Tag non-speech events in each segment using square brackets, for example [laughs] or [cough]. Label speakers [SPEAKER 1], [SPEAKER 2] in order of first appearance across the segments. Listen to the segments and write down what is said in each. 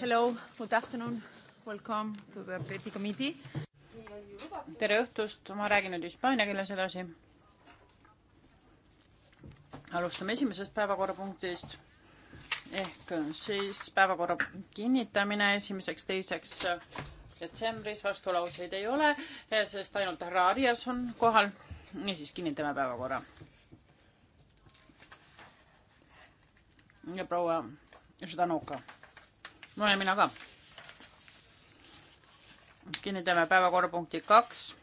[SPEAKER 1] Hello, good afternoon, welcome to the Briti committee. tere õhtust, ma räägin nüüd
[SPEAKER 2] hispaania keeles edasi. alustame esimesest päevakorrapunktist ehk siis päevakorra kinnitamine esimeseks, teiseks detsembris, vastulauseid ei ole, sest ainult härra Arias on kohal. niisiis kinnitame päevakorra. ja proua Ždanoka ma olen mina ka. kinnitame päevakorrapunkti kaks.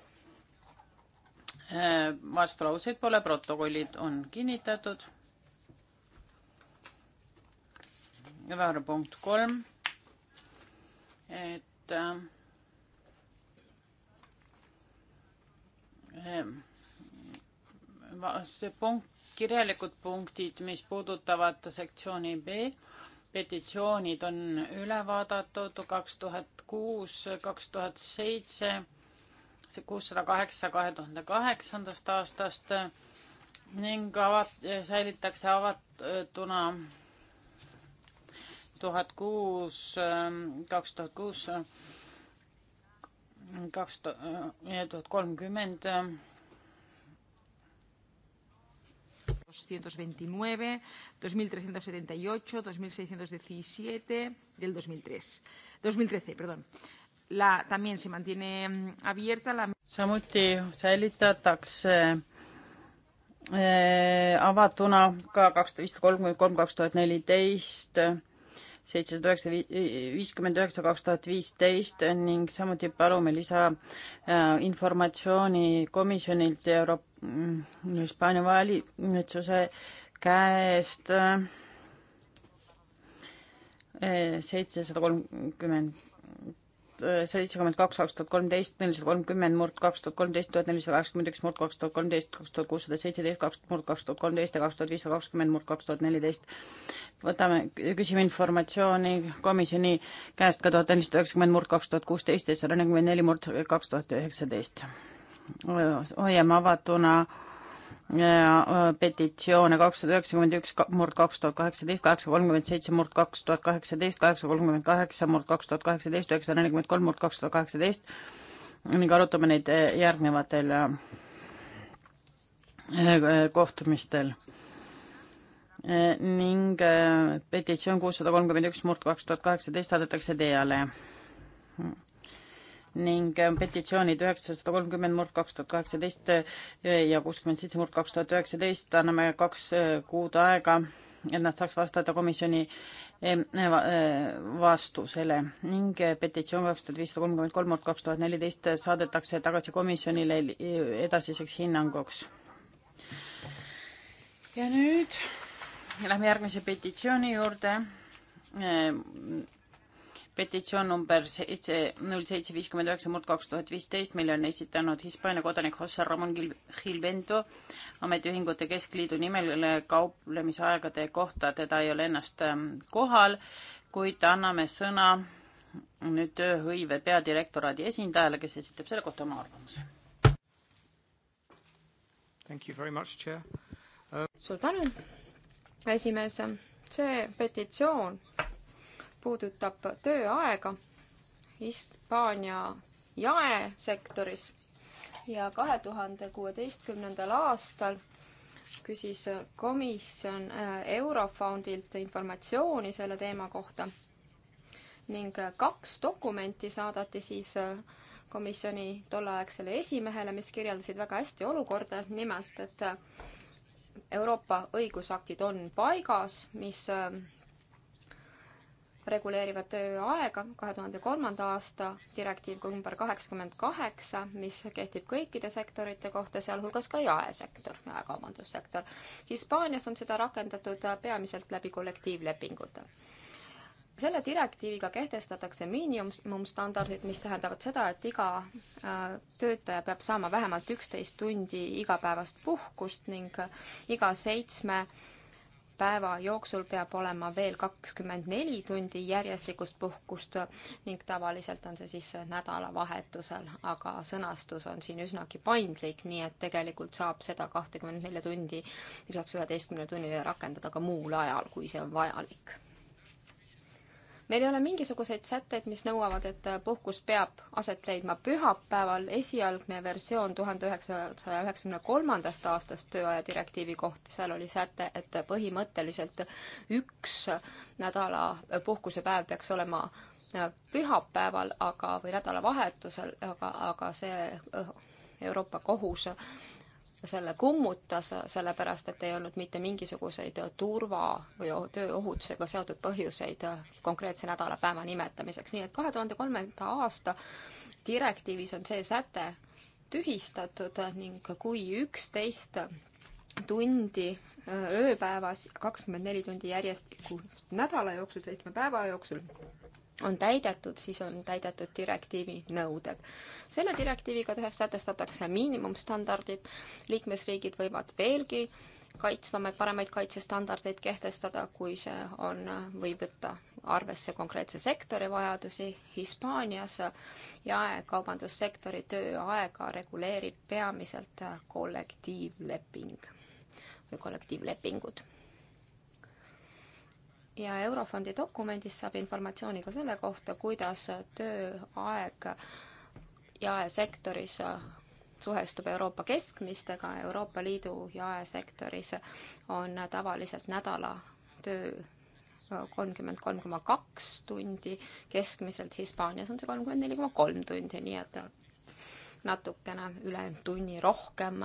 [SPEAKER 2] Äh, vastulauseid pole, protokollid on kinnitatud. päevakorrapunkt kolm. et äh, äh see punkt, kirjalikud punktid, mis puudutavad sektsiooni B petitsioonid on üle vaadatud kaks tuhat kuus, kaks tuhat seitse, see kuussada kaheksa kahe tuhande kaheksandast aastast ning avat-, säilitakse avatuna tuhat kuus, kaks tuhat kuus, kaks tuhat kolmkümmend
[SPEAKER 1] 2.229, 2.378, 2.617 del 2003, 2013. Perdón. La, también se mantiene mm, abierta la... samuti
[SPEAKER 2] säilitatakse äh, avatuna ka kaks tuhat viissada kolmkümmend kolm, kaks tuhat neliteist, seitsesada üheksa, viiskümmend üheksa, kaks tuhat viisteist ning samuti palume lisainformatsiooni eh, äh, komisjonilt ja Euroopa Mm, Hispaania valitsuse käest äh, seitsesada kolmkümmend, seitsekümmend kaks, kaks tuhat kolmteist, nelisada kolmkümmend, murd kaks tuhat kolmteist, tuhat nelisada kaheksakümmend üks, murd kaks tuhat kolmteist, kaks tuhat kuussada seitseteist, kaks, murd kaks tuhat kolmteist ja kaks tuhat viissada kakskümmend, murd kaks tuhat neliteist. võtame, küsime informatsiooni komisjoni käest ka tuhat nelisada üheksakümmend, murd kaks tuhat kuusteist ja sada nelikümmend neli, murd kaks tuhat üheksateist hoiame avatuna petitsioone kakssada üheksakümmend üks murd kaks tuhat kaheksateist, kaheksa kolmkümmend seitse murd kaks tuhat kaheksateist, kaheksa kolmkümmend kaheksa murd kaks tuhat kaheksateist, üheksa nelikümmend kolm murd kaks tuhat kaheksateist ning arutame neid järgnevatel kohtumistel. ning petitsioon kuussada kolmkümmend üks murd kaks tuhat kaheksateist saadetakse teale ning ähm, petitsioonid üheksasada kolmkümmend murd kaks tuhat kaheksateist äh, ja kuuskümmend seitse murd kaks tuhat üheksateist, anname kaks äh, kuud aega, et nad saaks vastata komisjoni äh, vastusele ning petitsioon kaks tuhat viissada kolmkümmend kolm murd kaks tuhat neliteist saadetakse tagasi komisjonile edasiseks hinnanguks. ja nüüd lähme järgmise petitsiooni juurde petitsioon number seitse, null seitse viiskümmend üheksa murd kaks tuhat viisteist, mille on esitanud Hispaania kodanik Jose Ramon Gil-, Gilvento ametiühingute keskliidu nimel kauplemisaegade kohta, teda ei ole ennast ähm, kohal, kuid anname sõna nüüd tööhõive peadirektoraadi esindajale, kes esitab selle kohta oma arvamuse.
[SPEAKER 3] Uh...
[SPEAKER 4] suur tänu, esimees. see petitsioon puudutab tööaega Hispaania jaesektoris ja kahe tuhande kuueteistkümnendal aastal küsis komisjon äh, Eurofondilt informatsiooni selle teema kohta ning kaks dokumenti saadeti siis äh, komisjoni tolleaegsele esimehele, mis kirjeldasid väga hästi olukorda, nimelt et äh, Euroopa õigusaktid on paigas, mis reguleerivad tööaega, kahe tuhande kolmanda aasta direktiiv number kaheksakümmend kaheksa, mis kehtib kõikide sektorite kohta, sealhulgas ka jaesektor, jaekaubandussektor. Hispaanias on seda rakendatud peamiselt läbi kollektiivlepingute selle direktiiviga kehtestatakse miinimumstandardid, mis tähendavad seda, et iga äh, töötaja peab saama vähemalt üksteist tundi igapäevast puhkust ning iga seitsme äh, päeva jooksul peab olema veel kakskümmend neli tundi järjestikust puhkust ning tavaliselt on see siis nädalavahetusel, aga sõnastus on siin üsnagi paindlik, nii et tegelikult saab seda kahtekümmet nelja tundi lisaks üheteistkümnele tunnile rakendada ka muul ajal, kui see on vajalik meil ei ole mingisuguseid sätteid, mis nõuavad, et äh, puhkus peab aset leidma pühapäeval. esialgne versioon tuhande üheksasaja üheksakümne kolmandast aastast tööaja direktiivi kohta, seal oli säte, et põhimõtteliselt üks nädala puhkusepäev peaks olema äh, pühapäeval, aga, või nädalavahetusel, aga, aga see äh, Euroopa Kohus selle kummutas, sellepärast et ei olnud mitte mingisuguseid turva või tööohutusega seotud põhjuseid konkreetse nädalapäeva nimetamiseks. nii et kahe tuhande kolmanda aasta direktiivis on see säte tühistatud ning kui üksteist tundi ööpäevas, kakskümmend neli tundi järjestikust nädala jooksul, seitsme päeva jooksul on täidetud, siis on täidetud direktiivi nõuded. selle direktiiviga sätestatakse miinimumstandardid, liikmesriigid võivad veelgi kaitsvamaid, paremaid kaitsestandardeid kehtestada, kui see on, võib võtta arvesse konkreetse sektori vajadusi. Hispaanias jaekaubandussektori tööaega reguleerib peamiselt kollektiivleping või kollektiivlepingud ja Eurofondi dokumendist saab informatsiooni ka selle kohta, kuidas tööaeg jaesektoris suhestub Euroopa keskmistega, Euroopa Liidu jaesektoris on tavaliselt nädala töö kolmkümmend kolm koma kaks tundi, keskmiselt Hispaanias on see kolmkümmend neli koma kolm tundi, nii et natukene üle tunni rohkem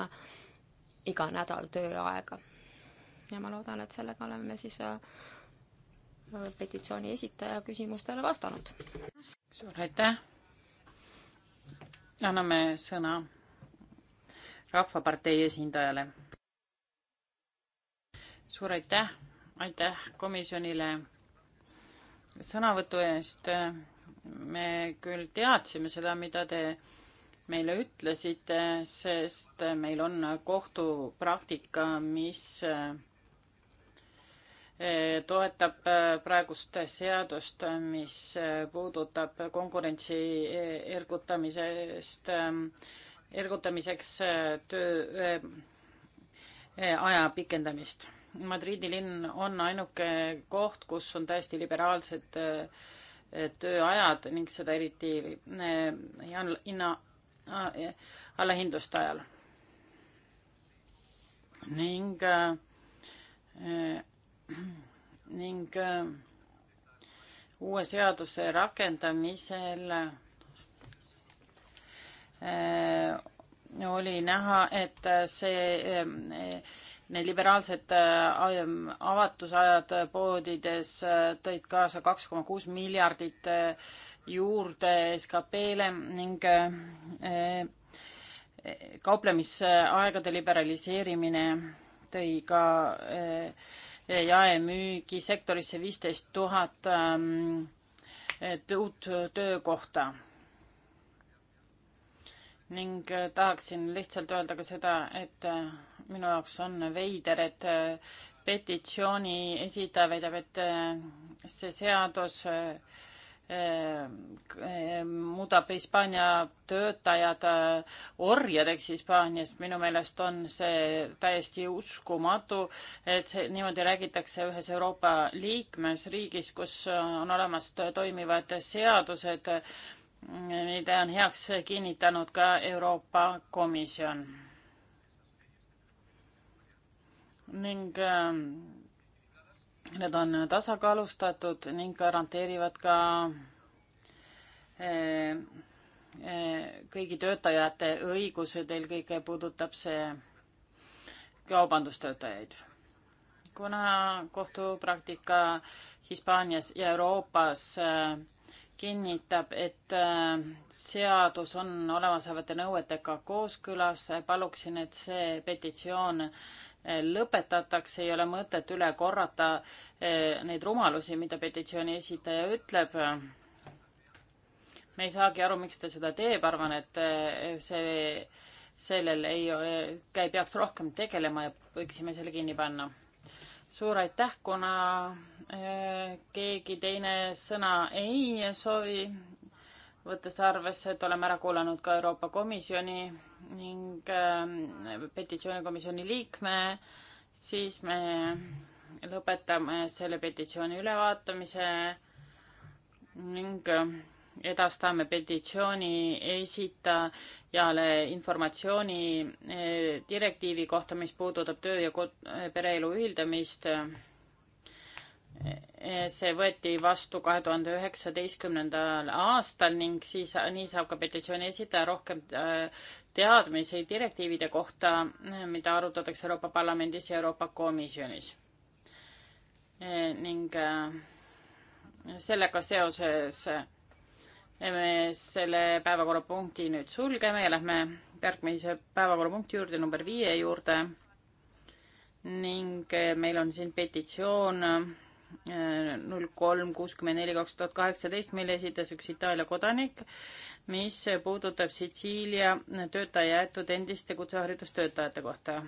[SPEAKER 4] iga nädal tööaega. ja ma loodan, et sellega oleme siis äh, petitsiooni esitaja küsimustele vastanud.
[SPEAKER 1] suur
[SPEAKER 2] aitäh. anname sõna Rahvapartei esindajale. suur aitäh, aitäh komisjonile sõnavõtu eest. me küll teadsime seda, mida te meile ütlesite, sest meil on kohtupraktika, mis Eh, toetab eh, praegust seadust, mis eh, puudutab konkurentsi ergutamisest, ergutamiseks töö aja pikendamist. Madridi linn on ainuke koht, kus on täiesti liberaalsed tööajad ning seda eriti hinna allahindluste ajal. ning äh, ning äh, uue seaduse rakendamisel äh, oli näha, et see, äh, need liberaalsed avatusajad poodides tõid kaasa kaks koma kuus miljardit juurde SKP-le ning kauplemisaegade liberaliseerimine tõi ka jaemüügisektorisse viisteist tuhat ähm, uut töökohta. ning äh, tahaksin lihtsalt öelda ka seda, et äh, minu jaoks on veider, et äh, petitsiooni esitaja väidab, et see seadus äh, Ehm, ehm, muudab Hispaania töötajad äh, orjadeks Hispaaniast. minu meelest on see täiesti uskumatu, et see niimoodi räägitakse ühes Euroopa liikmesriigis, kus äh, on olemas toimivad seadused, mida on heaks kinnitanud ka Euroopa Komisjon. ning ähm, Need on tasakaalustatud ning garanteerivad ka eh, eh, kõigi töötajate õigused, eelkõige puudutab see kaubandustöötajaid. kuna kohtupraktika Hispaanias ja Euroopas eh, kinnitab, et seadus on olemasolevate nõuetega kooskõlas, paluksin, et see petitsioon lõpetatakse, ei ole mõtet üle korrata eh, neid rumalusi, mida petitsiooni esitaja ütleb. me ei saagi aru, miks ta seda teeb, arvan, et eh, see, sellel ei, ei eh, peaks rohkem tegelema ja võiksime selle kinni panna. suur aitäh, kuna keegi teine sõna ei soovi võttes arvesse, et oleme ära kuulanud ka Euroopa Komisjoni ning äh, petitsioonikomisjoni liikme, siis me lõpetame selle petitsiooni ülevaatamise ning ähm, edastame petitsiooni esitajale informatsiooni äh, direktiivi kohta, mis puudutab töö ja äh, pereelu ühildamist see võeti vastu kahe tuhande üheksateistkümnendal aastal ning siis, nii saab ka petitsiooni esitaja rohkem äh, teadmisi direktiivide kohta, mida arutatakse Euroopa Parlamendis ja Euroopa Komisjonis. Äh, ning äh, sellega seoses me selle päevakorrapunkti nüüd sulgeme ja lähme järgmise päevakorrapunkti juurde, number viie juurde. ning meil on siin petitsioon null kolm kuuskümmend neli kaks tuhat kaheksateist, mille esitas üks Itaalia kodanik, mis puudutab Sitsiilia töötaja jäetud endiste kutseharidustöötajate kohta.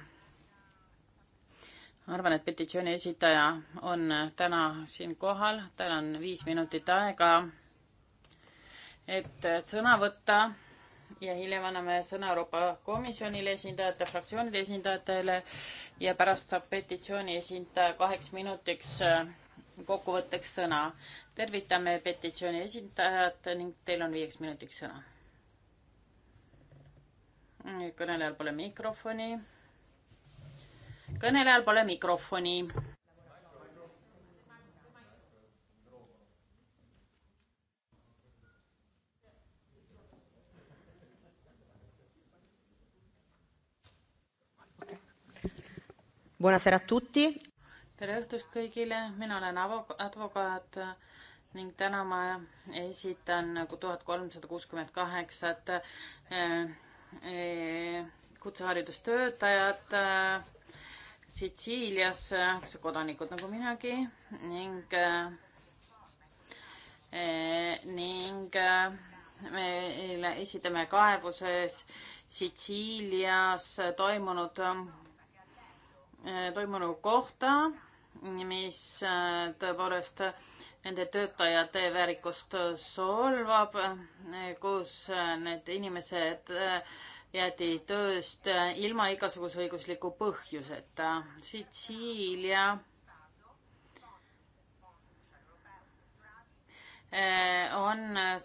[SPEAKER 2] arvan, et petitsiooni esitaja on täna siin kohal, tal on viis minutit aega, et sõna võtta ja hiljem anname sõna Euroopa Komisjonile esindajate, fraktsioonide esindajatele ja pärast saab petitsiooni esindaja kaheks minutiks kokkuvõtteks sõna. tervitame petitsiooni esindajat ning teil on viieks minutiks sõna. kõnelejal pole mikrofoni. kõnelejal pole mikrofoni.
[SPEAKER 4] Buonasera a tutti
[SPEAKER 2] tere õhtust kõigile, mina olen advokaat ning täna ma esitan nagu tuhat kolmsada kuuskümmend kaheksat eh, eh, kutseharidustöötajat eh, Sitsiilias, kodanikud nagu minagi ning ning me esitame kaebuses Sitsiilias toimunud Äh, toimunu kohta, mis äh, tõepoolest nende töötajate väärikust solvab, äh, kus need inimesed jäeti tööst ilma igasuguse õigusliku põhjuseta. Sitsiilia on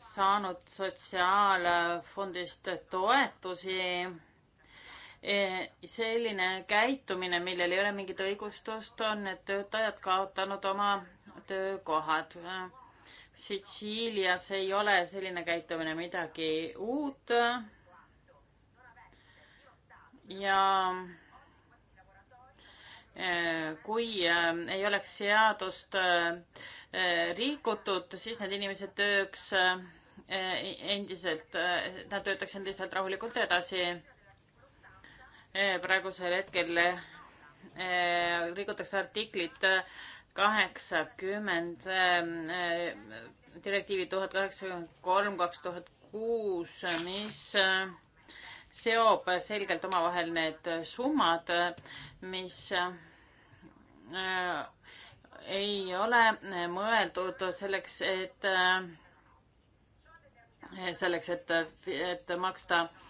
[SPEAKER 2] saanud sotsiaalfondist toetusi Eh, selline käitumine, millel ei ole mingit õigustust, on need töötajad kaotanud oma töökohad. Sitsiilias ei ole selline käitumine midagi uut. ja eh, kui eh, ei oleks seadust rikutud, siis need inimesed tööks endiselt, nad töötaks endiselt rahulikult edasi Eh, praegusel hetkel eh, rikutakse artiklit kaheksakümmend eh, direktiivi tuhat kaheksakümmend kolm, kaks tuhat kuus, mis seob selgelt omavahel need summad, mis ei ole mõeldud selleks, et selleks, et, et maksta äh,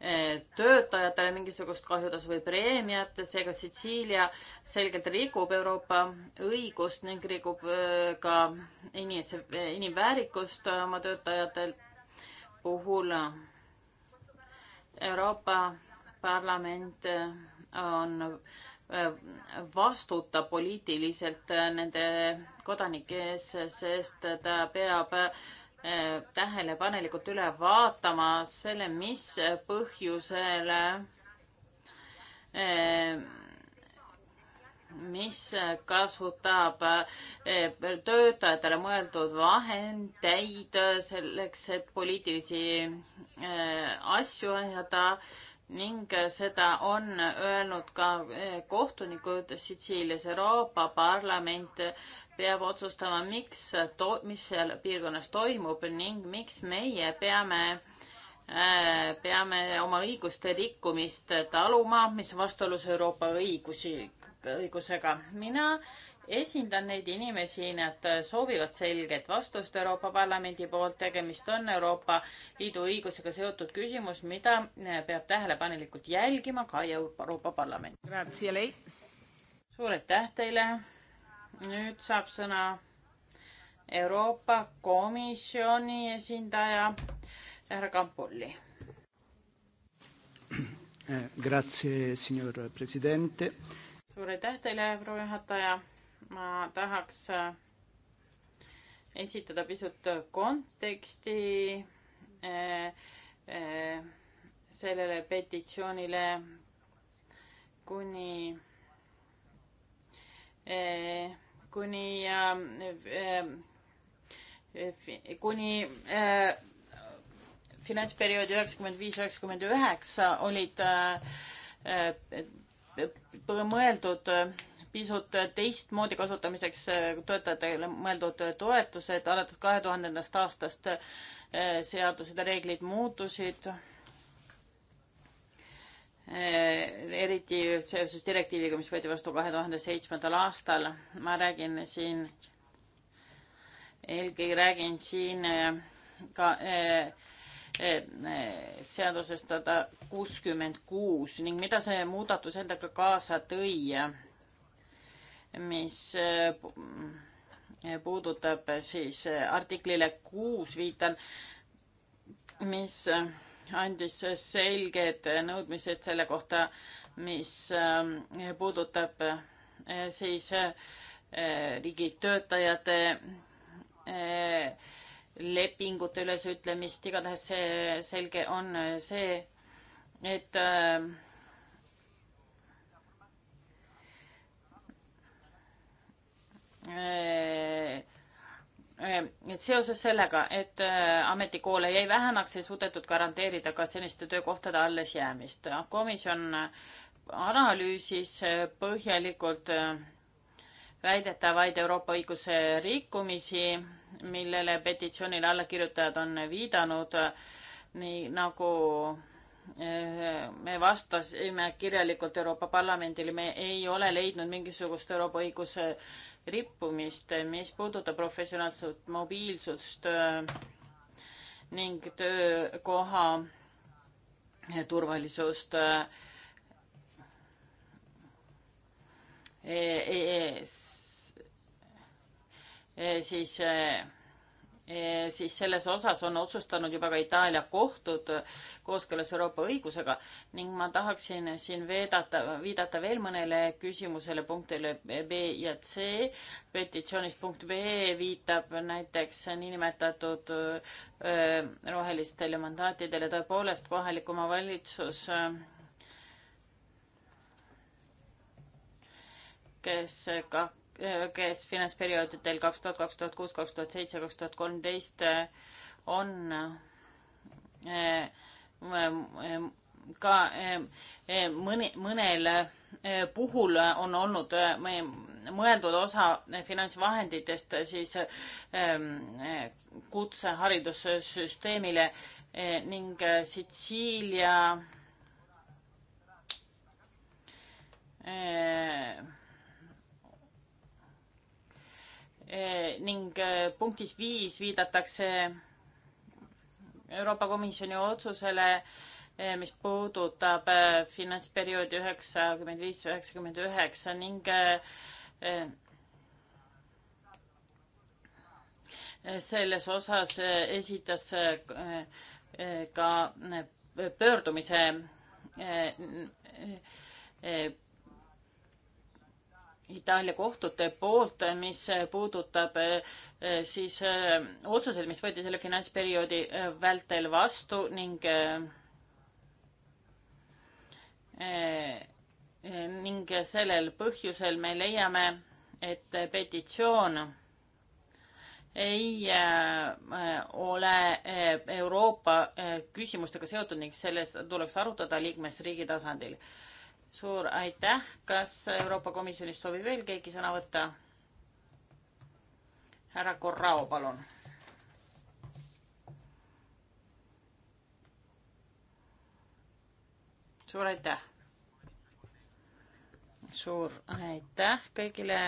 [SPEAKER 2] Eh, töötajatele mingisugust kahjutasu või preemiat, seega Sitsiilia selgelt rikub Euroopa õigust ning rikub eh, ka inimese, inimväärikust oma töötajatel puhul. Euroopa Parlament eh, on, vastutab poliitiliselt nende kodanike ees, sest ta peab Äh, tähelepanelikult üle vaatama selle, mis põhjusel, äh, mis kasutab äh, töötajatele mõeldud vahendeid selleks, et poliitilisi asju ajada ning seda on öelnud ka kohtunikud Sitsiilias. Euroopa Parlament peab otsustama, miks, mis seal piirkonnas toimub ning miks meie peame äh, peame oma õiguste rikkumist taluma, mis vastuolus Euroopa õigusi, õigusega. mina esindan neid inimesi, nad soovivad selget vastust Euroopa Parlamendi poolt, tegemist on Euroopa Liidu õigusega seotud küsimus, mida äh, peab tähelepanelikult jälgima ka Euroopa Parlament. suur aitäh teile nüüd saab sõna Euroopa Komisjoni esindaja härra Kampolli.
[SPEAKER 3] Eh, grazie, signor presidente.
[SPEAKER 2] suur aitäh teile, proua juhataja. ma tahaks eh, esitada pisut konteksti eh, sellele petitsioonile kuni kuni ähm, äh, äh, kuni äh, finantsperioodi üheksakümmend viis, üheksakümmend üheksa olid äh, äh mõeldud pisut teistmoodi kasutamiseks töötajatele mõeldud toetused, alates kahe tuhandendast aastast äh, seadused ja reeglid muutusid Eh, eriti seoses direktiiviga, mis võeti vastu kahe tuhande seitsmendal aastal. ma räägin siin, eelkõige räägin siin eh, ka eh, eh, eh, seadusest sada kuuskümmend kuus ning mida see muudatus endaga kaasa tõi, mis eh, puudutab siis artiklile kuus viitan, mis eh, andis selged nõudmised selle kohta, mis ähm, puudutab äh, siis äh, riigi töötajate äh, lepingute ülesütlemist, igatahes see selge on see, et äh, Ehm, et seoses sellega, et äh, ametikoole jäi vähemaks, ei suudetud garanteerida ka seniste töökohtade allesjäämist. komisjon äh, analüüsis äh, põhjalikult väidetavaid Euroopa õiguse rikkumisi, millele petitsioonile allakirjutajad on viidanud, nii nagu me vastasime kirjalikult Euroopa Parlamendile, me ei ole leidnud mingisugust Euroopa õiguse rippumist, mis puudutab professionaalset mobiilsust äh, ning töökoha äh, turvalisust. Äh, e e siis E, siis selles osas on otsustanud juba ka Itaalia kohtud kooskõlas Euroopa õigusega ning ma tahaksin siin veedata, viidata veel mõnele küsimusele punktile B ja C. petitsioonis punkt B viitab näiteks niinimetatud e, rohelistele mandaatidele, tõepoolest kohalik omavalitsus e, kes ka kes finantsperioodidel kaks tuhat, kaks tuhat kuus, kaks tuhat seitse, kaks tuhat kolmteist äh, on äh, ka äh, mõni, mõnel puhul on olnud mõeldud osa finantsvahenditest siis ähm, kutseharidussüsteemile ning Sitsiilia Eh, ning eh, punktis viis viidatakse Euroopa Komisjoni otsusele, eh, mis puudutab finantsperioodi üheksakümmend viis, üheksakümmend üheksa ning selles osas esitas ka pöördumise Itaalia kohtute poolt, mis puudutab eh, eh, siis eh, otsuseid, mis võeti selle finantsperioodi vältel vastu ning ning sellel põhjusel me leiame, et petitsioon ei ole Euroopa küsimustega seotud ning selles tuleks arutada liikmesriigi tasandil suur aitäh, kas Euroopa Komisjonist soovib veel keegi sõna võtta? härra Corrao, palun. suur aitäh. suur aitäh kõigile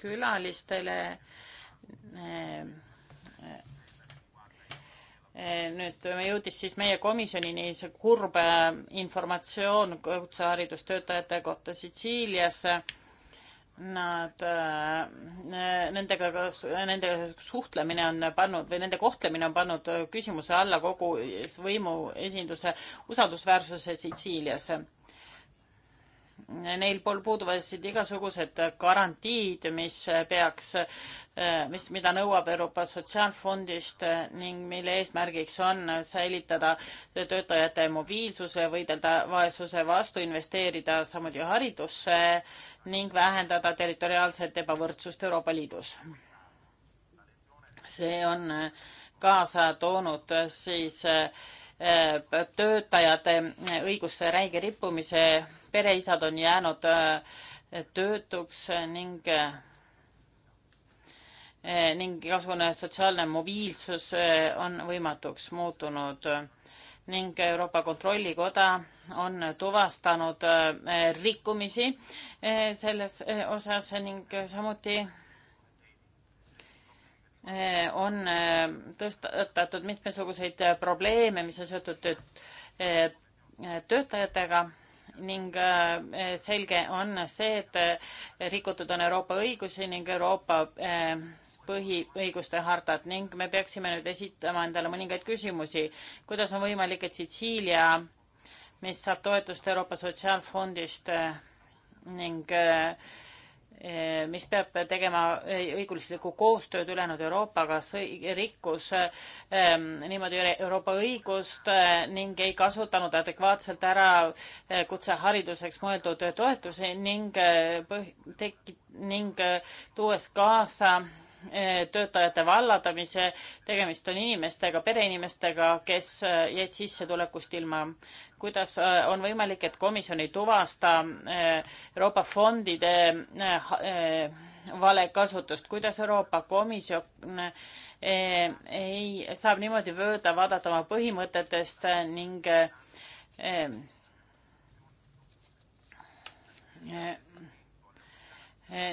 [SPEAKER 2] külalistele eh, Eh, nüüd jõudis siis meie komisjonini see kurb eh, informatsioon kutseharidustöötajate kohta Sitsiilias. Nad, eh, nendega, nende suhtlemine on pannud või nende kohtlemine on pannud küsimuse alla kogu võimuesinduse usaldusväärsuse Sitsiilias neil pool puuduvasid igasugused garantiid, mis peaks, mis, mida nõuab Euroopa Sotsiaalfondist ning mille eesmärgiks on säilitada töötajate mobiilsuse, võidelda vaesuse vastu, investeerida samuti haridusse ning vähendada territoriaalset ebavõrdsust Euroopa Liidus. see on kaasa toonud siis eh, töötajate õiguste räige rippumise pereisad on jäänud äh, töötuks ning äh, ning igasugune sotsiaalne mobiilsus äh, on võimatuks muutunud ning Euroopa Kontrollikoda on tuvastanud rikkumisi selles osas ning samuti on tõstatatud mitmesuguseid probleeme, mis on seotud töötajatega ning äh, äh, selge on see, et äh, rikutud on Euroopa õigusi ning Euroopa põhiõiguste hartat ning me peaksime nüüd esitama endale mõningaid küsimusi. kuidas on võimalik, et Sitsiilia, mis saab toetust Euroopa Sotsiaalfondist ning Eh, mis peab tegema õiguslikku koostööd ülejäänud Euroopaga, rikkus ehm, niimoodi Euroopa õigust eh, ning ei kasutanud adekvaatselt ära eh, kutsehariduseks mõeldud toetusi ning põh-, tek-, ning tuues kaasa Eh, töötajate vallandamise, tegemist on inimestega, pereinimestega, kes eh, jäid sissetulekust ilma. kuidas eh, on võimalik, et komisjon ei tuvasta Euroopa fondide valekasutust, kuidas Euroopa Komisjon ei, saab niimoodi mööda vaadata oma põhimõtetest ning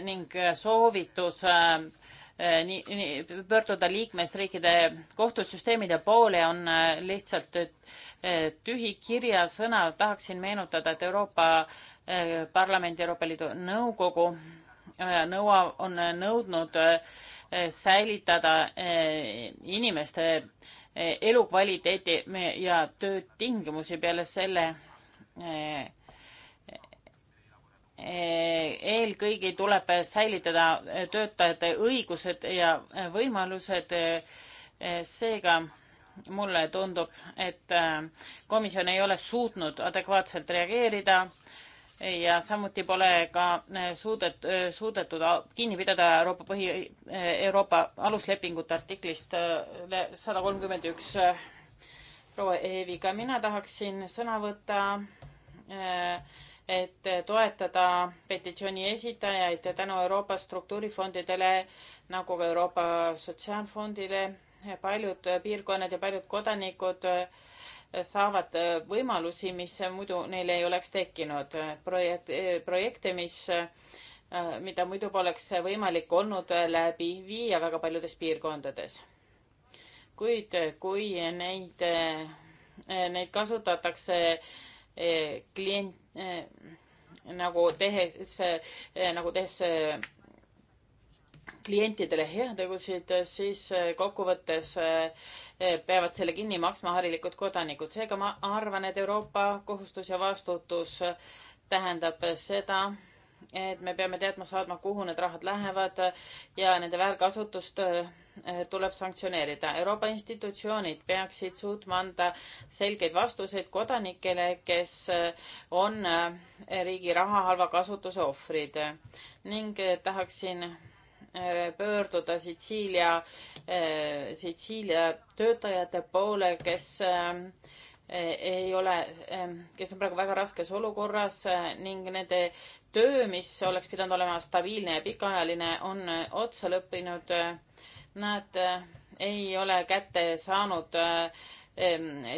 [SPEAKER 2] ning soovitus äh, Eh, nii, nii, pöörduda liikmesriikide kohtusüsteemide poole on eh, lihtsalt eh, tühi kirjasõna. tahaksin meenutada, et Euroopa Parlamendi, Euroopa Liidu Nõukogu nõua, on nõudnud säilitada inimeste elukvaliteeti ja töötingimusi peale selle eelkõige tuleb säilitada töötajate õigused ja võimalused. seega mulle tundub, et komisjon ei ole suutnud adekvaatselt reageerida ja samuti pole ka suudet, suudetud kinni pidada Euroopa põhi, Euroopa aluslepingute artiklist sada kolmkümmend üks. proua Eeviga, mina tahaksin sõna võtta äh, et toetada petitsiooni esitajaid ja tänu Euroopa struktuurifondidele nagu ka Euroopa Sotsiaalfondile paljud piirkonnad ja paljud kodanikud saavad võimalusi, mis muidu neil ei oleks tekkinud. projekt, projekte, mis, mida muidu poleks võimalik olnud läbi viia väga paljudes piirkondades. kuid kui neid, neid kasutatakse Eh, klient eh, nagu tehes, eh, nagu tehes klientidele heategusid, siis kokkuvõttes peavad selle kinni maksma harilikud kodanikud. seega ma arvan, et Euroopa kohustus ja vastutus tähendab seda, et me peame teadma saadma, kuhu need rahad lähevad ja nende väärkasutust Eh, tuleb sanktsioneerida. Euroopa institutsioonid peaksid suutma anda selgeid vastuseid kodanikele, kes eh, on eh, riigi raha halva kasutuse ohvrid ning tahaksin pöörduda Sitsiilia, Sitsiilia töötajate poole, kes ei ole, kes on praegu väga raskes olukorras ning nende töö, mis oleks pidanud olema stabiilne ja pikaajaline, on otsa lõppinud Nad eh, ei ole kätte saanud eh,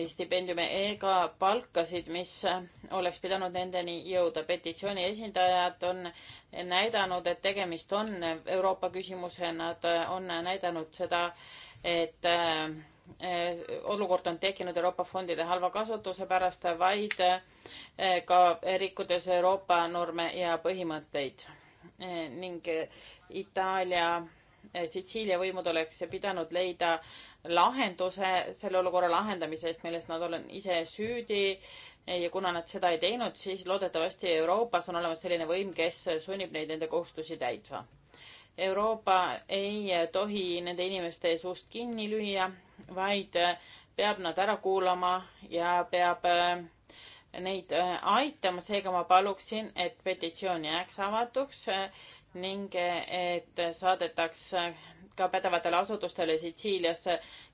[SPEAKER 2] stipendiume ega palkasid, mis eh, oleks pidanud nendeni jõuda. petitsiooni esindajad on näidanud, et tegemist on Euroopa küsimuse, nad on näidanud seda, et olukord on tekkinud Euroopa fondide halva kasutuse pärast, vaid ka rikkudes Euroopa norme ja põhimõtteid ning Itaalia Äh, Sitsiilia võimud oleks pidanud leida lahenduse selle olukorra lahendamise eest, milles nad on ise süüdi äh, ja kuna nad seda ei teinud, siis loodetavasti Euroopas on olemas selline võim, kes sunnib neid nende kohustusi täitma. Euroopa ei tohi nende inimeste suust kinni lüüa, vaid äh, peab nad ära kuulama ja peab neid aitama, seega ma paluksin, et petitsioon jääks avatuks ning et saadetaks ka pädevatele asutustele Sitsiilias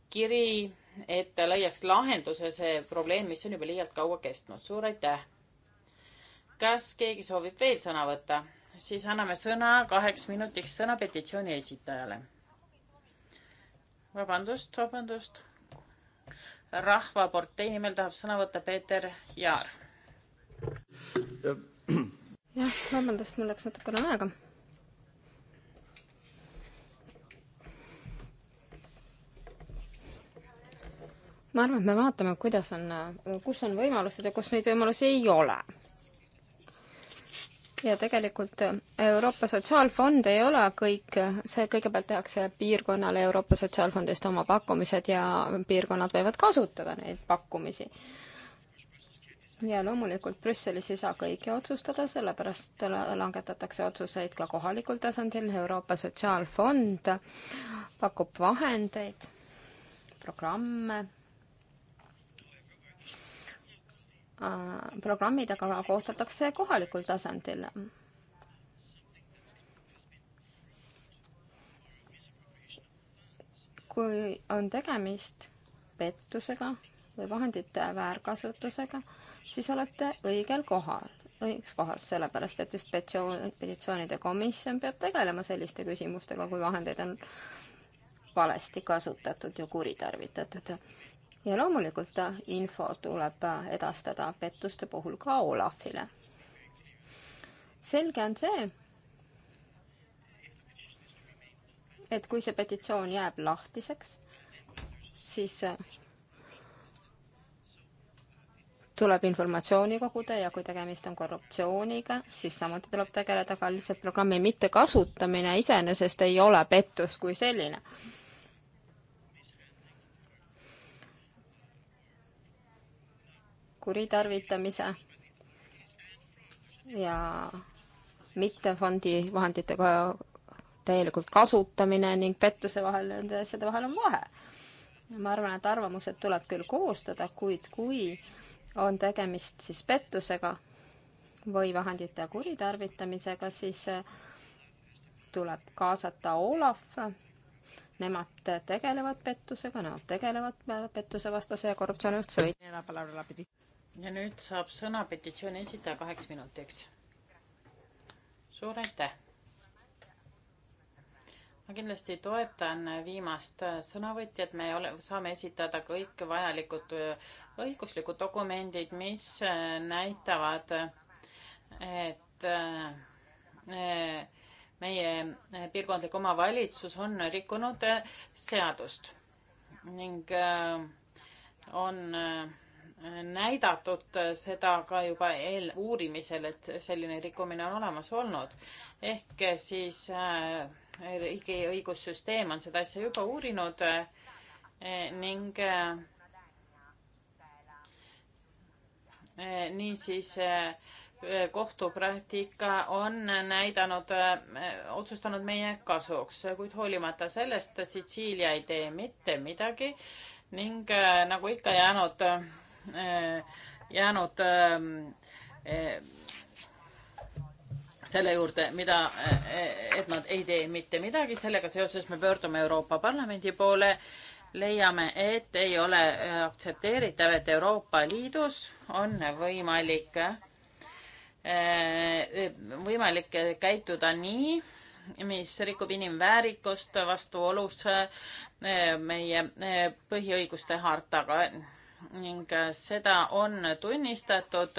[SPEAKER 2] kiri, et leiaks lahenduse see probleem, mis on juba liialt kaua kestnud. suur aitäh! kas keegi soovib veel sõna võtta? siis anname sõna kaheks minutiks sõna petitsiooni esitajale. vabandust, vabandust. rahvapartei nimel tahab sõna võtta Peeter Jaar.
[SPEAKER 4] jah, vabandust, mul läks natukene aega ma arvan, et me vaatame, kuidas on, kus on võimalused ja kus neid võimalusi ei ole ja tegelikult Euroopa Sotsiaalfond ei ole kõik, see kõigepealt tehakse piirkonnale Euroopa Sotsiaalfondist oma pakkumised ja piirkonnad võivad kasutada neid pakkumisi. ja loomulikult Brüsselis ei saa kõike otsustada, sellepärast langetatakse otsuseid ka kohalikul tasandil, Euroopa Sotsiaalfond pakub vahendeid, programme Äh, programmid aga koostatakse kohalikul tasandil. kui on tegemist pettusega või vahendite väärkasutusega, siis olete õigel kohal, õiges kohas, sellepärast et just petsioon, petitsioonide komisjon peab tegelema selliste küsimustega, kui vahendeid on valesti kasutatud ja kuritarvitatud ja loomulikult info tuleb edastada pettuste puhul ka Olafile. selge on see, et kui see petitsioon jääb lahtiseks, siis eh, tuleb informatsiooni koguda ja kui tegemist on korruptsiooniga, siis samuti tuleb tegeleda ka lihtsalt programmi mittekasutamine iseenesest ei ole pettus kui selline kuritarvitamise ja mitte fondi vahendite täielikult kasutamine ning pettuse vahel, nende asjade vahel on vahe. ma arvan, et arvamused tuleb küll koostada, kuid kui on tegemist siis pettusega või vahendite kuritarvitamisega, siis eh, tuleb kaasata Olav. Nemad tegelevad pettusega, nemad tegelevad pettusevastase ja korruptsioonivastase
[SPEAKER 2] võitlusega ja nüüd saab sõna petitsiooni esitaja kaheks minutiks. suur aitäh! ma kindlasti toetan viimast sõnavõtja, et me ole, saame esitada kõik vajalikud õiguslikud dokumendid, mis näitavad, et eh, meie piirkondlik omavalitsus on rikkunud seadust ning eh, on näidatud seda ka juba eeluurimisel, et selline rikkumine on olemas olnud. ehk siis äh, riigi õigussüsteem on seda asja juba uurinud äh, ning äh, niisiis kohtupraktika on näidanud, otsustanud meie kasuks, kuid hoolimata sellest Sitsiilia ei tee mitte midagi ning nagu ikka jäänud Eh, jäänud eh, eh, selle juurde, mida, et nad ei tee mitte midagi, sellega seoses me pöördume Euroopa Parlamendi poole, leiame, et ei ole aktsepteeritav, et Euroopa Liidus on võimalik, võimalik käituda nii, mis rikub inimväärikust vastuolus meie põhiõiguste hartaga ning seda on tunnistatud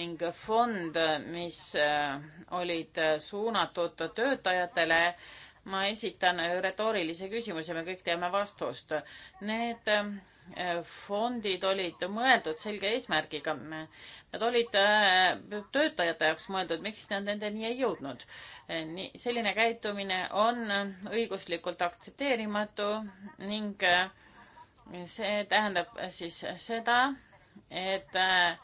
[SPEAKER 2] ning fond, mis äh, olid suunatud töötajatele, ma esitan retoorilise küsimuse, me kõik teame vastust. Need äh, fondid olid mõeldud selge eesmärgiga. Nad olid äh, töötajate jaoks mõeldud, miks nad nendeni ei jõudnud? nii, selline käitumine on õiguslikult aktsepteerimatu ning äh, see tähendab siis seda, et eh,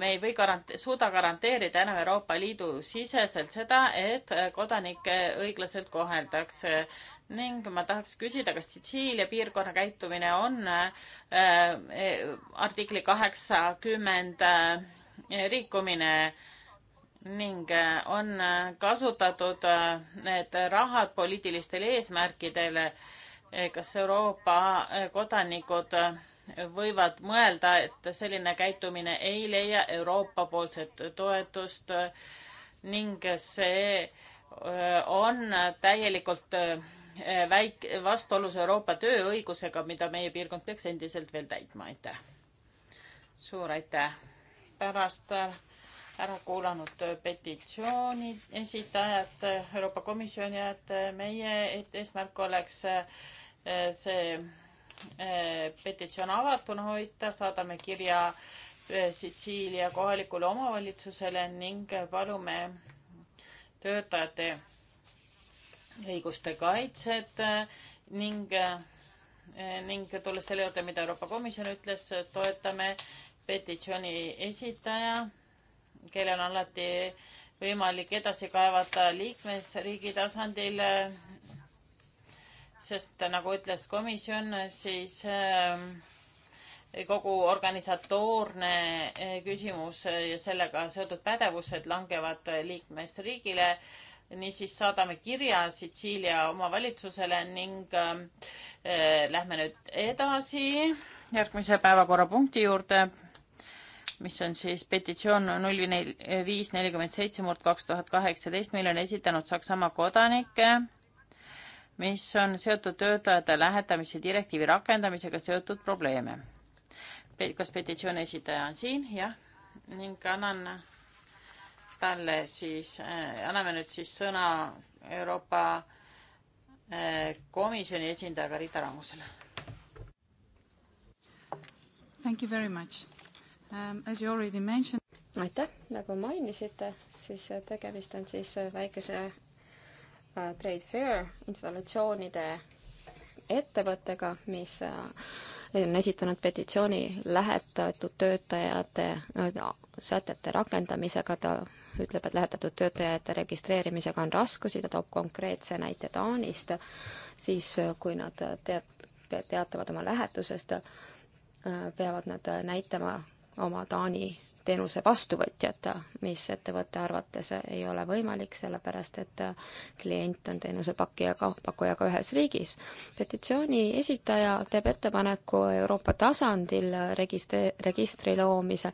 [SPEAKER 2] me ei või garante-, suuda garanteerida enam Euroopa Liidu siseselt seda, et kodanikke õiglaselt koheldakse ning ma tahaks küsida, kas Sitsiilia piirkonna käitumine on äh, artikli kaheksakümmend äh, rikkumine ning äh, on kasutatud äh, need rahad poliitilistel eesmärkidel äh, Eh, kas Euroopa eh, kodanikud eh, võivad mõelda, et selline käitumine ei leia Euroopa poolset toetust ning see on täielikult väik-, vastuolus Euroopa tööõigusega, mida meie piirkond peaks endiselt veel täitma, aitäh. suur aitäh. pärast ära kuulanud petitsiooni esitajad, Euroopa Komisjoni, et meie et eesmärk oleks Eh, see eh, petitsioon avatuna hoida, saadame kirja eh, Sitsiilia kohalikule omavalitsusele ning palume töötajate õiguste kaitset ning, ning tulles selle juurde, mida Euroopa Komisjon ütles, toetame petitsiooni esitaja, kellel on alati võimalik edasi kaevata liikmesriigi tasandil sest nagu ütles komisjon, siis ähm, kogu organisatoorne äh, küsimus ja sellega seotud pädevused langevad liikmesriigile. niisiis saadame kirja Sitsiilia omavalitsusele ning ähm, äh, lähme nüüd edasi järgmise päevakorrapunkti juurde, mis on siis petitsioon null viis nelikümmend seitse murd kaks tuhat kaheksateist, mille on esitanud Saksamaa kodanik mis on seotud töötajate lähetamise direktiivi rakendamisega seotud probleeme. kas petitsiooni esitaja on siin? jah. ning annan talle siis äh,, anname nüüd siis sõna Euroopa äh, Komisjoni esindajaga Rita Rangusele.
[SPEAKER 1] Thank you very much um,. As you already mentioned aitäh, nagu mainisite,
[SPEAKER 4] siis tegemist on siis väikese Äh, Trade Fair installatsioonide ettevõttega, mis äh, on esitanud petitsiooni lähetatud töötajate no, äh, sätete rakendamisega, ta ütleb, et lähetatud töötajate registreerimisega on raskusi, ta toob konkreetse näite Taanist, siis kui nad teat-, teatavad oma lähetusest, peavad nad näitama oma Taani teenuse vastuvõtjat, mis ettevõtte arvates ei ole võimalik, sellepärast et klient on teenusepakkijaga, pakkujaga ühes riigis. petitsiooni esitaja teeb ettepaneku Euroopa tasandil registri, registri loomise,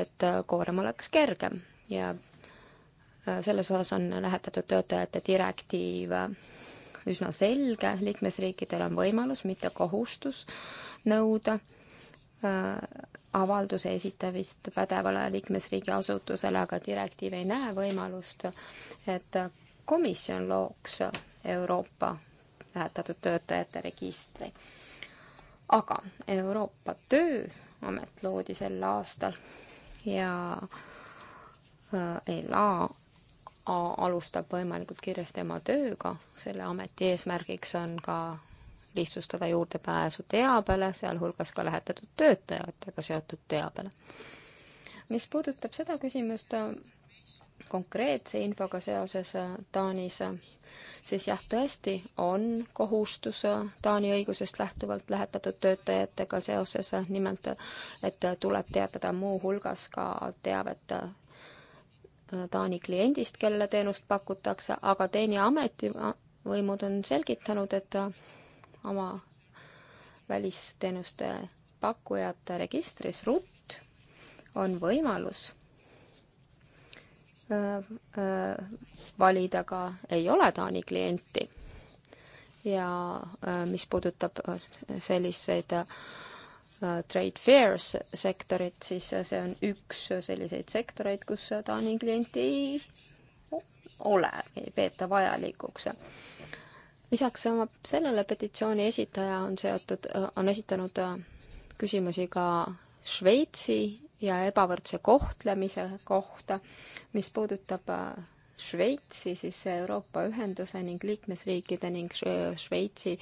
[SPEAKER 4] et koorem oleks kergem ja äh, selles osas on lähetatud töötajate direktiiv äh, üsna selge, liikmesriikidel on võimalus, mitte kohustus nõuda Äh, avalduse esitamist pädevale liikmesriigi asutusele, aga direktiiv ei näe võimalust, et komisjon looks Euroopa lähetatud töötajate registri. aga Euroopa Tööamet loodi sel aastal ja äh, ELA alustab võimalikult kiiresti oma tööga, selle ameti eesmärgiks on ka lihtsustada juurdepääsu teabele, sealhulgas ka lähetatud töötajatega seotud teabele. mis puudutab seda küsimust äh, konkreetse infoga seoses äh, Taanis, äh, siis jah, tõesti on kohustus Taani õigusest lähtuvalt lähetatud töötajatega seoses, nimelt et tuleb teatada muuhulgas ka teavet Taani kliendist, kellele teenust pakutakse, aga Taani ametivõimud on selgitanud, et oma välisteenuste pakkujate registris RUT on võimalus valida ka ei ole Taani klienti. ja mis puudutab selliseid trade fairs sektorit, siis see on üks selliseid sektoreid, kus Taani klienti ei ole, ei peeta vajalikuks lisaks oma sellele petitsiooni esitaja on seotud, äh, on esitanud äh, küsimusi ka Šveitsi ja ebavõrdse kohtlemise kohta, mis puudutab äh, Šveitsi, siis Euroopa Ühenduse ning liikmesriikide ning Šveitsi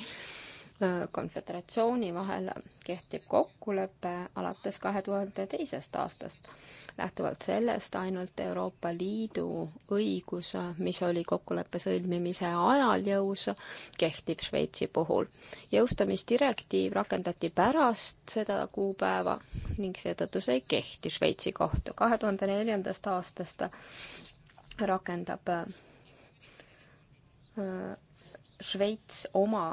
[SPEAKER 4] konföderatsiooni vahel kehtib kokkulepe alates kahe tuhande teisest aastast lähtuvalt sellest ainult Euroopa Liidu õigus, mis oli kokkuleppe sõlmimise ajal jõus, kehtib Šveitsi puhul. jõustamisdirektiiv rakendati pärast seda kuupäeva ning seetõttu see ei kehti Šveitsi kohta. kahe tuhande neljandast aastast rakendab äh, Šveits oma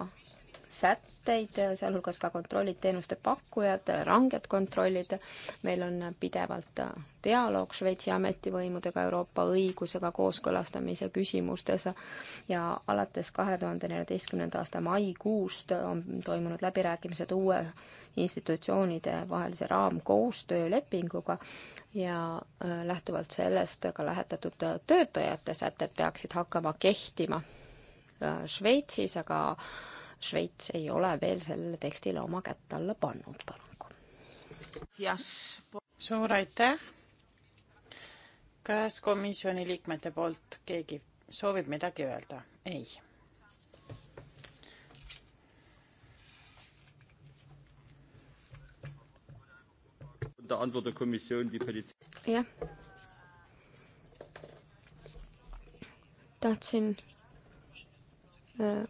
[SPEAKER 4] sätte, sätteid, sealhulgas ka kontrollid teenuste pakkujatele, ranged kontrollid. meil on pidevalt dialoog Šveitsi ametivõimudega Euroopa õigusega kooskõlastamise küsimustes ja alates kahe tuhande neljateistkümnenda aasta maikuust on toimunud läbirääkimised uue institutsioonide vahelise raamkoostöölepinguga ja äh, lähtuvalt sellest ka lähetatud töötajate sätted peaksid hakkama kehtima äh, Šveitsis, aga Šveits ei ole veel sellele tekstile oma kätt alla pannud paraku.
[SPEAKER 2] suur aitäh. kas komisjoni liikmete poolt keegi soovib midagi öelda? ei.
[SPEAKER 4] jah. tahtsin äh,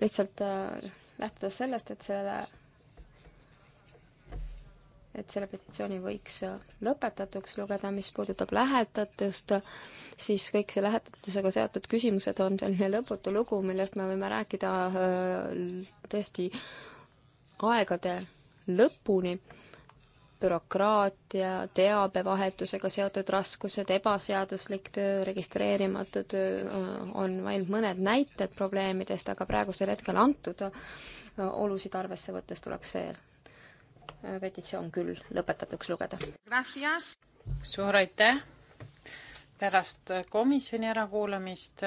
[SPEAKER 4] lihtsalt äh, lähtudes sellest, et selle, et selle petitsiooni võiks äh, lõpetatuks lugeda, mis puudutab lähetatust, siis kõik see lähetatusega seotud küsimused on selline lõputu lugu, millest me võime rääkida äh, tõesti aegade lõpuni bürokraatia, teabevahetusega seotud raskused, ebaseaduslik töö, registreerimata töö äh, on ainult mõned näited probleemidest, aga praegusel hetkel antud äh, olusid arvesse võttes tuleks see äh, petitsioon küll lõpetatuks lugeda. suur
[SPEAKER 2] aitäh! pärast komisjoni ärakuulamist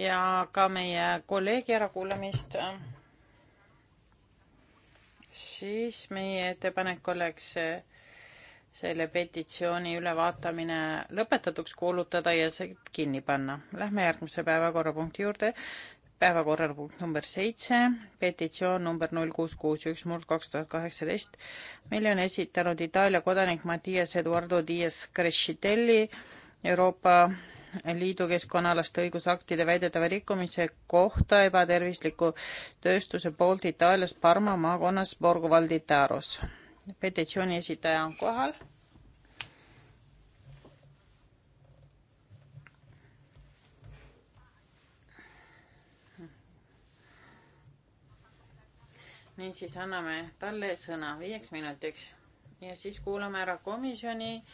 [SPEAKER 2] ja ka meie kolleegi ärakuulamist siis meie ettepanek oleks eh, selle petitsiooni ülevaatamine lõpetatuks kuulutada ja see kinni panna. Lähme järgmise päevakorrapunkti juurde. päevakorrapunkt number seitse, petitsioon number null kuus kuus üks murd kaks tuhat kaheksateist, mille on esitanud Itaalia kodanik Mattias Eduardo Dias Crescitelli Euroopa Liidu keskkonnaalaste õigusaktide väidetava rikkumise kohta ebatervisliku tööstuse poolt Itaalias Parma maakonnas Borgo Valditaros. petitsiooni esitaja on kohal. niisiis anname talle sõna viieks minutiks ja siis kuulame ära komisjoni äh,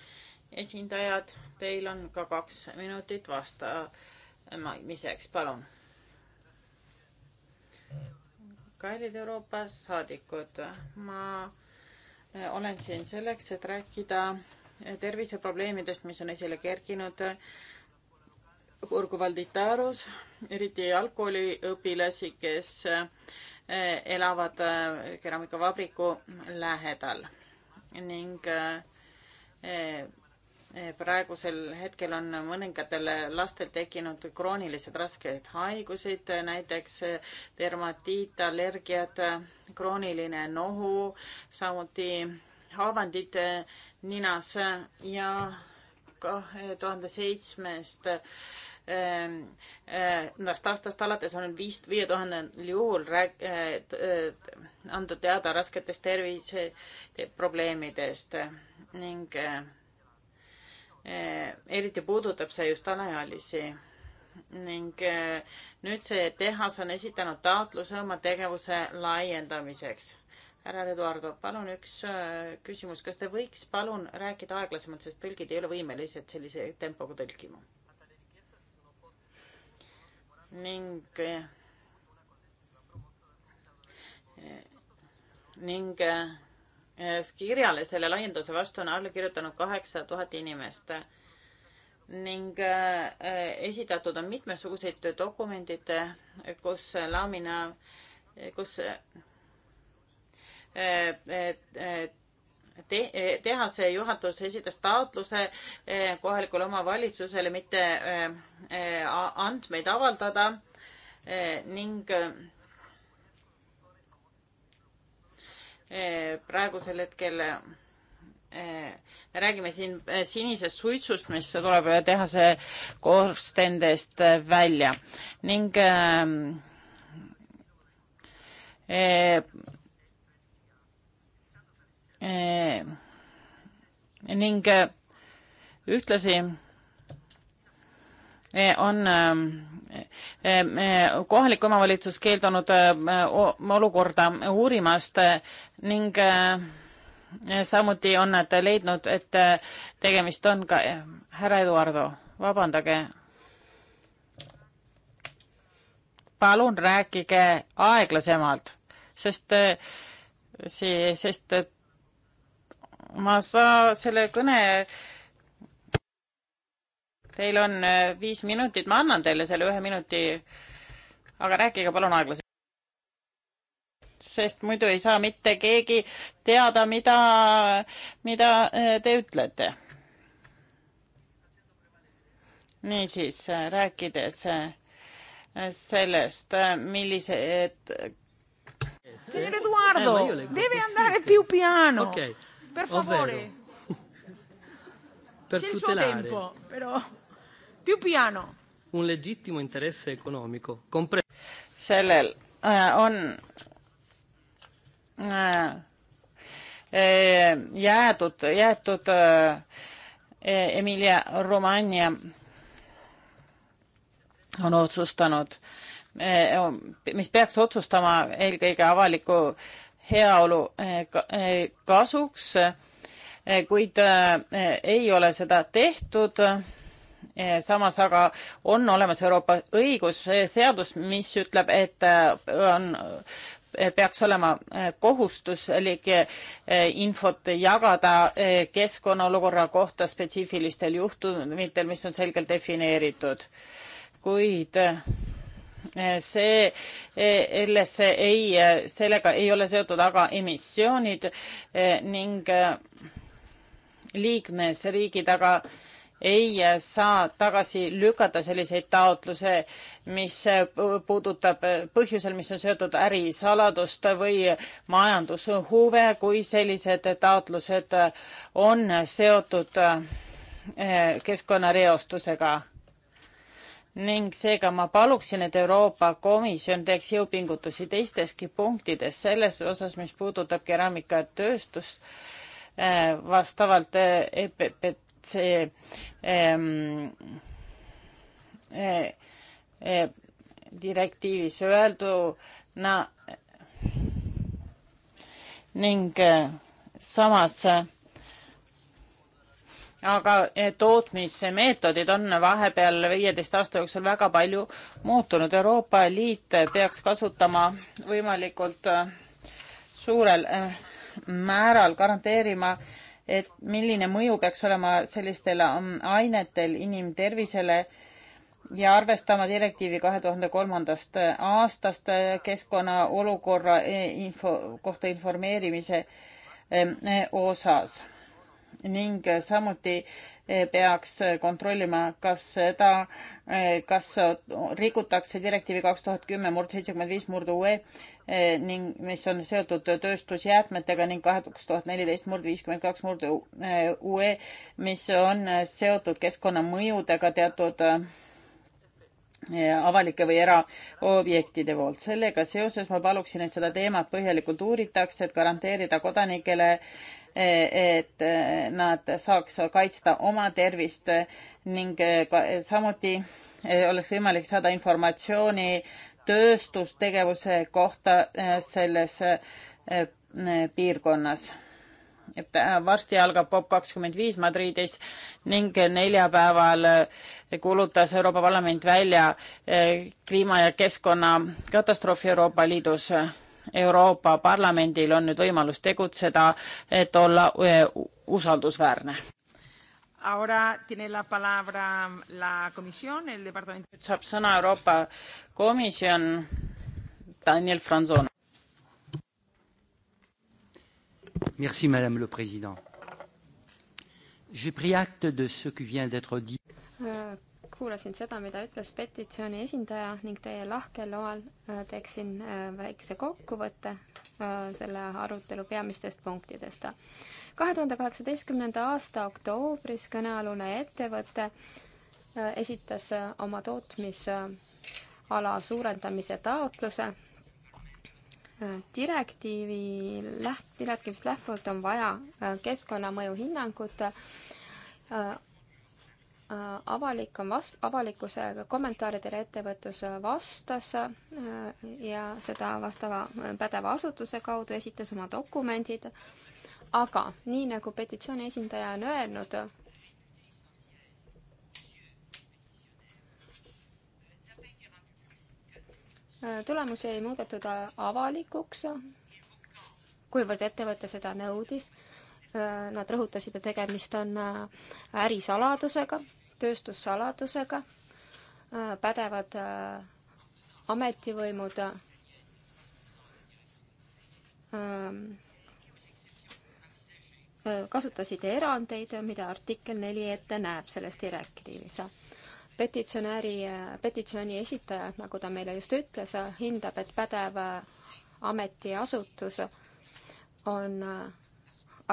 [SPEAKER 2] esindajad, teil on ka kaks minutit vastamiseks, palun. kallid Euroopa saadikud, ma eh, olen siin selleks, et rääkida eh, terviseprobleemidest, mis on esile kerkinud eh, Urgu Valditarus, eriti algkooliõpilasi, kes elavad keraamikavabriku lähedal ning praegusel hetkel on mõningatel lastel tekkinud kroonilised rasked haigused, näiteks dermatiit, allergiad, krooniline nohu, samuti haavandid ninas ja kahe tuhande seitsmest endast ähm, äh, aastast alates on viis, viie tuhandel juhul rääk-, äh, antud teada rasketest terviseprobleemidest ning äh, Eh, eriti puudutab see just alaealisi ning eh, nüüd see tehas on esitanud taotluse oma tegevuse laiendamiseks. härra Eduardo, palun üks eh, küsimus, kas te võiks palun rääkida aeglasemalt, sest tõlgid ei ole võimelised sellise tempoga tõlkima? ning ning Äh, kirjale selle laienduse vastu on alla kirjutanud kaheksa tuhat inimest ning äh, äh, esitatud on mitmesuguseid dokumendid, kus Lamina, kus te, tehase juhatus esitas taotluse kohalikule omavalitsusele mitte andmeid avaldada ning Eh, praegusel hetkel eh, me räägime siin eh, sinisest suitsust, mis tuleb üle tehase korstendest välja ning äh, äh, ning ühtlasi Eh, on ähm, ähm, eh, kohalik omavalitsus keeldunud äh, olukorda uurimast äh, ning äh, eh, samuti on nad leidnud, et tegemist on ka, härra Eduardo, vabandage. palun rääkige aeglasemalt, sest see, sest ma saa- selle kõne äh, Teil on äh, viis minutit, ma annan teile selle ühe minuti, aga rääkige palun aeglaselt. sest muidu ei saa mitte keegi teada, mida, mida äh, te ütlete. niisiis, äh, rääkides sellest, millised.
[SPEAKER 1] Signor Eduardo, eh, deve andare
[SPEAKER 2] più piano
[SPEAKER 1] okay.,
[SPEAKER 3] per favore. [laughs] Per C'è il suo tempo,
[SPEAKER 1] però più piano.
[SPEAKER 3] Un legittimo interesse economico compre-.
[SPEAKER 2] sellel äh, on äh, eh, eh, jäetud, jäetud äh, Emilia Romagna on otsustanud äh, mis peaks otsustama eelkõige avaliku heaolu kasuks, kuid ei ole seda tehtud Eh, samas aga on olemas Euroopa õigusseadus, mis ütleb, et eh, on eh, peaks olema kohustuslik infot jagada keskkonnaolukorra kohta spetsiifilistel juhtumitel, mis on selgelt defineeritud. kuid see, sellesse ei, sellega ei ole seotud aga emissioonid ning liikmesriigid aga äh, ei saa tagasi lükata selliseid taotluse, mis puudutab põhjusel, mis on seotud ärisaladust või majandushuve, kui sellised taotlused on seotud eh, keskkonnareostusega. ning seega ma paluksin, et Euroopa Komisjon teeks jõupingutusi teisteski punktides selles osas, mis puudutab keraamikatööstust eh, vastavalt EPP eh, e see ähm, äh, äh, direktiivis öelduna ning äh, samas aga tootmismeetodid on vahepeal viieteist aasta jooksul väga palju muutunud. Euroopa Liit peaks kasutama võimalikult suurel määral garanteerima äh, et milline mõju peaks olema sellistel um, ainetel inimtervisele ja arvestama direktiivi kahe tuhande kolmandast äh, aastast äh, keskkonna olukorra äh, info, kohta informeerimise ähm, osas. ning samuti peaks kontrollima, kas seda, kas rikutakse direktiivi kaks tuhat kümme murd seitsekümmend viis murd UE Eh, ning mis on seotud tööstusjäätmetega ning kaks tuhat neliteist murd viiskümmend kaks murd eh, UE, mis on seotud keskkonnamõjudega teatud eh, avalike või eraobjektide poolt. sellega seoses ma paluksin, et seda teemat põhjalikult uuritakse, et garanteerida kodanikele, et nad saaks kaitsta oma tervist ning samuti oleks võimalik saada informatsiooni äh, tööstustegevuse kohta äh, selles äh, äh, piirkonnas. et varsti algab COP kakskümmend viis Madridis ning neljapäeval kuulutas Euroopa Parlament välja kliima ja keskkonnakatastroofi Euroopa Liidus. Euroopa Parlamendil on nüüd võimalus tegutseda, et olla usaldusväärne.
[SPEAKER 1] Ahora tiene la palabra la comisión, el departamento. saab sõna Euroopa
[SPEAKER 2] Komisjon,
[SPEAKER 5] Daniel Franzon. Merci, madame le president. J'ai pris acte de ce qui vient d'être dit.
[SPEAKER 4] Äh, kuulasin seda, mida ütles petitsiooni esindaja ning teie lahkel loal äh, teeksin äh, väikse kokkuvõtte selle arutelu peamistest punktidest kahe tuhande kaheksateistkümnenda aasta oktoobris kõnealune ettevõte äh, esitas äh, oma tootmisala suurendamise taotluse. Äh, direktiivi läht-, direktiivist lähtuvalt on vaja keskkonnamõju hinnangut. avalik on vast-, avalikkuse kommentaaridele ettevõtlus vastas ja seda vastava pädeva asutuse kaudu esitas oma dokumendid aga nii nagu petitsiooni esindaja on öelnud, tulemusi ei muudetud avalikuks, kuivõrd ettevõte seda nõudis. Nad rõhutasid, et tegemist on ärisaladusega, tööstussaladusega, pädevad ametivõimud Äh, kasutasid erandeid, mida artikkel neli ette näeb selles direktiivis. petitsionääri, äh, petitsiooni esitaja, nagu ta meile just ütles, hindab, et pädev äh, ametiasutus on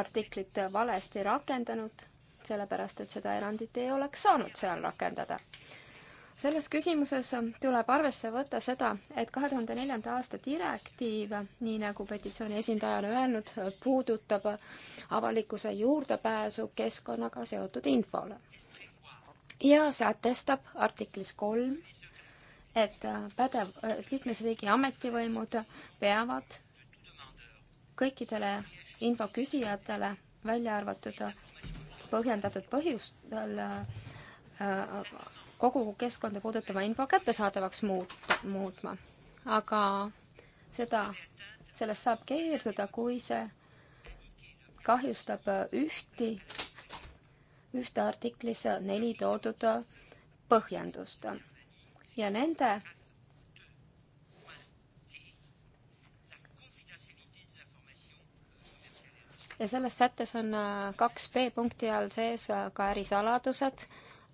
[SPEAKER 4] artiklit valesti rakendanud, sellepärast et seda erandit ei oleks saanud seal rakendada selles küsimuses tuleb arvesse võtta seda, et kahe tuhande neljanda aasta direktiiv, nii nagu petitsiooni esindaja on öelnud, puudutab avalikkuse juurdepääsu keskkonnaga seotud infole. ja sätestab artiklis kolm, et pädev, et liikmesriigi ametivõimud peavad kõikidele info küsijatele, välja arvatud põhjendatud põhjustel, äh, kogu keskkonda puudutava info kättesaadavaks muut-, muutma. aga seda, sellest saab keelduda, kui see kahjustab ühti, ühte artiklis neli toodud põhjendust. ja nende ja selles sättes on kaks B punkti all sees ka ärisaladused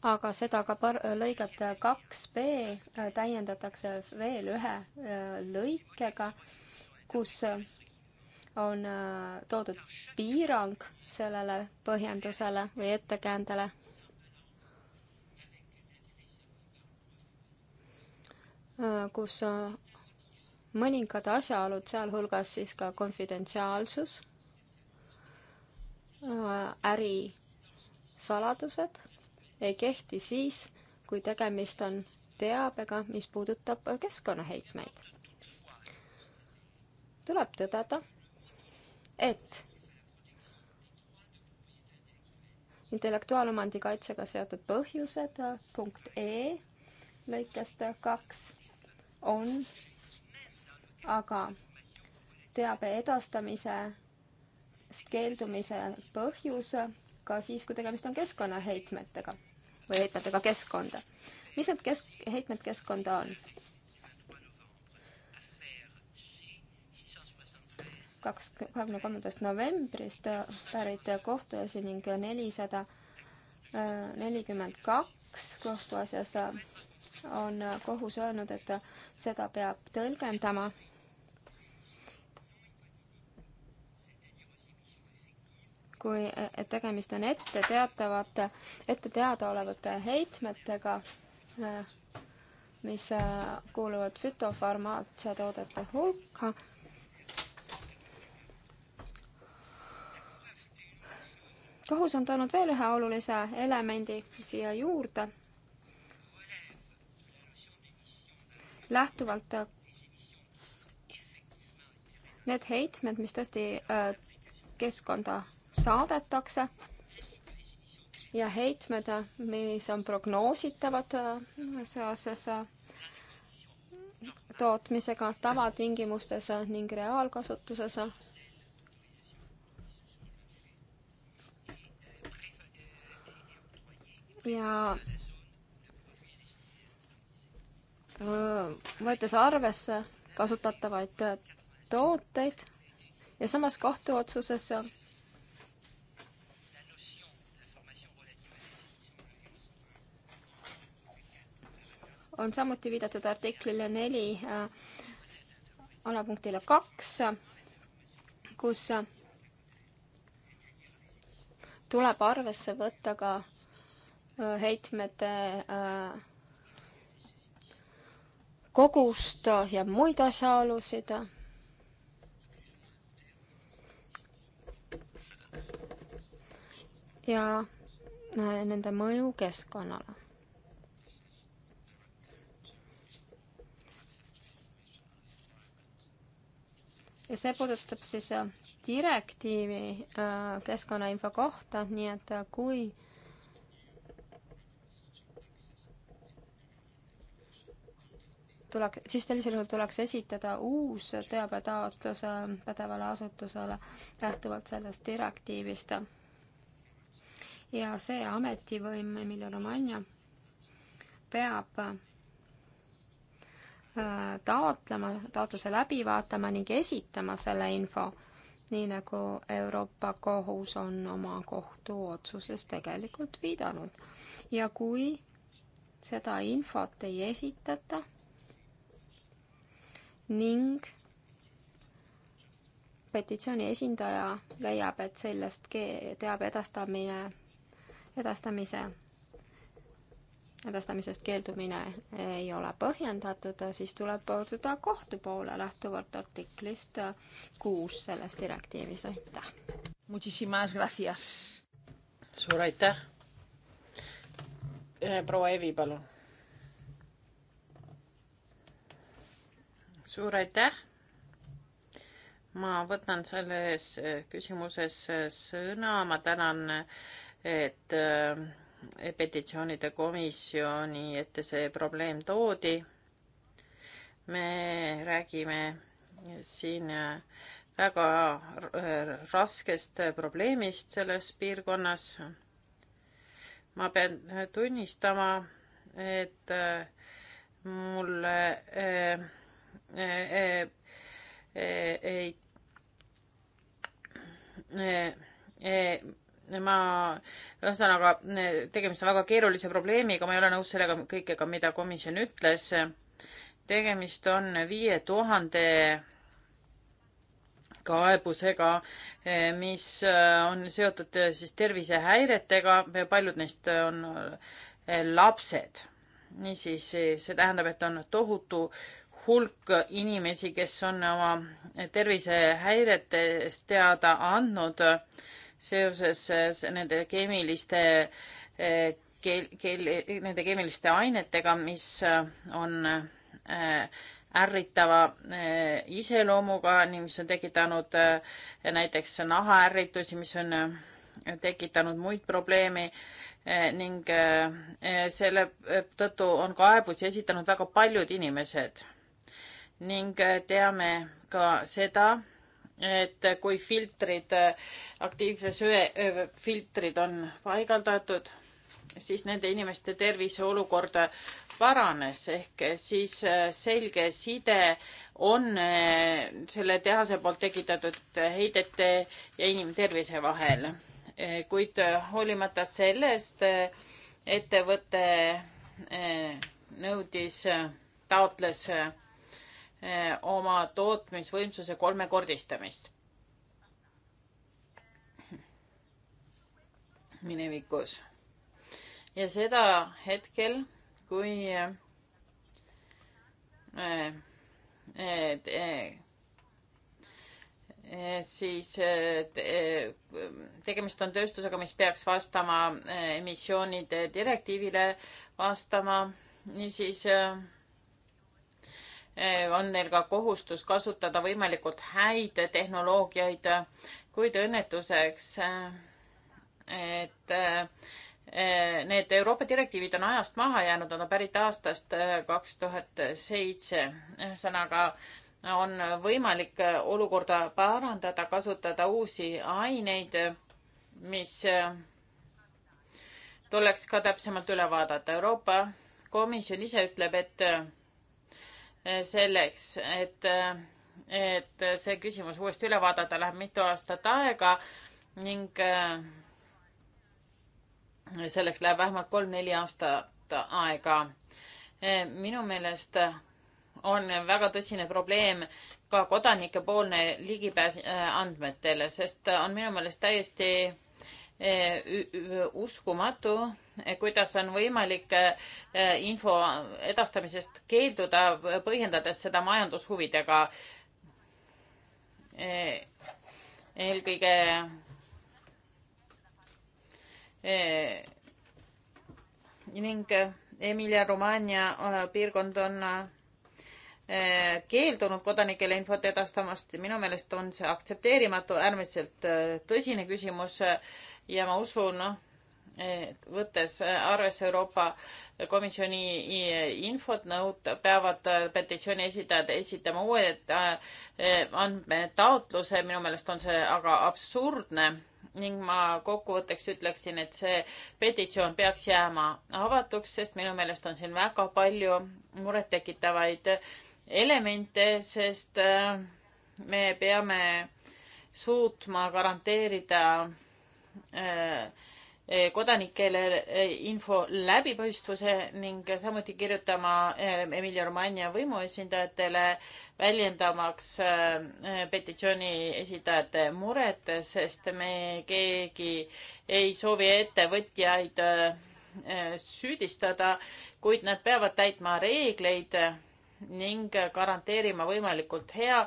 [SPEAKER 4] aga seda ka par-, lõiget kaks B äh, täiendatakse veel ühe äh, lõikega, kus on äh, toodud piirang sellele põhjendusele või ettekäändele. kus mõningad asjaolud, sealhulgas siis ka konfidentsiaalsus, ärisaladused ei kehti siis, kui tegemist on teabega, mis puudutab keskkonnaheitmeid. tuleb tõdeda, et intellektuaalomandi kaitsega seotud põhjused punkt E lõikest kaks on aga teabe edastamisest keeldumise põhjus ka siis, kui tegemist on keskkonnaheitmetega või heitmetega keskkonda. mis need kesk, heitmed keskkonda on? kaks, kahekümne kolmandast novembrist pärit kohtuasi ning nelisada nelikümmend kaks kohtuasjas on kohus öelnud, et seda peab tõlgendama kui, et tegemist on ette teatavate, ette teadaolevate heitmetega, mis äh, kuuluvad fütofarmaatsiatoodete hulka. kohus on toonud veel ühe olulise elemendi siia juurde. lähtuvalt äh, need heitmed, mis tõesti äh, keskkonda saadetakse ja heitmed, mis on prognoositavad äh, seoses äh, tootmisega tavatingimustes äh, ning reaalkasutuses. ja võttes arvesse kasutatavaid tooteid ja samas kohtuotsuses on samuti viidatud artiklile neli äh, alapunktile kaks, kus äh, tuleb arvesse võtta ka äh, heitmete kogust ja muid asjaolusid. ja nende mõju keskkonnale. ja see puudutab siis äh, direktiivi äh, keskkonnainfo kohta, nii et äh, kui tuleks, siis sellisel juhul tuleks esitada uus teabetaotlus pädevale asutusele lähtuvalt sellest direktiivist. ja see ametivõim, mille Romagna peab Äh, taotlema, taotluse läbi vaatama ning esitama selle info, nii nagu Euroopa Kohus on oma kohtuotsuses tegelikult viidanud. ja kui seda infot ei esitata ning petitsiooni esindaja leiab, et sellest teabe edastamine, edastamise edastamisest keeldumine ei ole põhjendatud, siis tuleb pöörduda kohtu poole lähtuvalt artiklist kuus selles direktiivis, aitäh.
[SPEAKER 2] suur aitäh. proua Evi, palun. suur aitäh. ma võtan selles küsimuses sõna, ma tänan, et äh, petitsioonide komisjoni ette see probleem toodi. me räägime siin väga raskest probleemist selles piirkonnas. ma pean tunnistama, et mulle äh, äh, äh, ei ma, ühesõnaga, tegemist on väga keerulise probleemiga, ma ei ole nõus sellega kõikega, mida komisjon ütles. tegemist on viie tuhande kaebusega, mis on seotud siis tervisehäiretega, paljud neist on lapsed. niisiis, see tähendab, et on tohutu hulk inimesi, kes on oma tervisehäiretest teada andnud äh, seoses äh, nende keemiliste äh, keel-, keel-, nende keemiliste ainetega, mis äh, on ärritava iseloomuga ning mis on tekitanud näiteks nahaärritusi, mis on tekitanud muid probleeme ning selle tõttu on kaebusi esitanud väga paljud inimesed. ning teame ka seda, et kui filtrid, aktiivse söe filtrid on paigaldatud, siis nende inimeste tervise olukord paranes ehk siis äh, selge side on äh, selle tehase poolt tekitatud heidete ja inimtervise vahel. Äh, kuid hoolimata sellest ettevõte nõudis, taotles oma tootmisvõimsuse kolmekordistamist. minevikus. ja seda hetkel, kui äh, äh, äh, siis äh, äh, tegemist on tööstusega, mis peaks vastama äh, emissioonide direktiivile vastama, niisiis äh, Eh, on neil ka kohustus kasutada võimalikult häid tehnoloogiaid, kuid õnnetuseks, eh, et eh, need Euroopa direktiivid on ajast maha jäänud, nad on pärit aastast kaks tuhat seitse. ühesõnaga on võimalik olukorda parandada, kasutada uusi aineid, mis tuleks ka täpsemalt üle vaadata. Euroopa Komisjon ise ütleb, et selleks, et, et see küsimus uuesti üle vaadata, läheb mitu aastat aega ning selleks läheb vähemalt kolm-neli aastat aega. minu meelest on väga tõsine probleem ka kodanikepoolne ligipääs äh, andmetele, sest on minu meelest täiesti äh, uskumatu, kuidas on võimalik eh, info edastamisest keelduda, põhjendades seda majandushuvidega. Eh, eelkõige eh, ning Emilia-Romagna piirkond on keeldunud kodanikele infot edastamast. minu meelest on see aktsepteerimatu, äärmiselt tõsine küsimus ja ma usun, Eh, võttes arvesse Euroopa Komisjoni eh, infot, nõud, peavad eh, petitsiooni esitajad esitama uued andmetaotluse, minu meelest on see aga absurdne ning ma kokkuvõtteks ütleksin, et see petitsioon peaks jääma avatuks, sest minu meelest on siin väga palju murettekitavaid elemente, sest me peame suutma garanteerida äh, Eh, kodanikele eh, info läbipaistvuse ning samuti kirjutama eh, Emilia Romagna võimuesindajatele, väljendamaks petitsiooni esitajate muret, sest me keegi ei soovi ettevõtjaid süüdistada, kuid nad peavad täitma reegleid ning garanteerima võimalikult hea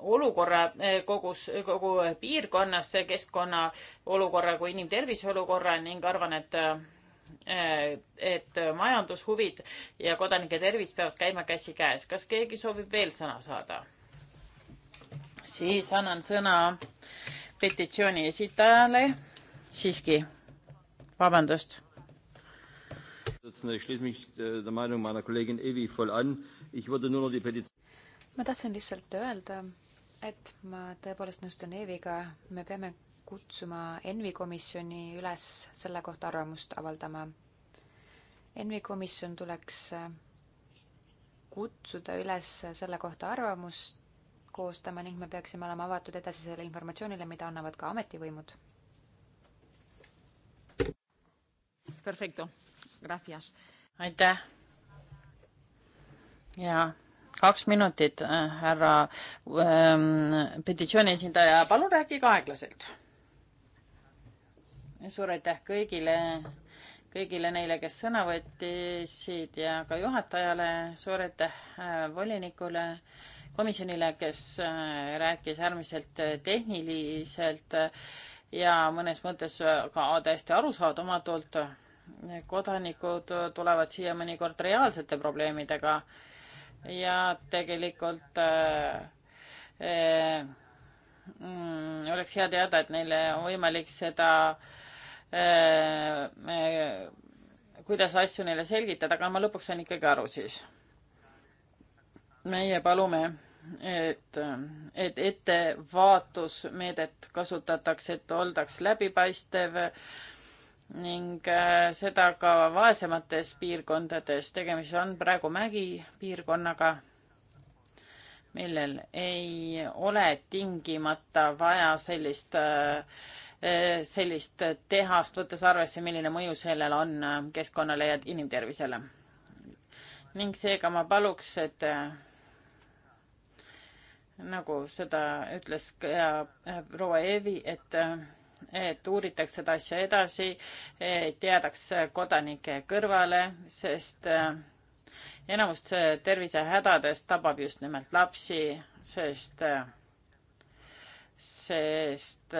[SPEAKER 2] olukorra eh, kogus, kogu piirkonnas, keskkonna olukorra kui inimtervise olukorra ning arvan, et eh, et majandushuvid ja kodanike tervis peavad käima käsikäes. kas keegi soovib veel sõna saada? siis annan sõna petitsiooni esitajale. siiski, vabandust.
[SPEAKER 5] Äh, ma
[SPEAKER 6] tahtsin lihtsalt öelda, et ma tõepoolest nõustun Eeviga, me peame kutsuma ENVI komisjoni üles selle kohta arvamust avaldama. ENVI komisjon tuleks kutsuda üles selle kohta arvamust koostama ning me peaksime olema avatud edasisele informatsioonile, mida annavad ka ametivõimud. Perfecto, gracias. aitäh.
[SPEAKER 2] ja kaks minutit, härra ähm, petitsiooni esindaja, palun rääkige aeglaselt. suur aitäh kõigile, kõigile neile, kes sõna võttisid ja ka juhatajale, suur aitäh äh, volinikule, komisjonile, kes äh, rääkis äärmiselt äh, tehniliselt äh, ja mõnes mõttes ka täiesti arusaadamatult. kodanikud tulevad siia mõnikord reaalsete probleemidega äh, ja tegelikult äh, äh, mm, oleks hea teada, et neile on võimalik seda äh,, äh, kuidas asju neile selgitada, aga ma lõpuks sain ikkagi aru siis. meie palume, et, et ettevaatusmeedet kasutatakse, et oldaks läbipaistev äh, ning äh, seda ka vaesemates piirkondades. tegemist on praegu mägipiirkonnaga, millel ei ole tingimata vaja sellist, äh, äh, sellist tehast, võttes arvesse, milline mõju sellel on keskkonnale ja inimtervisele. ning seega ma paluks, et nagu seda ütles ka proua Eevi, et et uuritaks seda asja edasi, et jäädaks kodanike kõrvale, sest äh, enamust äh, tervisehädadest tabab just nimelt lapsi, sest, äh, sest,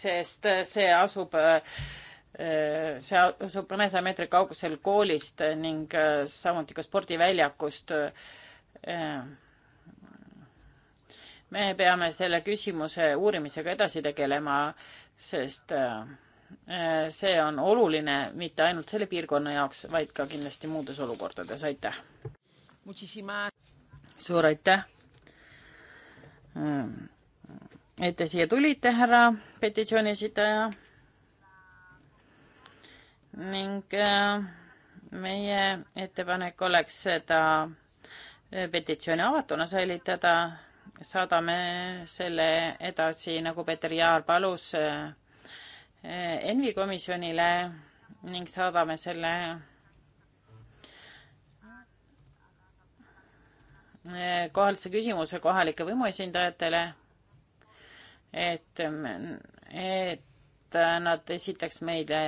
[SPEAKER 2] sest see asub see asub mõnesaja meetri kaugusel koolist ning samuti ka spordiväljakust me peame selle küsimuse uurimisega edasi tegelema, sest äh, äh, see on oluline mitte ainult selle piirkonna jaoks, vaid ka kindlasti muudes olukordades, aitäh. suur aitäh, äh, et te siia tulite, härra petitsiooni esitaja. ning meie ettepanek oleks seda petitsiooni avatuna säilitada saadame selle edasi, nagu Peeter Jaar palus, eh, Envi komisjonile ning saadame selle eh, kohalise küsimuse kohalike võimuesindajatele, et, et nad esitaks meile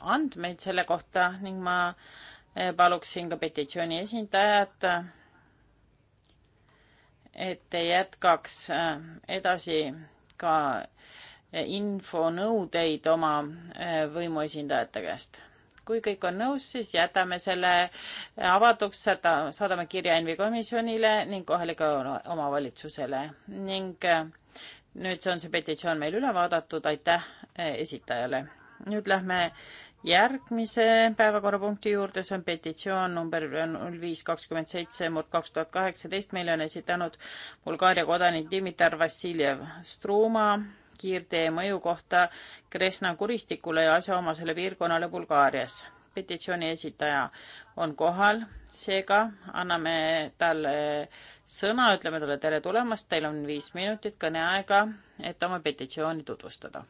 [SPEAKER 2] andmeid selle kohta ning ma eh, paluksin ka petitsiooni esindajat et jätkaks äh, edasi ka äh, infonõudeid oma äh, võimuesindajate käest. kui kõik on nõus, siis jätame selle avatuks, saadame kirja ENVI komisjonile ning kohalikule omavalitsusele ning nüüd see on see petitsioon meil üle vaadatud, aitäh esitajale. nüüd lähme järgmise päevakorrapunkti juurde, see on petitsioon number null viis kakskümmend seitse murd kaks tuhat kaheksateist, mille on esitanud Bulgaaria kodanik Dimitar Vassiljev Struma kiirtee mõju kohta Kresna kuristikule ja asjaomasele piirkonnale Bulgaarias. petitsiooni esitaja on kohal, seega anname talle sõna, ütleme talle tere tulemast, teil on viis minutit kõneaega, et oma petitsiooni tutvustada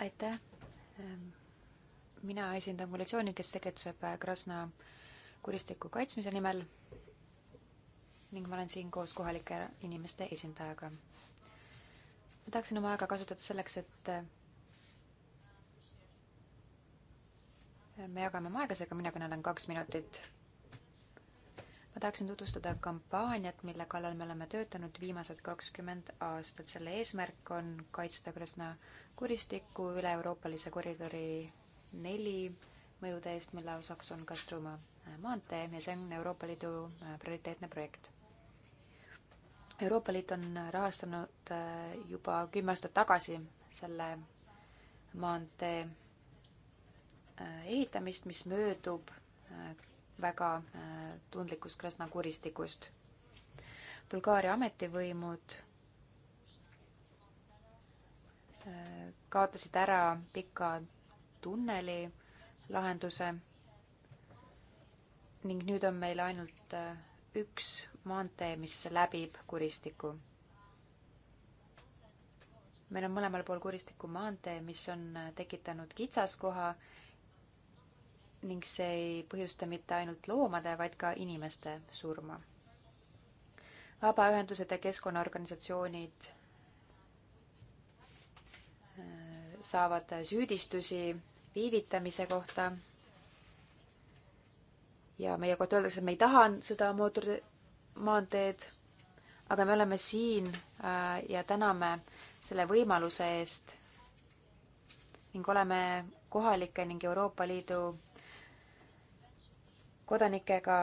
[SPEAKER 6] aitäh. Ähm, mina esindan koalitsiooni, kes tegutseb äh, Krasna kuristiku kaitsmise nimel ning ma olen siin koos kohalike inimeste esindajaga. ma tahaksin oma aega kasutada selleks, et äh, me jagame oma aega, seega mina kõnelen kaks minutit ma tahaksin tutvustada kampaaniat, mille kallal me oleme töötanud viimased kakskümmend aastat. selle eesmärk on kaitsta Krasna kuristiku üle-euroopalise koridori neli mõjude eest, mille osaks on ka Struma maantee ja see on Euroopa Liidu äh, prioriteetne projekt. Euroopa Liit on rahastanud äh, juba kümme aastat tagasi selle maantee äh, ehitamist, mis möödub väga äh, tundlikust Krasnakuristikust. Bulgaaria ametivõimud äh, kaotasid ära pika tunneli lahenduse ning nüüd on meil ainult äh, üks maantee, mis läbib kuristiku. meil on mõlemal pool kuristiku maantee, mis on tekitanud kitsaskoha ning see ei põhjusta mitte ainult loomade, vaid ka inimeste surma. vabaühendused ja keskkonnaorganisatsioonid äh, saavad süüdistusi viivitamise kohta. ja meie kohta öeldakse, et me ei taha seda mootormaanteed, aga me oleme siin äh, ja täname selle võimaluse eest ning oleme kohalike ning Euroopa Liidu kodanikega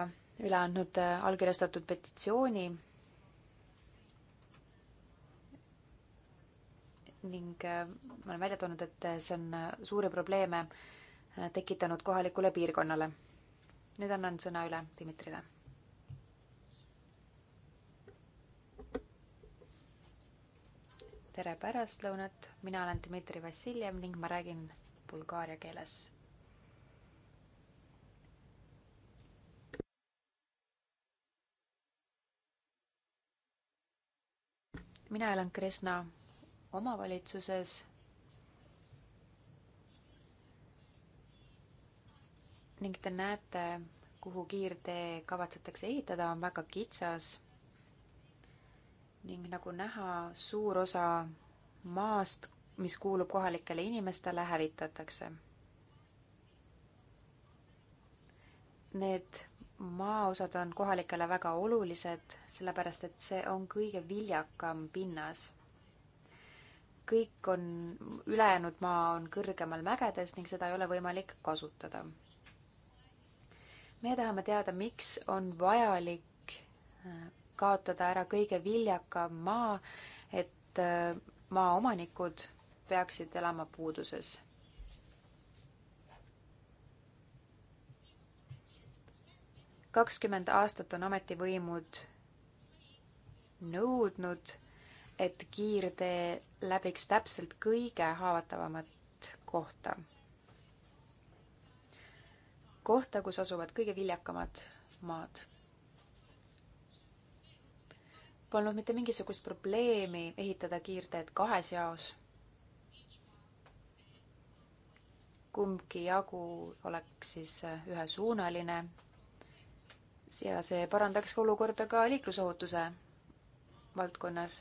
[SPEAKER 6] üle andnud äh, allkirjastatud petitsiooni ning äh, ma olen välja toonud, et äh, see on suuri probleeme tekitanud kohalikule piirkonnale. nüüd annan sõna üle Dmitrile. tere pärastlõunat, mina olen Dmitri Vassiljev ning ma räägin bulgaaria keeles mina elan Kresna omavalitsuses ning te näete, kuhu kiirtee kavatsetakse ehitada, on väga kitsas. ning nagu näha, suur osa maast, mis kuulub kohalikele inimestele, hävitatakse. Need maaosad on kohalikele väga olulised, sellepärast et see on kõige viljakam pinnas. kõik on, ülejäänud maa on kõrgemal mägedes ning seda ei ole võimalik kasutada. me tahame teada, miks on vajalik äh, kaotada ära kõige viljakam maa, et äh, maaomanikud peaksid elama puuduses kakskümmend aastat on ametivõimud nõudnud, et kiirtee läbiks täpselt kõige haavatavamat kohta. kohta, kus asuvad kõige viljakamad maad. Polnud mitte mingisugust probleemi ehitada kiirteed kahes jaos kumbki jagu oleks siis ühesuunaline ja see parandaks ka olukorda ka liiklusohutuse valdkonnas.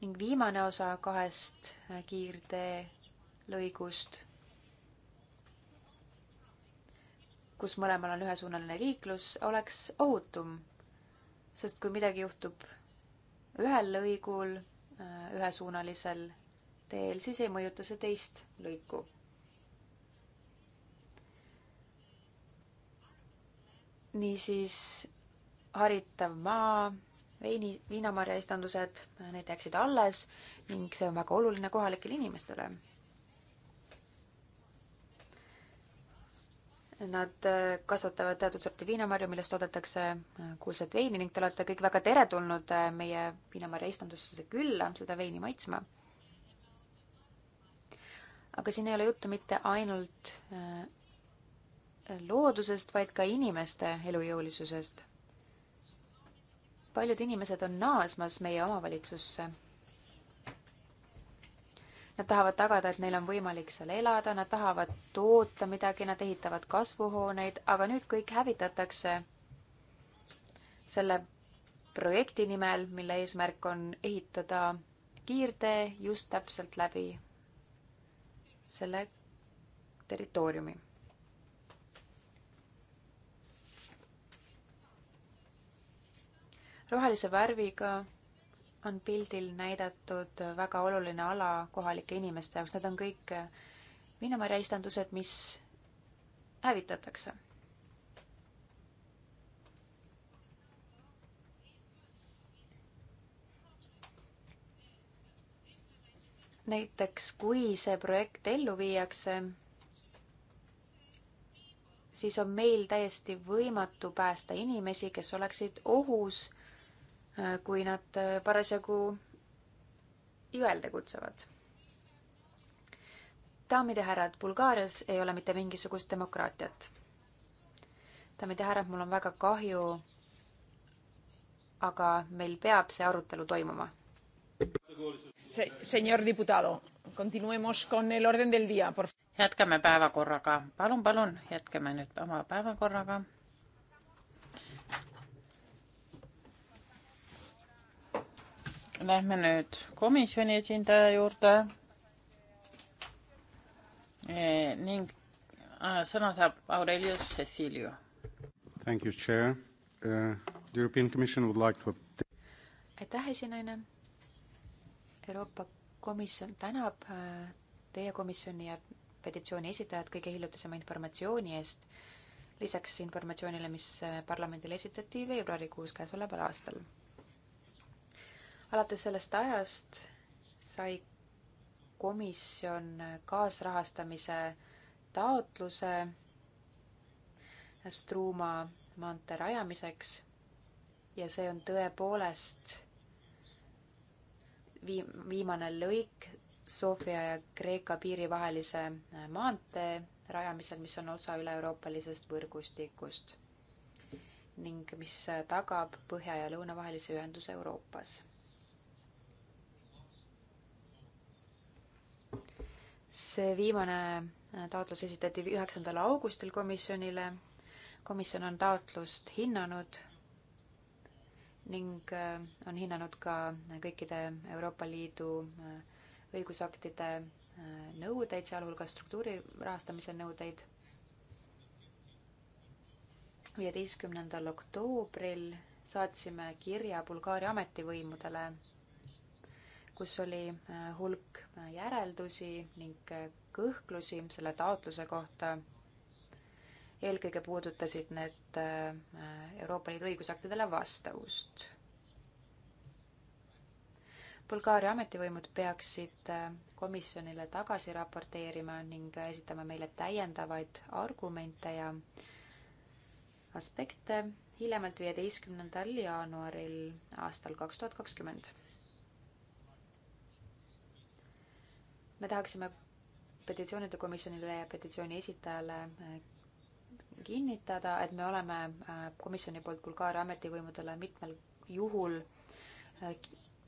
[SPEAKER 6] ning viimane osa kahest kiirteelõigust, kus mõlemal on ühesuunaline liiklus, oleks ohutum. sest kui midagi juhtub ühel lõigul, äh, ühesuunalisel teel, siis ei mõjuta see teist lõiku niisiis haritav maa, veini, viinamarjaistandused, need jääksid alles ning see on väga oluline kohalikele inimestele. Nad äh, kasvatavad teatud sorti viinamarju, millest toodetakse äh, kuulsat veini ning te olete kõik väga teretulnud äh, meie viinamarjaistandusse külla seda veini maitsma. aga siin ei ole juttu mitte ainult loodusest, vaid ka inimeste elujõulisusest. paljud inimesed on naasmas meie omavalitsusse. Nad tahavad tagada, et neil on võimalik seal elada, nad tahavad toota midagi, nad ehitavad kasvuhooneid, aga nüüd kõik hävitatakse selle projekti nimel, mille eesmärk on ehitada kiirtee just täpselt läbi selle territooriumi rohelise värviga on pildil näidatud väga oluline ala kohalike inimeste jaoks, need on kõik Viinamarja istandused, mis hävitatakse. näiteks kui see projekt ellu viiakse, siis on meil täiesti võimatu päästa inimesi, kes oleksid ohus Äh, kui nad äh, parasjagu jõel tegutsevad. daamid ja härrad, Bulgaarias ei ole mitte mingisugust demokraatiat. daamid ja
[SPEAKER 1] härrad, mul on väga kahju, aga meil peab see arutelu toimuma Se, señor diputado, continuemos con el orden del día, por favor. jätkame päevakorraga, palun, palun, jätkame nüüd oma päevakorraga
[SPEAKER 2] Lähme nüüd komisjoni esindaja juurde e, ning äh, sõna saab Aurelius Cecilio.
[SPEAKER 5] Thank you, chair uh,. The European Commission would like to
[SPEAKER 6] aitäh, esinaine. Euroopa Komisjon tänab äh, teie komisjoni ja petitsiooni esitajad kõige hiljutisema informatsiooni eest, lisaks informatsioonile, mis äh, parlamendile esitati veebruarikuus käesoleval aastal alates sellest ajast sai komisjon kaasrahastamise taotluse Struuma maantee rajamiseks ja see on tõepoolest viim-, viimane lõik Sofia ja Kreeka piirivahelise maantee rajamisel, mis on osa üle-euroopalisest võrgustikust ning mis tagab põhja ja lõuna vahelise ühenduse Euroopas see viimane äh, taotlus esitati üheksandal augustil komisjonile. komisjon on taotlust hinnanud ning äh, on hinnanud ka kõikide Euroopa Liidu äh, õigusaktide nõudeid, sealhulgas struktuuri rahastamise nõudeid. viieteistkümnendal oktoobril saatsime kirja Bulgaaria ametivõimudele kus oli äh, hulk äh, järeldusi ning äh, kõhklusi selle taotluse kohta. eelkõige puudutasid need Euroopa Liidu õigusaktidele vastavust. Bulgaaria ametivõimud peaksid komisjonile tagasi raporteerima ning esitama meile täiendavaid argumente ja aspekte hiljemalt viieteistkümnendal jaanuaril aastal kaks tuhat kakskümmend me tahaksime petitsioonide komisjonile ja petitsiooni esitajale äh, kinnitada, et me oleme äh, komisjoni poolt Bulgaaria ametivõimudele mitmel juhul äh,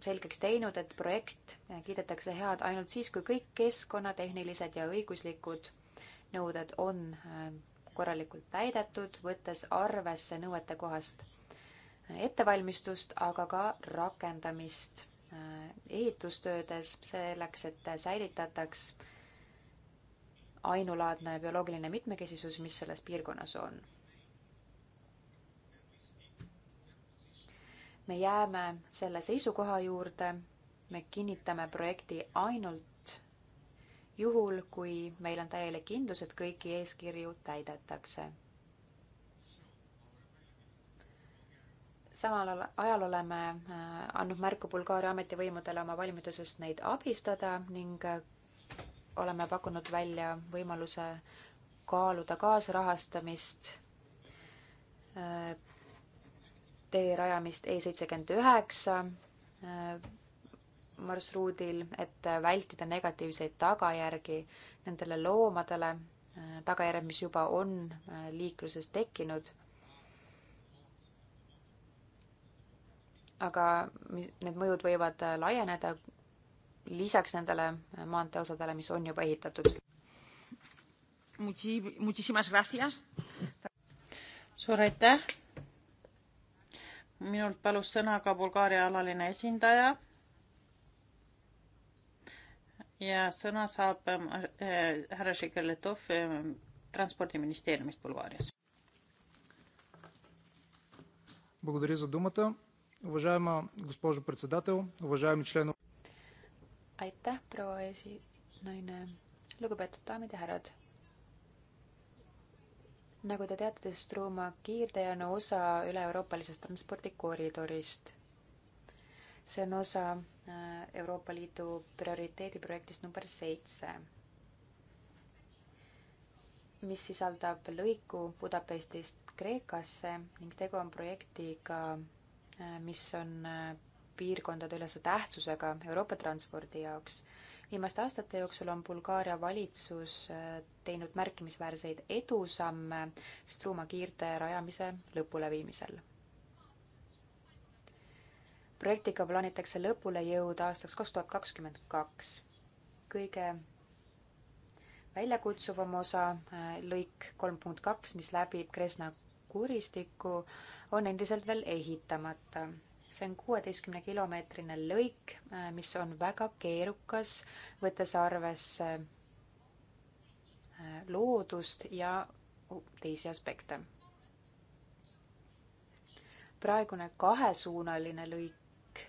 [SPEAKER 6] selgeks teinud, et projekt kiidetakse head ainult siis, kui kõik keskkonnatehnilised ja õiguslikud nõuded on korralikult täidetud, võttes arvesse nõuetekohast ettevalmistust, aga ka rakendamist Äh, ehitustöödes selleks, et säilitataks ainulaadne bioloogiline mitmekesisus, mis selles piirkonnas on. me jääme selle seisukoha juurde, me kinnitame projekti ainult juhul, kui meil on täielik kindlus, et kõiki eeskirju täidetakse samal ajal oleme äh, andnud märku Bulgaaria ametivõimudele oma valmidusest neid abistada ning äh, oleme pakkunud välja võimaluse kaaluda kaasrahastamist, äh, tee rajamist E seitsekümmend üheksa marsruudil, et vältida negatiivseid tagajärgi nendele loomadele, tagajärjed, mis juba on liikluses tekkinud aga need mõjud võivad äh, laieneda lisaks nendele äh, maanteeosadele, mis on juba ehitatud. suur aitäh.
[SPEAKER 2] minult palus sõna ka Bulgaaria alaline esindaja. ja sõna saab ähm, äh, härra Šikeletov ähm, Transpordiministeeriumist Bulgaarias.
[SPEAKER 7] Благодаря за думата. Уважаема госпожо председател,
[SPEAKER 5] уважаеми членове.
[SPEAKER 6] aitäh, proua esinaine. lugupeetud daamid ja härrad. nagu te teate, siis Struma kiirtee on osa üle-euroopalisest transpordikoridorist. see on osa äh, Euroopa Liidu prioriteediprojektist number seitse, mis sisaldab lõiku Budapestist Kreekasse ning tegu on projektiga mis on äh, piirkondadeülese tähtsusega Euroopa transpordi jaoks. viimaste aastate jooksul on Bulgaaria valitsus äh, teinud märkimisväärseid edusamme Struma kiirtee rajamise lõpuleviimisel. projektiga plaanitakse lõpule jõuda aastaks kaks tuhat kakskümmend kaks. kõige väljakutsuvam osa, äh, lõik kolm punkt kaks, mis läbib Kresna kuristikku on endiselt veel ehitamata. see on kuueteistkümne kilomeetrine lõik, äh, mis on väga keerukas, võttes arvesse äh, loodust ja teisi aspekte. praegune kahesuunaline lõik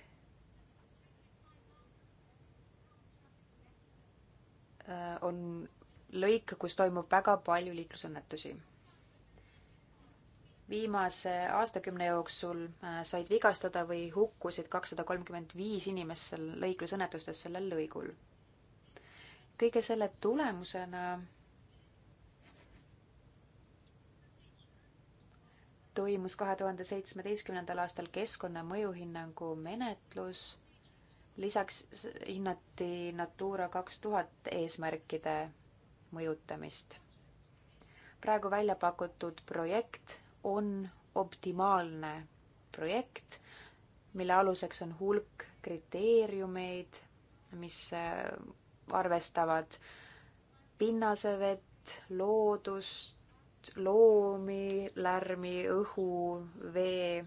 [SPEAKER 6] äh, on lõik, kus toimub väga palju liiklusõnnetusi viimase aastakümne jooksul äh, said vigastada või hukkusid kakssada kolmkümmend viis inimest seal liiklusõnnetustes sellel lõigul. kõige selle tulemusena toimus kahe tuhande seitsmeteistkümnendal aastal keskkonna mõjuhinnangu menetlus, lisaks hinnati Natura kaks tuhat eesmärkide mõjutamist praegu välja pakutud projekt on optimaalne projekt, mille aluseks on hulk kriteeriumeid, mis äh, arvestavad pinnasevett, loodust, loomi, lärmi, õhu, vee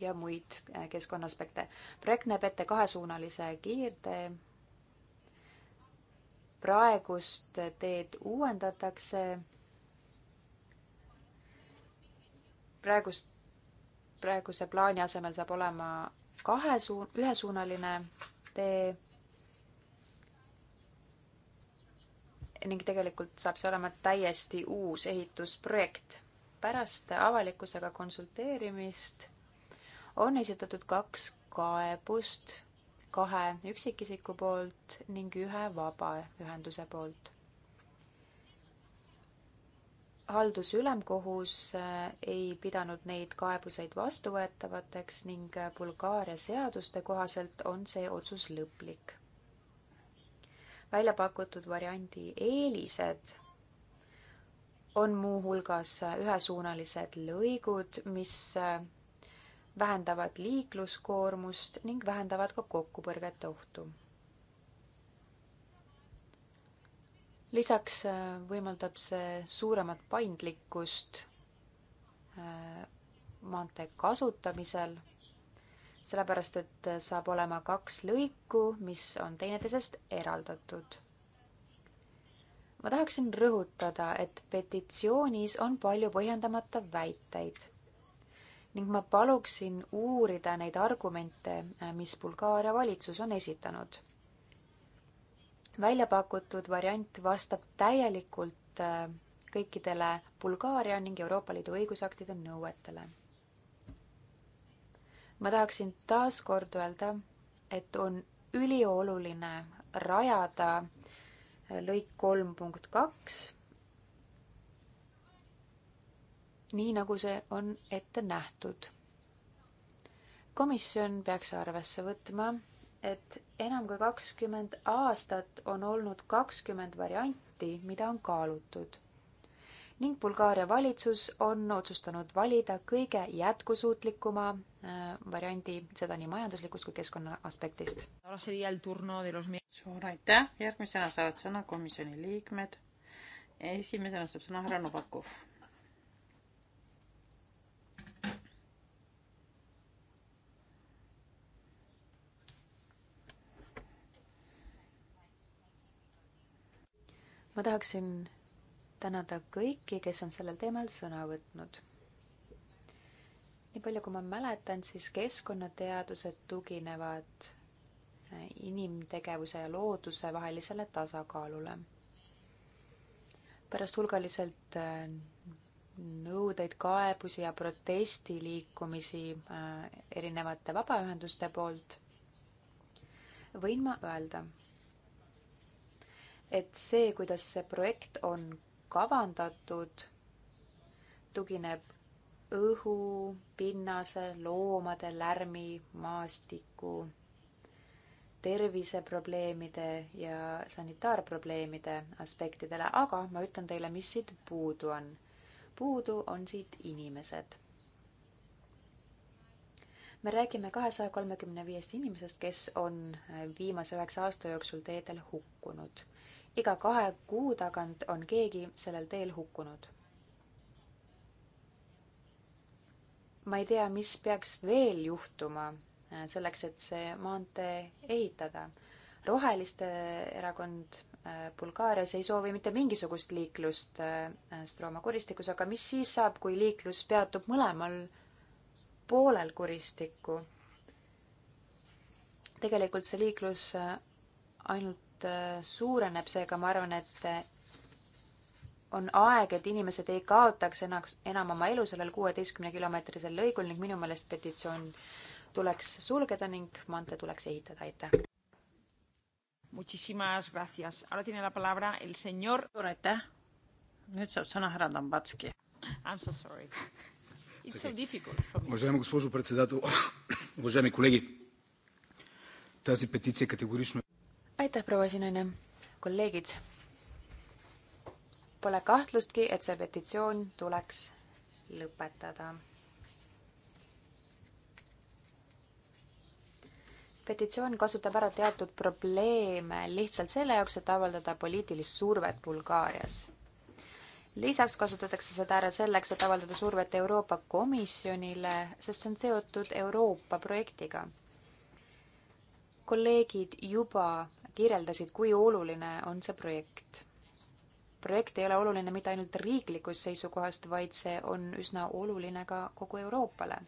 [SPEAKER 6] ja muid äh, keskkonnaaspekte. projekt näeb ette kahesuunalise kiirtee. praegust teed uuendatakse praegust, praeguse plaani asemel saab olema kahesuun-, ühesuunaline tee ning tegelikult saab see olema täiesti uus ehitusprojekt. pärast avalikkusega konsulteerimist on esitatud kaks kaebust kahe üksikisiku poolt ning ühe vabaühenduse poolt haldusülemkohus äh, ei pidanud neid kaebuseid vastuvõetavateks ning äh, Bulgaaria seaduste kohaselt on see otsus lõplik. välja pakutud variandi eelised on muuhulgas äh, ühesuunalised lõigud, mis vähendavad liikluskoormust ning vähendavad ka kokkupõrgete ohtu lisaks äh, võimaldab see suuremat paindlikkust äh, maantee kasutamisel, sellepärast et äh, saab olema kaks lõiku, mis on teineteisest eraldatud. ma tahaksin rõhutada, et petitsioonis on palju põhjendamata väiteid ning ma paluksin uurida neid argumente, mis Bulgaaria valitsus on esitanud välja pakutud variant vastab täielikult äh, kõikidele Bulgaaria ning Euroopa Liidu õigusaktide nõuetele. ma tahaksin taas kord öelda, et on ülioluline rajada äh, lõik kolm punkt kaks nii, nagu see on ette nähtud. komisjon peaks arvesse võtma et enam kui kakskümmend aastat on olnud kakskümmend varianti, mida on kaalutud. ning Bulgaaria valitsus on otsustanud valida kõige jätkusuutlikuma äh, variandi, seda nii majanduslikust kui keskkonna aspektist.
[SPEAKER 2] suur aitäh, järgmisena saavad sõna komisjoni liikmed. esimesena saab sõna härra Novakov
[SPEAKER 7] ma
[SPEAKER 6] tahaksin tänada kõiki, kes on sellel teemal sõna võtnud. nii palju, kui ma mäletan, siis keskkonnateadused tuginevad äh, inimtegevuse ja looduse vahelisele tasakaalule. pärast hulgaliselt äh, nõudeid, kaebusi ja protestiliikumisi äh, erinevate vabaühenduste poolt võin ma öelda, et see, kuidas see projekt on kavandatud, tugineb õhu, pinnase, loomade, lärmi, maastiku, terviseprobleemide ja sanitaarprobleemide aspektidele, aga ma ütlen teile, mis siit puudu on. puudu on siit inimesed. me räägime kahesaja kolmekümne viiest inimesest, kes on viimase üheksa aasta jooksul teedel hukkunud iga kahe kuu tagant on keegi sellel teel hukkunud. ma ei tea, mis peaks veel juhtuma äh, selleks, et see maantee ehitada. roheliste erakond äh, Bulgaarias ei soovi mitte mingisugust liiklust äh, Strooma kuristikus, aga mis siis saab, kui liiklus peatub mõlemal poolel kuristikku? tegelikult see liiklus ainult Äh, suureneb, seega ma arvan, et äh, on aeg, et inimesed ei kaotaks enaks, enam oma elu sellel kuueteistkümnekilomeetrisel lõigul ning minu meelest petitsioon tuleks sulgeda ning maantee tuleks ehitada,
[SPEAKER 1] aitäh. Muchísimas gracias. Ahora tiene la palabra el señor. suur aitäh. nüüd saab sõna härra Dambatski. I am so sorry.
[SPEAKER 2] [laughs]
[SPEAKER 6] It's so difficult
[SPEAKER 7] for me. Уважаема госпожо председател, уважаеми колеги, тази петиция категорично
[SPEAKER 6] aitäh, proua esinaine. kolleegid, pole kahtlustki, et see petitsioon tuleks lõpetada. petitsioon kasutab ära teatud probleeme lihtsalt selle jaoks, et avaldada poliitilist survet Bulgaarias. lisaks kasutatakse seda ära selleks, et avaldada survet Euroopa Komisjonile, sest see on seotud Euroopa projektiga. kolleegid juba kirjeldasid, kui oluline on see projekt. projekt ei ole oluline mitte ainult riiklikust seisukohast, vaid see on üsna oluline ka kogu Euroopale.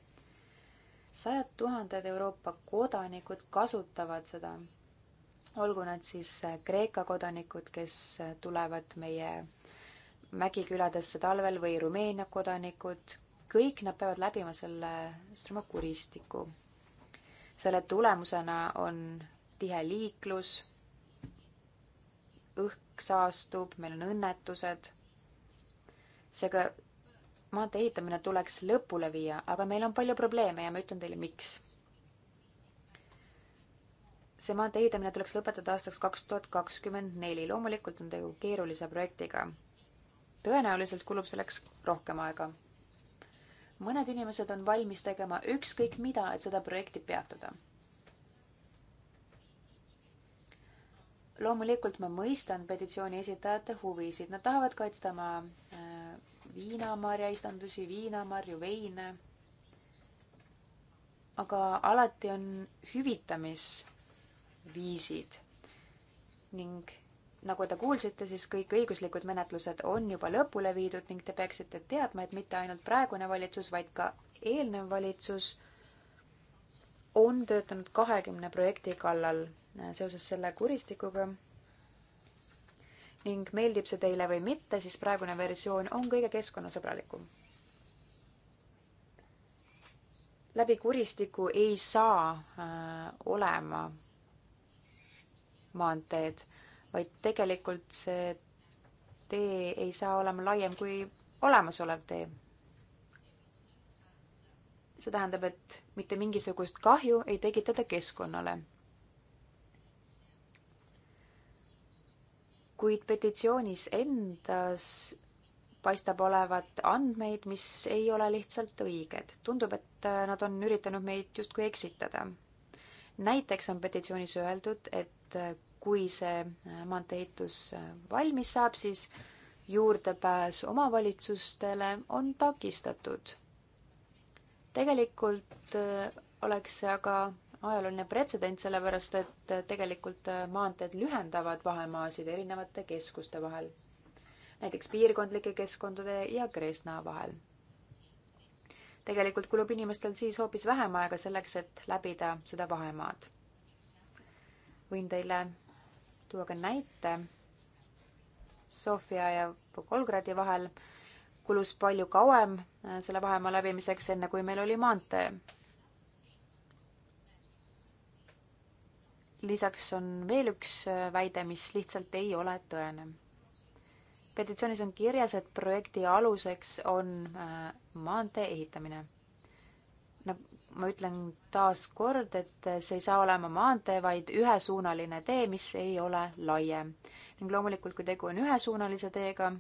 [SPEAKER 6] sajad tuhanded Euroopa kodanikud kasutavad seda, olgu nad siis Kreeka kodanikud, kes tulevad meie mägiküladesse talvel või Rumeenia kodanikud, kõik nad peavad läbima selle Struma kuristiku. selle tulemusena on tihe liiklus, õhk saastub, meil on õnnetused. seega maantee ehitamine tuleks lõpule viia, aga meil on palju probleeme ja ma ütlen teile, miks. see maantee ehitamine tuleks lõpetada aastaks kaks tuhat kakskümmend neli, loomulikult on tegu keerulise projektiga. tõenäoliselt kulub selleks rohkem aega. mõned inimesed on valmis tegema ükskõik mida, et seda projekti peatada loomulikult ma mõistan petitsiooni esitajate huvisid, nad tahavad kaitsta oma äh, viinamarjaistandusi, viinamarju, veine. aga alati on hüvitamisviisid ning nagu te kuulsite, siis kõik õiguslikud menetlused on juba lõpule viidud ning te peaksite teadma, et mitte ainult praegune valitsus, vaid ka eelnev valitsus on töötanud kahekümne projekti kallal seoses selle kuristikuga. ning meeldib see teile või mitte, siis praegune versioon on kõige keskkonnasõbralikum. läbi kuristiku ei saa äh, olema maanteed, vaid tegelikult see tee ei saa olema laiem kui olemasolev tee. see tähendab, et mitte mingisugust kahju ei tekitata keskkonnale kuid petitsioonis endas paistab olevat andmeid, mis ei ole lihtsalt õiged. tundub, et äh, nad on üritanud meid justkui eksitada. näiteks on petitsioonis öeldud, et äh, kui see äh, maanteeehitus valmis saab, siis juurdepääs omavalitsustele on takistatud. tegelikult oleks see aga ajalooline pretsedent, sellepärast et tegelikult äh, maanteed lühendavad vahemaasid erinevate keskuste vahel, näiteks piirkondlike keskkondade ja Kresna vahel. tegelikult kulub inimestel siis hoopis vähem aega selleks, et läbida seda vahemaad. võin teile tuua ka näite. Sofia ja Volgradi vahel kulus palju kauem äh, selle vahemaa läbimiseks, enne kui meil oli maantee lisaks on veel üks äh, väide, mis lihtsalt ei ole tõene. petitsioonis on kirjas, et projekti aluseks on äh, maantee ehitamine. no ma ütlen taas kord, et äh, see ei saa olema maantee, vaid ühesuunaline tee, mis ei ole laiem. ning loomulikult, kui tegu on ühesuunalise teega,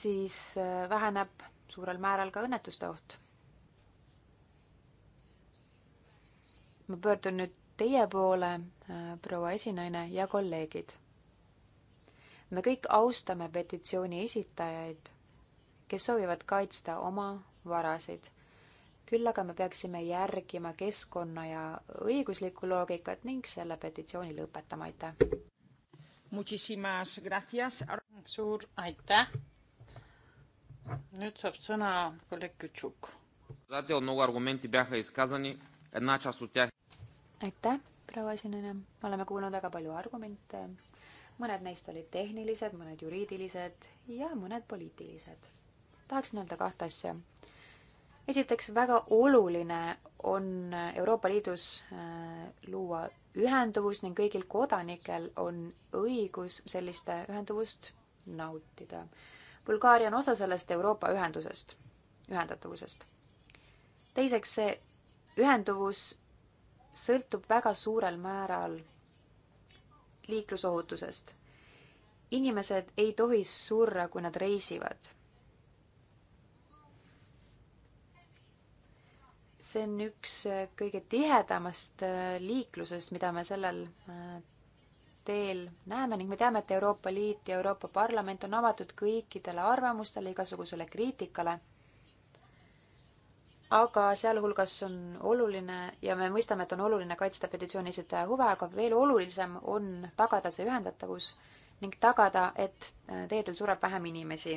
[SPEAKER 6] siis väheneb suurel määral ka õnnetuste oht ma pöördun nüüd teie poole, äh, proua esinaine ja kolleegid. me kõik austame petitsiooni esitajaid, kes soovivad kaitsta oma varasid. küll aga me peaksime järgima keskkonna ja õiguslikku loogikat ning selle petitsiooni lõpetama, aitäh!
[SPEAKER 1] suur aitäh! nüüd saab sõna kolleeg Kütšuk.
[SPEAKER 7] Задел много аргументи бяха изказани. Една част от тях
[SPEAKER 6] aitäh, proua esineja. oleme kuulnud väga palju argumente. mõned neist olid tehnilised, mõned juriidilised ja mõned poliitilised. tahaksin öelda kahte asja. esiteks, väga oluline on Euroopa Liidus äh, luua ühenduvus ning kõigil kodanikel on õigus sellist ühenduvust nautida. Bulgaaria on osa sellest Euroopa ühendusest, ühendatavusest. teiseks, see ühenduvus sõltub väga suurel määral liiklusohutusest. inimesed ei tohi surra, kui nad reisivad. see on üks äh, kõige tihedamast äh, liiklusest, mida me sellel äh, teel näeme ning me teame, et Euroopa Liit ja Euroopa Parlament on avatud kõikidele arvamustele, igasugusele kriitikale aga sealhulgas on oluline ja me mõistame, et on oluline kaitsta petitsiooni esitaja huve, aga veel olulisem on tagada see ühendatavus ning tagada, et äh, teedel sureb vähem inimesi.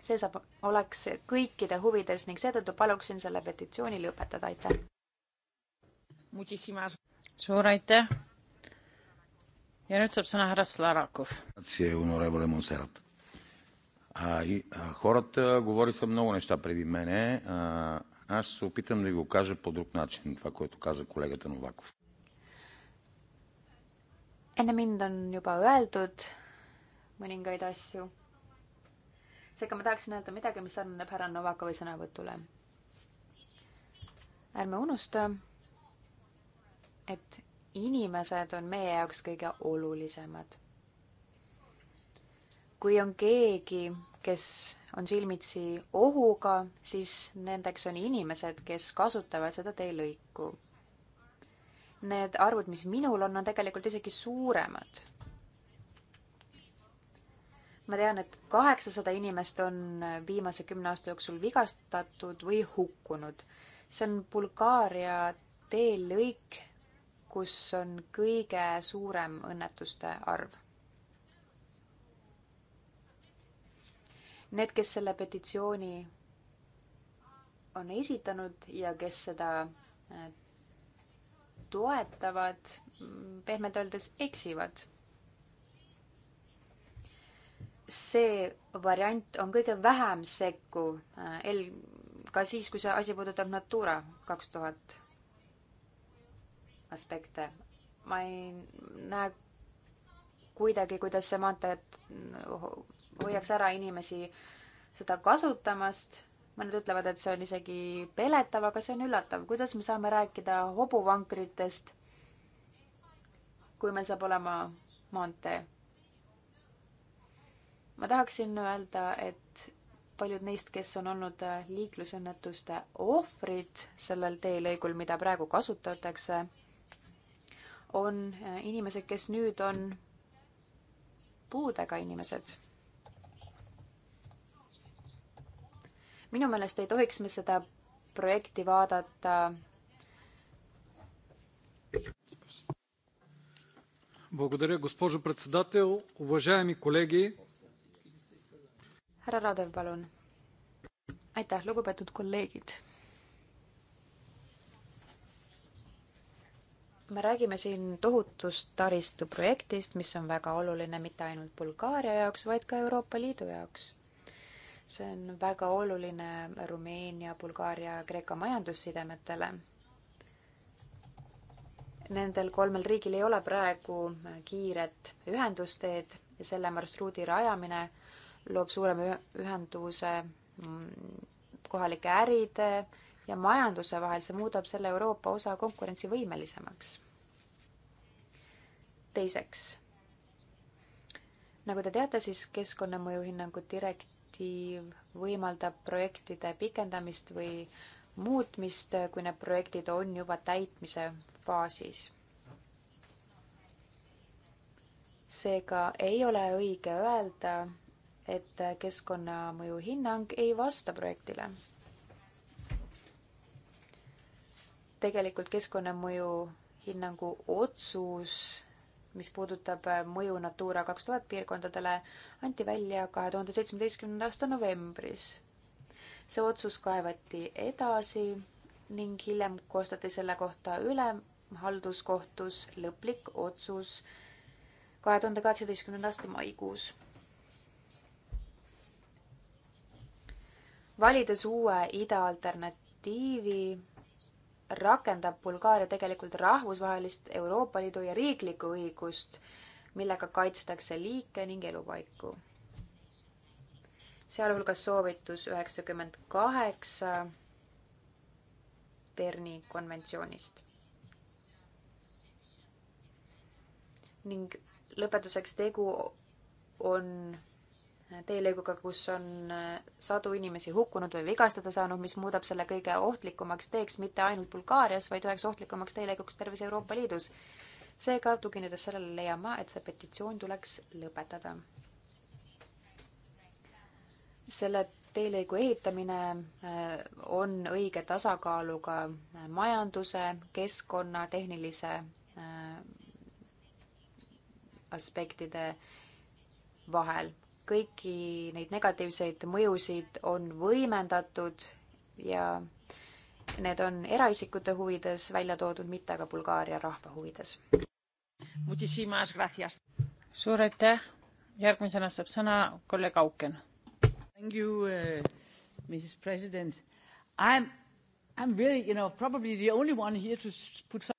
[SPEAKER 6] see saab, oleks kõikide huvides ning seetõttu paluksin selle petitsiooni lõpetada, aitäh.
[SPEAKER 1] suur aitäh.
[SPEAKER 2] ja nüüd saab sõna härra Slarakov.
[SPEAKER 5] А, и, а, хората говориха много неща преди мене. А, аз се опитам да ви го кажа по друг начин, това, което каза колегата Новаков.
[SPEAKER 6] enne mind on juba öeldud mõningaid asju. seega ma tahaksin öelda midagi, mis sarnaneb härra Novakovi sõnavõtule. ärme unusta, et inimesed on meie jaoks kõige olulisemad kui on keegi, kes on silmitsi ohuga, siis nendeks on inimesed, kes kasutavad seda teelõiku. Need arvud, mis minul on, on tegelikult isegi suuremad. ma tean, et kaheksasada inimest on viimase kümne aasta jooksul vigastatud või hukkunud. see on Bulgaaria teelõik, kus on kõige suurem õnnetuste arv Need, kes selle petitsiooni on esitanud ja kes seda äh, toetavad, mm, pehmelt öeldes eksivad. see variant on kõige vähem sekkuv äh, el-, ka siis, kui see asi puudutab Natura kaks tuhat aspekte. ma ei näe kuidagi, kuidas see maanteed hoiaks ära inimesi seda kasutamast. mõned ütlevad, et see on isegi peletav, aga see on üllatav. kuidas me saame rääkida hobuvankritest, kui meil saab olema maantee? ma tahaksin öelda, et paljud neist, kes on olnud liiklusõnnetuste ohvrid sellel teelõigul, mida praegu kasutatakse, on inimesed, kes nüüd on puudega inimesed minu meelest ei tohiks me seda projekti vaadata
[SPEAKER 7] Благодаря,
[SPEAKER 2] госпожо председател. Уважаеми колеги.
[SPEAKER 6] härra Radev, palun. aitäh, lugupeetud kolleegid. me räägime siin tohutust taristuprojektist, mis on väga oluline mitte ainult Bulgaaria jaoks, vaid ka Euroopa Liidu jaoks see on väga oluline Rumeenia, Bulgaaria, Kreeka majandussidemetele. Nendel kolmel riigil ei ole praegu kiiret ühendusteed ja selle marsruudi rajamine loob suurema ühenduse mm, kohalike äride ja majanduse vahel, see muudab selle Euroopa osa konkurentsivõimelisemaks. teiseks, nagu te teate, siis keskkonnamõjuhinnangu direkt-, direktiiv võimaldab projektide pikendamist või muutmist, kui need projektid on juba täitmise faasis. seega ei ole õige öelda, et keskkonnamõju hinnang ei vasta projektile. tegelikult keskkonnamõju hinnangu otsus mis puudutab äh, mõju Natura kaks tuhat piirkondadele, anti välja kahe tuhande seitsmeteistkümnenda aasta novembris. see otsus kaevati edasi ning hiljem koostati selle kohta ülemhalduskohtus lõplik otsus kahe tuhande kaheksateistkümnenda aasta maikuus. valides uue ida alternatiivi rakendab Bulgaaria tegelikult rahvusvahelist Euroopa Liidu ja riiklikku õigust, millega kaitstakse liike ning elupaiku. sealhulgas soovitus üheksakümmend kaheksa Berni konventsioonist. ning lõpetuseks tegu on teelõiguga, kus on äh, sadu inimesi hukkunud või vigastada saanud, mis muudab selle kõige ohtlikumaks teeks mitte ainult Bulgaarias, vaid üheks ohtlikumaks teelõiguks terves Euroopa Liidus. seega, tuginedes sellele, leian ma, et see petitsioon tuleks lõpetada. selle teelõigu ehitamine äh, on õige tasakaaluga äh, majanduse, keskkonna, tehnilise aspektide vahel kõiki neid negatiivseid mõjusid on võimendatud ja need on eraisikute huvides välja toodud, mitte aga Bulgaaria rahva huvides.
[SPEAKER 2] suur aitäh, järgmisena saab sõna kolleeg Auken.
[SPEAKER 7] Thank you uh,, Mrs President. I am, I am really, you know, probably the
[SPEAKER 6] only one here to put some...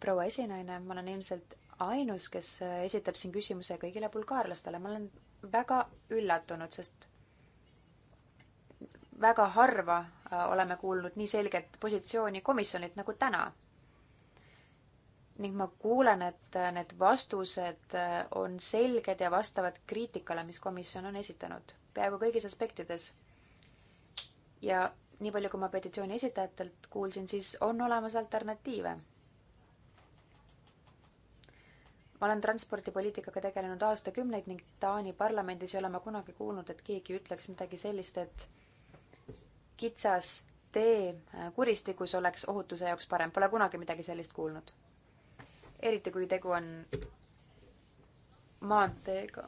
[SPEAKER 6] proua esinaine, ma olen ilmselt ainus, kes äh, esitab siin küsimuse kõigile bulgaarlastele, ma olen väga üllatunud, sest väga harva äh, oleme kuulnud nii selget positsiooni komisjonilt nagu täna. ning ma kuulen, et äh, need vastused äh, on selged ja vastavad kriitikale, mis komisjon on esitanud, peaaegu kõigis aspektides. ja nii palju, kui ma petitsiooni esitajatelt kuulsin, siis on olemas alternatiive ma olen transpordipoliitikaga tegelenud aastakümneid ning Taani parlamendis ei ole ma kunagi kuulnud, et keegi ütleks midagi sellist, et kitsas tee äh, kuristikus oleks ohutuse jaoks parem. Pole kunagi midagi sellist kuulnud. eriti, kui tegu on maanteega.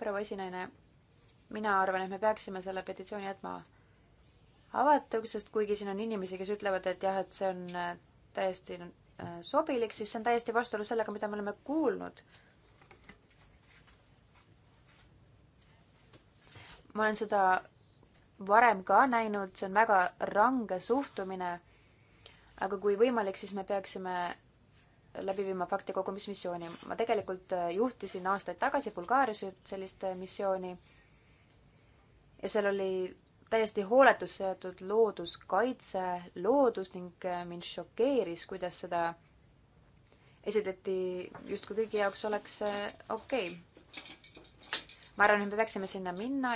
[SPEAKER 6] proua esinaine, mina arvan, et me peaksime selle petitsiooni jätma avatuks, sest kuigi siin on inimesi, kes ütlevad, et jah, et see on äh, täiesti äh, sobilik, siis see on täiesti vastuolus sellega, mida me oleme kuulnud. ma olen seda varem ka näinud, see on väga range suhtumine. aga kui võimalik, siis me peaksime läbi viima faktikogumismissiooni. ma tegelikult äh, juhtisin aastaid tagasi Bulgaarias sellist äh, missiooni. ja seal oli täiesti hooletus seotud looduskaitse loodus ning äh, mind šokeeris, kuidas seda esitati justkui kõigi jaoks oleks äh, okei okay.. ma arvan, et me peaksime sinna minna,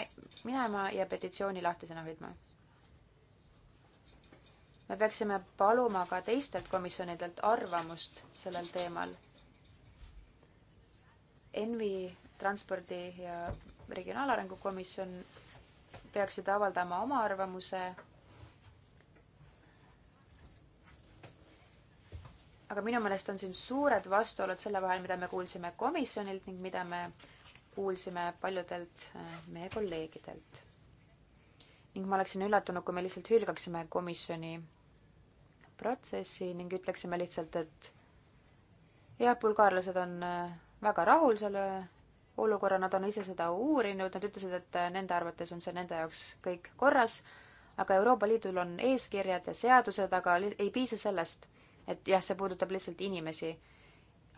[SPEAKER 6] minema ja petitsiooni lahtisena hoidma. me peaksime paluma ka teistelt komisjonidelt arvamust sellel teemal. Envi, transpordi ja regionaalarengu komisjon peaksid avaldama oma arvamuse. aga minu meelest on siin suured vastuolud selle vahel, mida me kuulsime komisjonilt ning mida me kuulsime paljudelt äh, meie kolleegidelt. ning ma oleksin üllatunud, kui me lihtsalt hülgaksime komisjoni protsessi ning ütleksime lihtsalt, et jah, bulgaarlased on äh, väga rahul selle olukorra, nad on ise seda uurinud, nad ütlesid, et äh, nende arvates on see nende jaoks kõik korras, aga Euroopa Liidul on eeskirjad ja seadused, aga ei piisa sellest, et jah, see puudutab lihtsalt inimesi.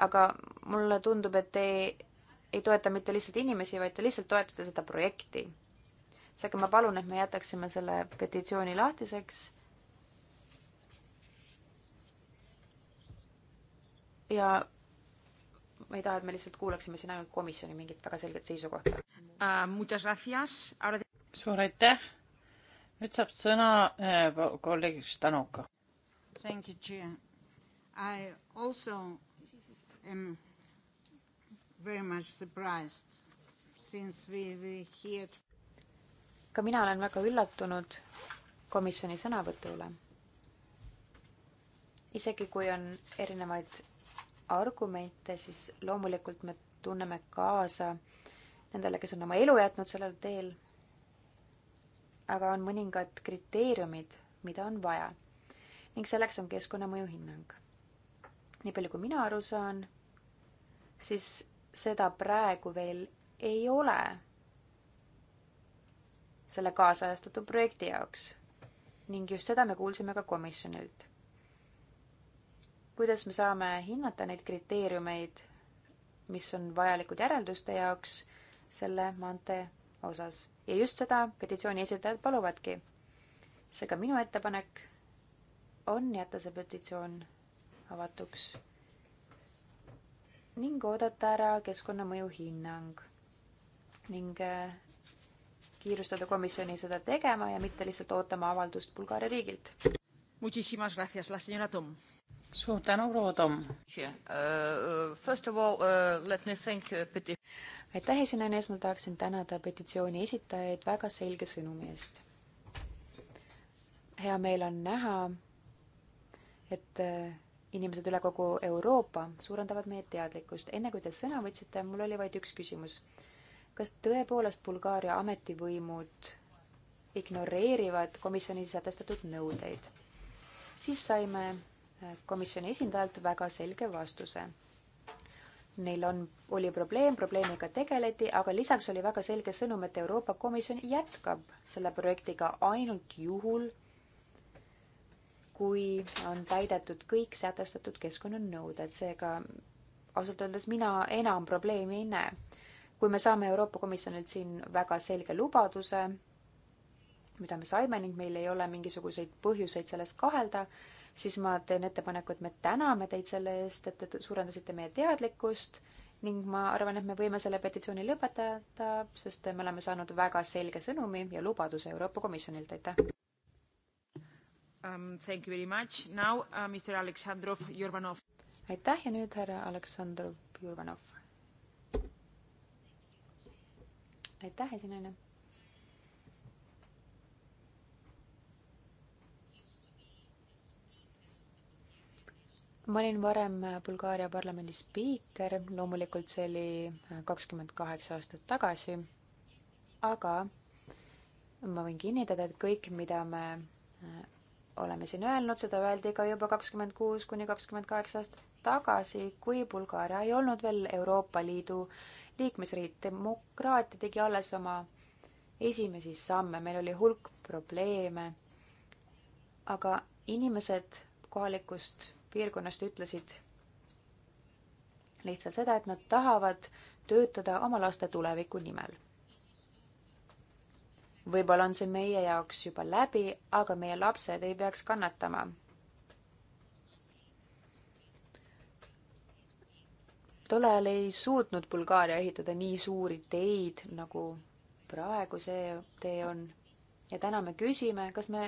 [SPEAKER 6] aga mulle tundub, et te ei, ei toeta mitte lihtsalt inimesi, vaid te lihtsalt toetate seda projekti. seega ma palun, et me jätaksime selle petitsiooni lahtiseks ja ma ei taha, et me lihtsalt kuulaksime siin ainult komisjoni mingit väga selget seisukohta uh,. suur aitäh. nüüd saab
[SPEAKER 2] sõna äh, kolleeg Stanuka.
[SPEAKER 7] Thank you, Chair. I also am very much surprised since we were here.
[SPEAKER 6] ka mina olen väga üllatunud komisjoni sõnavõtu üle. isegi kui on erinevaid argumente, siis loomulikult me tunneme kaasa nendele, kes on oma elu jätnud sellel teel. aga on mõningad kriteeriumid, mida on vaja ning selleks on keskkonnamõju hinnang. nii palju, kui mina aru saan, siis seda praegu veel ei ole selle kaasajastatud projekti jaoks ning just seda me kuulsime ka komisjonilt kuidas me saame hinnata neid kriteeriumeid, mis on vajalikud järelduste jaoks selle maantee osas ja just seda petitsiooni esitajad paluvadki. seega minu ettepanek on jätta see petitsioon avatuks ning oodata ära keskkonnamõju hinnang ning äh, kiirustada komisjoni seda tegema ja mitte lihtsalt
[SPEAKER 1] ootama avaldust Bulgaaria riigilt suur tänu, proua Toom. Uh,
[SPEAKER 6] uh, uh, aitäh, esinejana, esmalt tahaksin tänada petitsiooni esitajaid väga selge sõnumi eest. hea meel on näha, et inimesed üle kogu Euroopa suurendavad meie teadlikkust. enne kui te sõna võtsite, mul oli vaid üks küsimus. kas tõepoolest Bulgaaria ametivõimud ignoreerivad komisjoni sätestatud nõudeid? siis saime komisjoni esindajalt väga selge vastuse. Neil on, oli probleem, probleemiga tegeleti, aga lisaks oli väga selge sõnum, et Euroopa Komisjon jätkab selle projektiga ainult juhul, kui on täidetud kõik sätestatud keskkonnanõuded, seega ausalt öeldes mina enam probleemi ei näe. kui me saame Euroopa Komisjonilt siin väga selge lubaduse, mida me saime ning meil ei ole mingisuguseid põhjuseid selles kahelda, siis ma teen ettepaneku, et me täname teid selle eest, et te suurendasite meie teadlikkust ning ma arvan, et me võime selle petitsiooni lõpetada, sest me oleme saanud väga selge sõnumi ja lubaduse Euroopa Komisjonilt, aitäh.
[SPEAKER 1] Um, thank you very much. Now uh, Mr Aleksandrov Jurvanov.
[SPEAKER 6] aitäh ja nüüd härra Aleksandrov Jurvanov. aitäh, esinaine ma olin varem Bulgaaria parlamendi spiiker, loomulikult see oli kakskümmend kaheksa aastat tagasi, aga ma võin kinnitada, et kõik, mida me äh, oleme siin öelnud, seda öeldi ka juba kakskümmend kuus kuni kakskümmend kaheksa aastat tagasi, kui Bulgaaria ei olnud veel Euroopa Liidu liikmesriik. demokraatia tegi alles oma esimesi samme, meil oli hulk probleeme, aga inimesed kohalikust piirkonnast ütlesid lihtsalt seda, et nad tahavad töötada oma laste tuleviku nimel. võib-olla on see meie jaoks juba läbi, aga meie lapsed ei peaks kannatama. tol ajal ei suutnud Bulgaaria ehitada nii suuri teid, nagu praegu see tee on. ja täna me küsime, kas me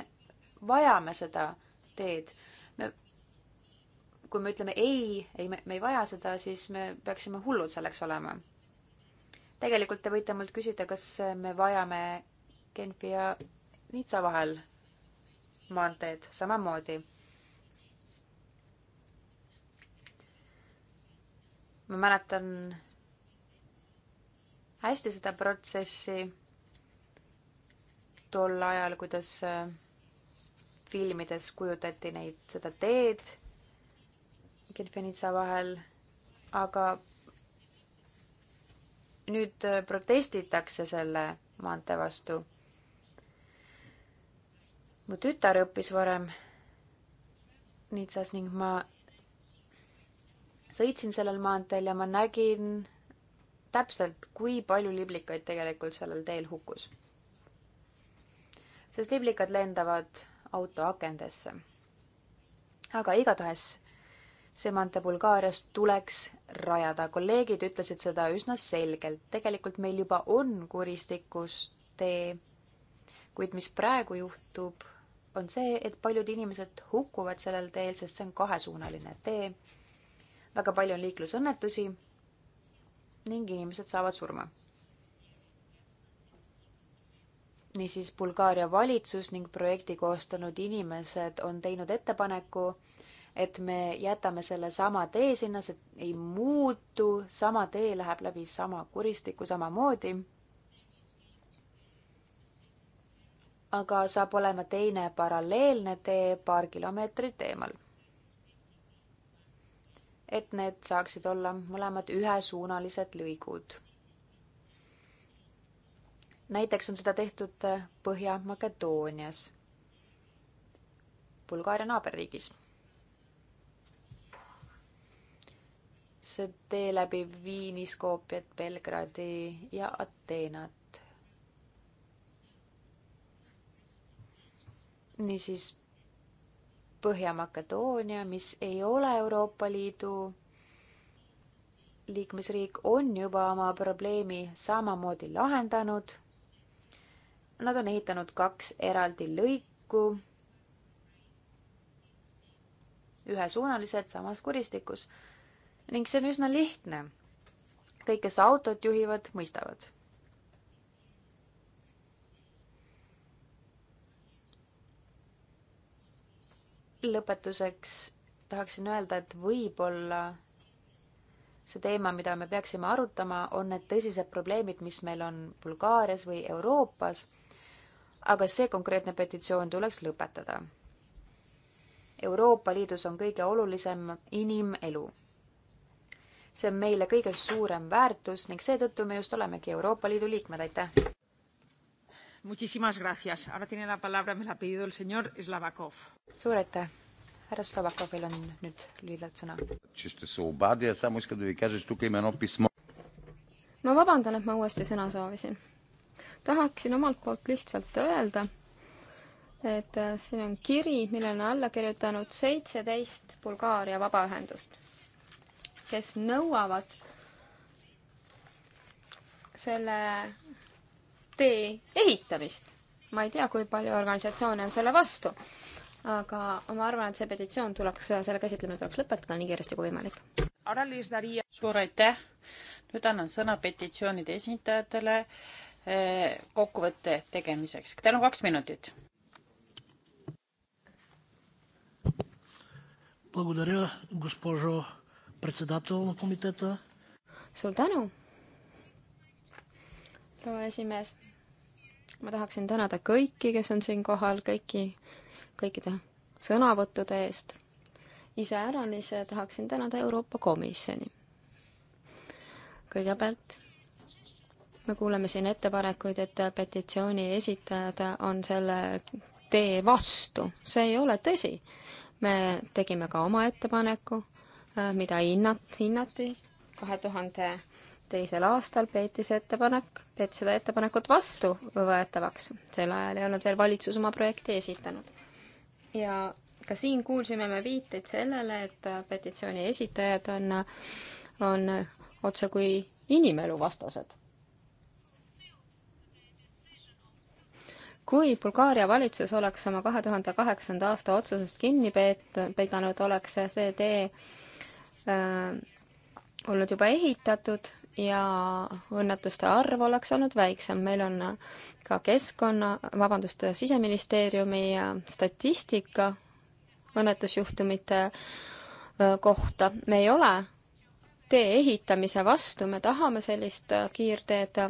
[SPEAKER 6] vajame seda teed kui me ütleme ei, ei, me ei vaja seda, siis me peaksime hullud selleks olema. tegelikult te võite mult küsida, kas me vajame Genfi ja Nitsa vahel maanteed samamoodi. ma mäletan hästi seda protsessi tol ajal, kuidas äh, filmides kujutati neid, seda teed Kilfenitsa vahel, aga nüüd äh, protestitakse selle maantee vastu. mu tütar õppis varem Nitsas ning ma sõitsin sellel maanteel ja ma nägin täpselt, kui palju liblikaid tegelikult sellel teel hukkus. sest liblikad lendavad auto akendesse. aga igatahes see maantee Bulgaarias tuleks rajada. kolleegid ütlesid seda üsna selgelt. tegelikult meil juba on kuristikus tee, kuid mis praegu juhtub, on see, et paljud inimesed hukkuvad sellel teel, sest see on kahesuunaline tee. väga palju on liiklusõnnetusi ning inimesed saavad surma. niisiis Bulgaaria valitsus ning projekti koostanud inimesed on teinud ettepaneku et me jätame selle sama tee sinna, see ei muutu, sama tee läheb läbi sama kuristiku samamoodi. aga saab olema teine paralleelne tee paar kilomeetrit eemal. et need saaksid olla mõlemad ühesuunalised lõigud. näiteks on seda tehtud Põhja-Makedoonias, Bulgaaria naaberriigis see tee läbib Viini, Skopjat, Belgradi ja Ateenat. niisiis Põhja-Makedoonia, mis ei ole Euroopa Liidu liikmesriik, on juba oma probleemi samamoodi lahendanud. Nad on ehitanud kaks eraldi lõiku, ühesuunalised samas kuristikus ning see on üsna lihtne. kõik, kes autot juhivad, mõistavad. lõpetuseks tahaksin öelda, et võib-olla see teema, mida me peaksime arutama, on need tõsised probleemid, mis meil on Bulgaarias või Euroopas. aga see konkreetne petitsioon tuleks lõpetada. Euroopa Liidus on kõige olulisem inimelu see on meile kõige suurem väärtus ning seetõttu me just olemegi Euroopa Liidu liikmed, aitäh! suur aitäh! härra Slovakovil on nüüd lühidalt sõna. ma vabandan, et ma uuesti
[SPEAKER 4] sõna soovisin. tahaksin omalt poolt lihtsalt öelda, et äh, siin on kiri, millele on alla kirjutanud seitseteist Bulgaaria vabaühendust kes nõuavad selle tee ehitamist. ma ei tea, kui palju organisatsioone on selle vastu, aga ma arvan, et see petitsioon tuleks, selle käsitlemine tuleks lõpetada nii kiiresti kui võimalik.
[SPEAKER 2] suur aitäh! nüüd annan sõna petitsioonide esindajatele eh, kokkuvõtte tegemiseks. Teil on kaks minutit.
[SPEAKER 3] Благодаря, госпожо председател на комитета. suur tänu,
[SPEAKER 4] proua esimees. ma tahaksin tänada kõiki, kes on siin kohal, kõiki, kõikide sõnavõttude eest. iseäranis tahaksin tänada Euroopa Komisjoni. kõigepealt me kuuleme siin ettepanekuid, et petitsiooni esitajad on selle tee vastu. see ei ole tõsi. me tegime ka oma ettepaneku Äh, mida hinnat-, hinnati kahe tuhande teisel aastal peeti see ettepanek, peeti seda ettepanekut vastuvõetavaks. sel ajal ei olnud veel valitsus oma projekti esitanud. ja ka siin kuulsime me viiteid sellele, et äh, petitsiooni esitajad on, äh, on otsekui inimelu vastased. kui Bulgaaria valitsus oleks oma kahe tuhande kaheksanda aasta otsusest kinni peet-, pidanud, oleks see tee Äh, olnud juba ehitatud ja õnnetuste arv oleks olnud väiksem. meil on ka keskkonna, vabandust, siseministeeriumi äh, statistika õnnetusjuhtumite äh, kohta. me ei ole tee ehitamise vastu, me tahame sellist kiirteed,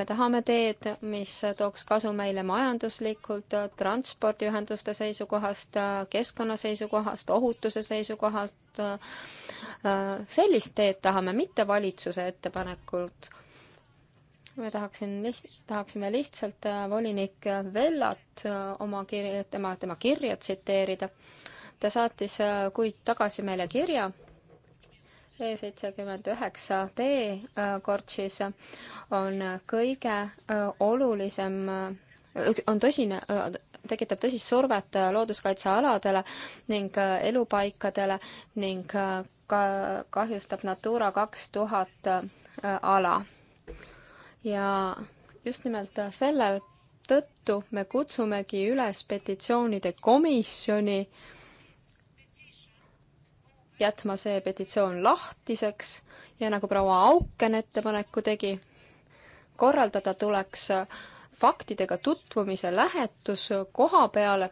[SPEAKER 4] me tahame teed, mis tooks kasu meile majanduslikult, transpordiühenduste seisukohast, keskkonna seisukohast, ohutuse seisukohalt, just äh, sellist teed tahame, mitte valitsuse ettepanekult. me tahaksin, tahaksime lihtsalt äh, volinik Vellat äh, oma kirja, tema, tema kirja tsiteerida. ta saatis kuid tagasi meile kirja E seitsekümmend üheksa D kortšis on kõige olulisem on tõsine, tekitab tõsist survet äh, looduskaitsealadele ning äh, elupaikadele ning äh, ka kahjustab Natura kaks tuhat ala. ja just nimelt sellel tõttu me kutsumegi üles petitsioonide komisjoni jätma see petitsioon lahtiseks ja nagu proua Auken ettepaneku tegi, korraldada tuleks äh, faktidega tutvumise lähetus koha peale,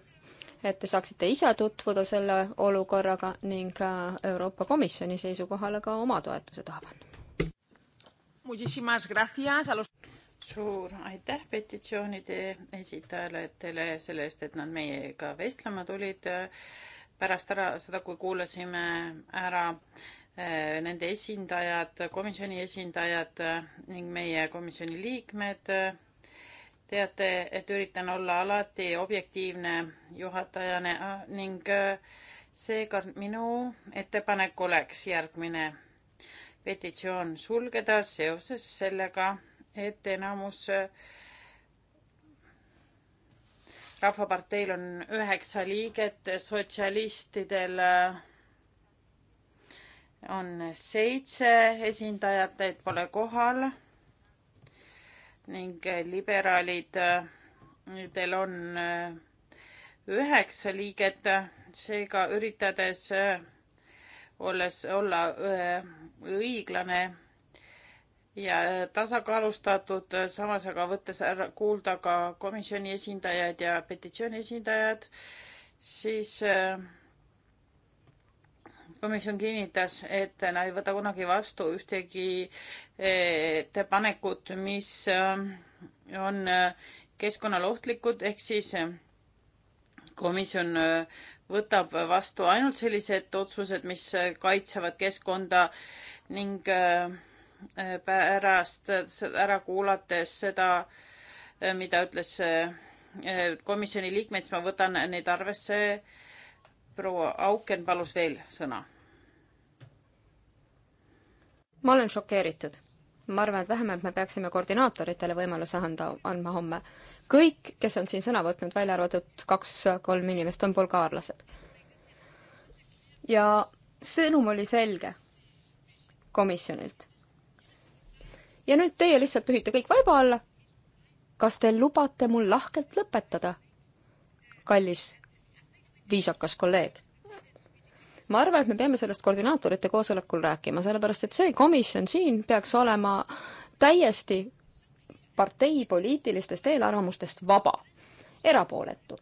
[SPEAKER 4] et te saaksite ise tutvuda selle olukorraga ning äh, Euroopa Komisjoni seisukohale ka oma toetuse taha panna.
[SPEAKER 2] suur aitäh petitsioonide esitajatele selle eest, et nad meiega vestlema tulid. pärast ära seda, kui kuulasime ära äh, nende esindajad, komisjoni esindajad ning meie komisjoni liikmed teate, et üritan olla alati objektiivne juhatajana äh, ning äh, seega minu ettepanek oleks järgmine petitsioon sulgeda seoses sellega, et enamus äh, rahvaparteil on üheksa liiget, sotsialistidel on seitse esindajat, et pole kohal ning liberaalid, teil on äh, üheksa liiget, seega üritades äh, olles, olla äh, õiglane ja tasakaalustatud, samas aga võttes ära, kuulda ka komisjoni esindajaid ja petitsiooni esindajad, siis äh, komisjon kinnitas, et nad ei võta kunagi vastu ühtegi eh, ettepanekut, mis eh, on eh, keskkonnale ohtlikud, ehk siis komisjon võtab vastu ainult sellised otsused, mis kaitsevad keskkonda ning pärast ära kuulates seda, mida ütles komisjoni liikmed, siis ma võtan neid arvesse. proua Auken palus veel sõna
[SPEAKER 4] ma olen šokeeritud. ma arvan, et vähemalt me peaksime koordinaatoritele võimaluse anda, andma homme. kõik, kes on siin sõna võtnud, välja arvatud kaks-kolm inimest, on bulgaarlased. ja sõnum oli selge komisjonilt. ja nüüd teie lihtsalt pühite kõik vaiba alla. kas te lubate mul lahkelt lõpetada, kallis viisakas kolleeg? ma arvan, et me peame sellest koordinaatorite koosolekul rääkima, sellepärast et see komisjon siin peaks olema täiesti parteipoliitilistest eelarvamustest vaba, erapooletu.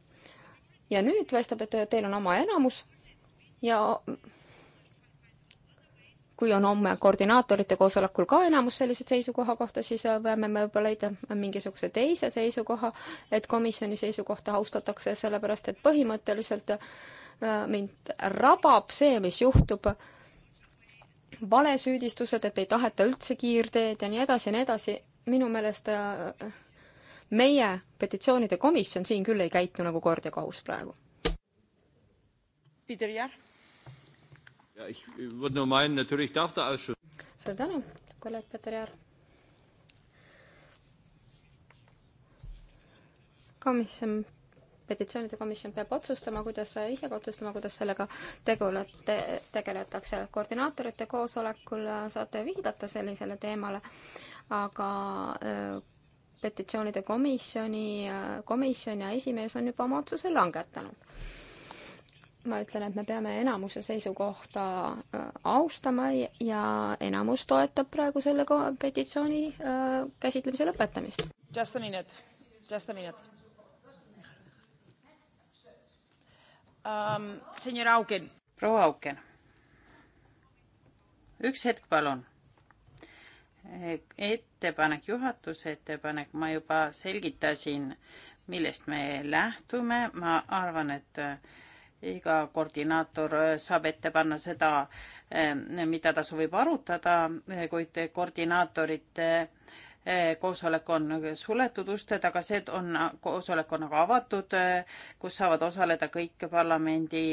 [SPEAKER 4] ja nüüd paistab, et teil on oma enamus ja kui on homme koordinaatorite koosolekul ka enamus sellise seisukoha kohta, siis peame me võib-olla leida mingisuguse teise seisukoha, et komisjoni seisukohta austatakse, sellepärast et põhimõtteliselt äh, mind rabab see, mis juhtub, valesüüdistused, et ei taheta üldse kiirteed ja nii edasi ja nii edasi, minu meelest äh, meie petitsioonide komisjon siin küll ei käitu nagu kord ja
[SPEAKER 5] kohus praegu. Peter Järv. Äh,
[SPEAKER 4] suur tänu, kolleeg Peeter Järv. komisjon petitsioonide komisjon peab otsustama, kuidas, ise ka otsustama, kuidas sellega tegule- te,, tegeletakse. koordinaatorite koosolekul saate viidata sellisele teemale, aga äh, petitsioonide komisjoni, äh, komisjon ja esimees on juba oma otsuse langetanud ma ütlen, et me peame enamuse seisukohta äh, austama ja enamus toetab praegu selle petitsiooni käsitlemise lõpetamist.
[SPEAKER 1] Just a minute, just a minute. ähm,. Um, senior Auken.
[SPEAKER 2] proua Auken. üks hetk, palun. Eh, ettepanek, juhatuse ettepanek, ma juba selgitasin, millest me lähtume, ma arvan, et eh, iga koordinaator eh, saab ette panna seda, mida ta soovib arutada, kuid koordinaatorite äh, koosolek on suletud uste taga, see on, koosolek on aga avatud, kus saavad osaleda kõik parlamendi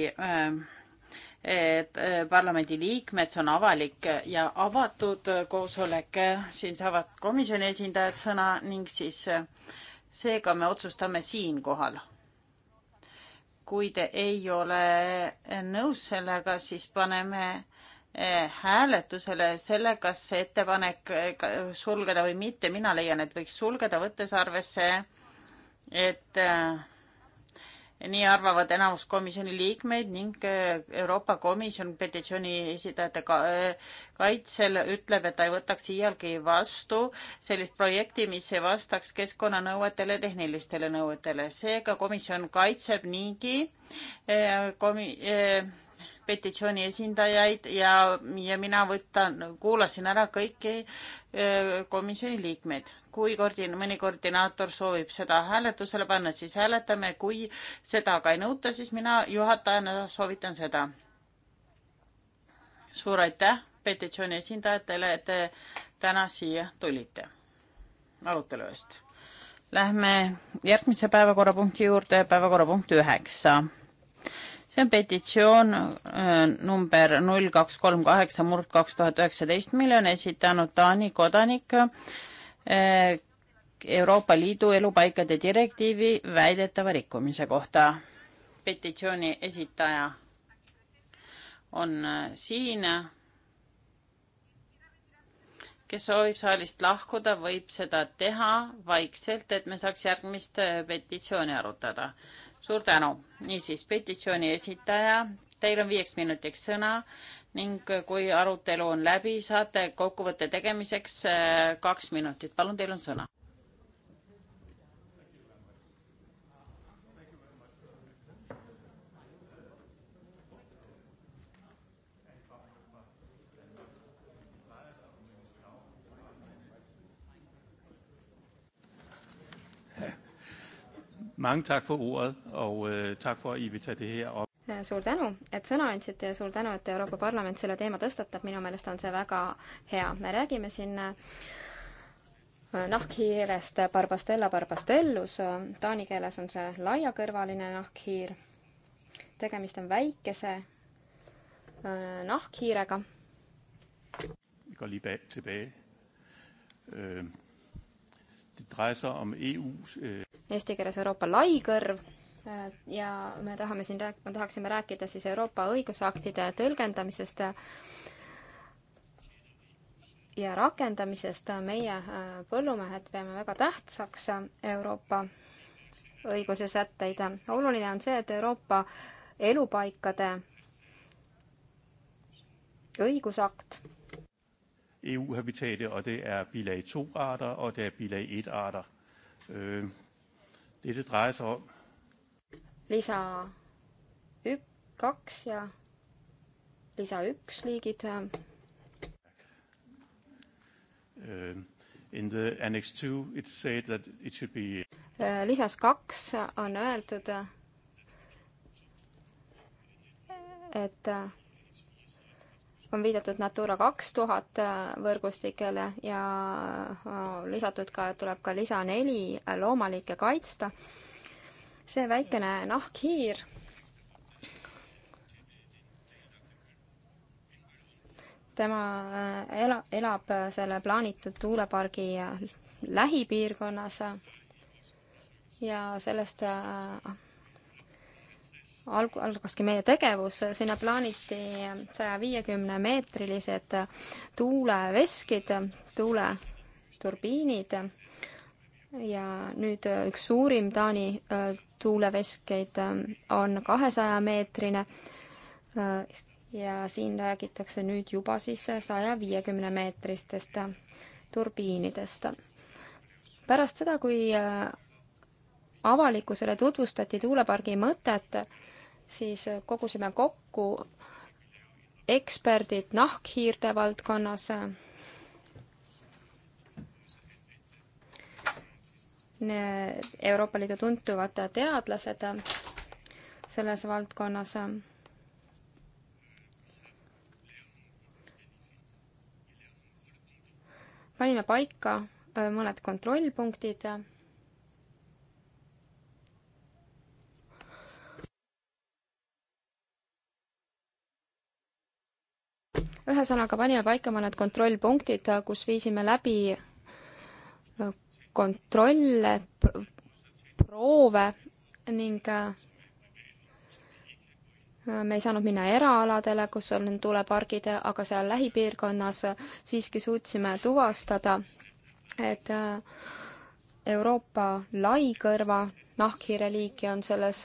[SPEAKER 2] et parlamendiliikmed, see on avalik ja avatud koosolek, siin saavad komisjoni esindajad sõna ning siis seega me otsustame siinkohal. kui te ei ole nõus sellega, siis paneme Eh, hääletusele selle, kas see ettepanek eh, sulgeda või mitte, mina leian, et võiks sulgeda, võttes arvesse, et eh, nii arvavad enamus komisjoni liikmeid ning Euroopa Komisjon petitsiooni esitajate kaitsel ütleb, et ta ei võtaks iialgi vastu sellist projekti, mis ei vastaks keskkonnanõuetele, tehnilistele nõuetele. seega komisjon kaitseb niigi komi-, petitsiooni esindajaid ja, ja mina võtan, kuulasin ära kõiki komisjoni liikmeid. kui koordin-, mõni koordinaator soovib seda hääletusele panna, siis hääletame, kui seda aga ei nõuta, siis mina juhatajana soovitan seda. suur aitäh petitsiooni esindajatele, et te täna siia tulite arutelu eest. Lähme järgmise päevakorrapunkti juurde, päevakorrapunkt üheksa see on petitsioon äh, number null kaks kolm kaheksa murd kaks tuhat üheksateist, mille on esitanud Taani kodanik äh, Euroopa Liidu elupaikade direktiivi väidetava rikkumise kohta. petitsiooni esitaja on äh, siin. kes soovib saalist lahkuda, võib seda teha vaikselt, et me saaks järgmist petitsiooni arutada suur tänu. niisiis, petitsiooni esitaja, teil on viieks minutiks sõna ning kui arutelu on läbi, saate kokkuvõtte tegemiseks äh, kaks minutit. palun, teil on sõna
[SPEAKER 5] Mange tak for ordet, og øh, tak for, at I vil tage det her op.
[SPEAKER 4] suur tänu, et sõna andsite ja suur tänu, et Euroopa Parlament selle teema tõstatab, minu meelest on see väga hea. me räägime siin äh, nahkhiirest Barbastella barbastellus, taani keeles on see laiakõrvaline nahkhiir. tegemist on väikese äh, nahkhiirega.
[SPEAKER 5] går lige bag tilbage. Øh, det drejer sig om EU's øh,
[SPEAKER 4] eesti keeles Euroopa laikõrv äh, ja me tahame siin rääk-, tahaksime rääkida siis Euroopa õigusaktide tõlgendamisest ja rakendamisest. meie äh, põllumehed peame väga tähtsaks Euroopa õiguse sätteid. oluline on see, et Euroopa elupaikade õigusakt
[SPEAKER 5] EU-habitatet, og det er bilag 2-arter, og det er bilag 1-arter. Øh, Er det, det drejer sig om.
[SPEAKER 4] lisa ük-, kaks ja lisa üks liigid. Ähm.
[SPEAKER 5] Øh, in the annex two it said that it should be
[SPEAKER 4] äh, lisas kaks on öeldud, äh, et äh, on viidatud Natura kaks tuhat äh, võrgustikele ja äh, lisatud ka, et tuleb ka lisa neli äh, loomaliike kaitsta. see väikene nahkhiir tema ela, elab selle plaanitud tuulepargi lähipiirkonnas ja sellest alg-, algaski meie tegevus, sinna plaaniti saja viiekümne meetrilised tuuleveskid, tuuleturbiinid ja nüüd üks suurim Taani äh, tuuleveskeid äh, on kahesajameetrine äh, ja siin räägitakse nüüd juba siis saja viiekümne meetristest turbiinidest. pärast seda, kui avalikkusele tutvustati tuulepargi mõtet, siis äh, kogusime kokku eksperdid nahkhiirde valdkonnas. Euroopa Liidu tuntuvad teadlased selles valdkonnas. panime paika äh, mõned kontrollpunktid ühesõnaga panime paika mõned kontrollpunktid, kus viisime läbi äh, kontrolle, proove ning äh, me ei saanud minna eraaladele, kus on tuulepargid, aga seal lähipiirkonnas siiski suutsime tuvastada, et äh, Euroopa laikõrva nahkhiireliiki on selles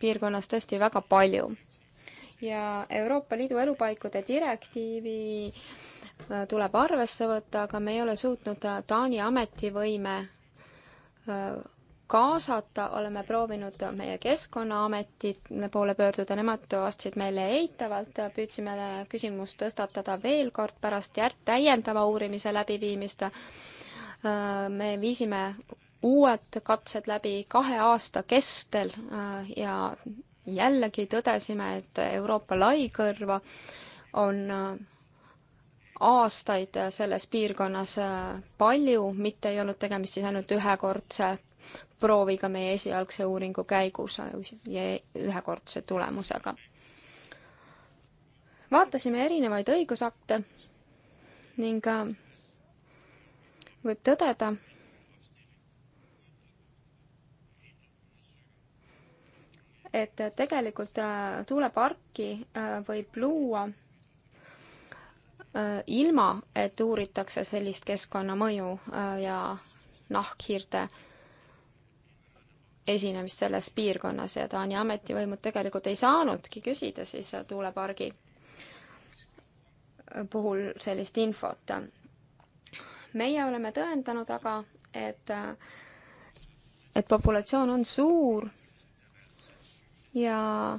[SPEAKER 4] piirkonnas tõesti väga palju ja Euroopa Liidu elupaikade direktiivi äh, tuleb arvesse võtta, aga me ei ole suutnud äh, Taani ametivõime äh, kaasata, oleme proovinud meie Keskkonnaameti poole pöörduda, nemad vastasid meile eitavalt, püüdsime küsimust tõstatada veel kord pärast järg-, täiendava uurimise läbiviimist. me viisime uued katsed läbi kahe aasta kestel ja jällegi tõdesime, et Euroopa laikõrva on äh, aastaid selles piirkonnas äh, palju, mitte ei olnud tegemist siis ainult ühekordse prooviga meie esialgse uuringu käigus äh, ja ühekordse tulemusega. vaatasime erinevaid õigusakte ning võib tõdeda, et tegelikult äh, tuuleparki äh, võib luua äh, ilma, et uuritakse sellist keskkonnamõju ja nahkhiirte esinemist selles piirkonnas ja Taani ametivõimud tegelikult ei saanudki küsida siis tuulepargi puhul sellist infot. meie oleme tõendanud aga, et, et populatsioon on suur ja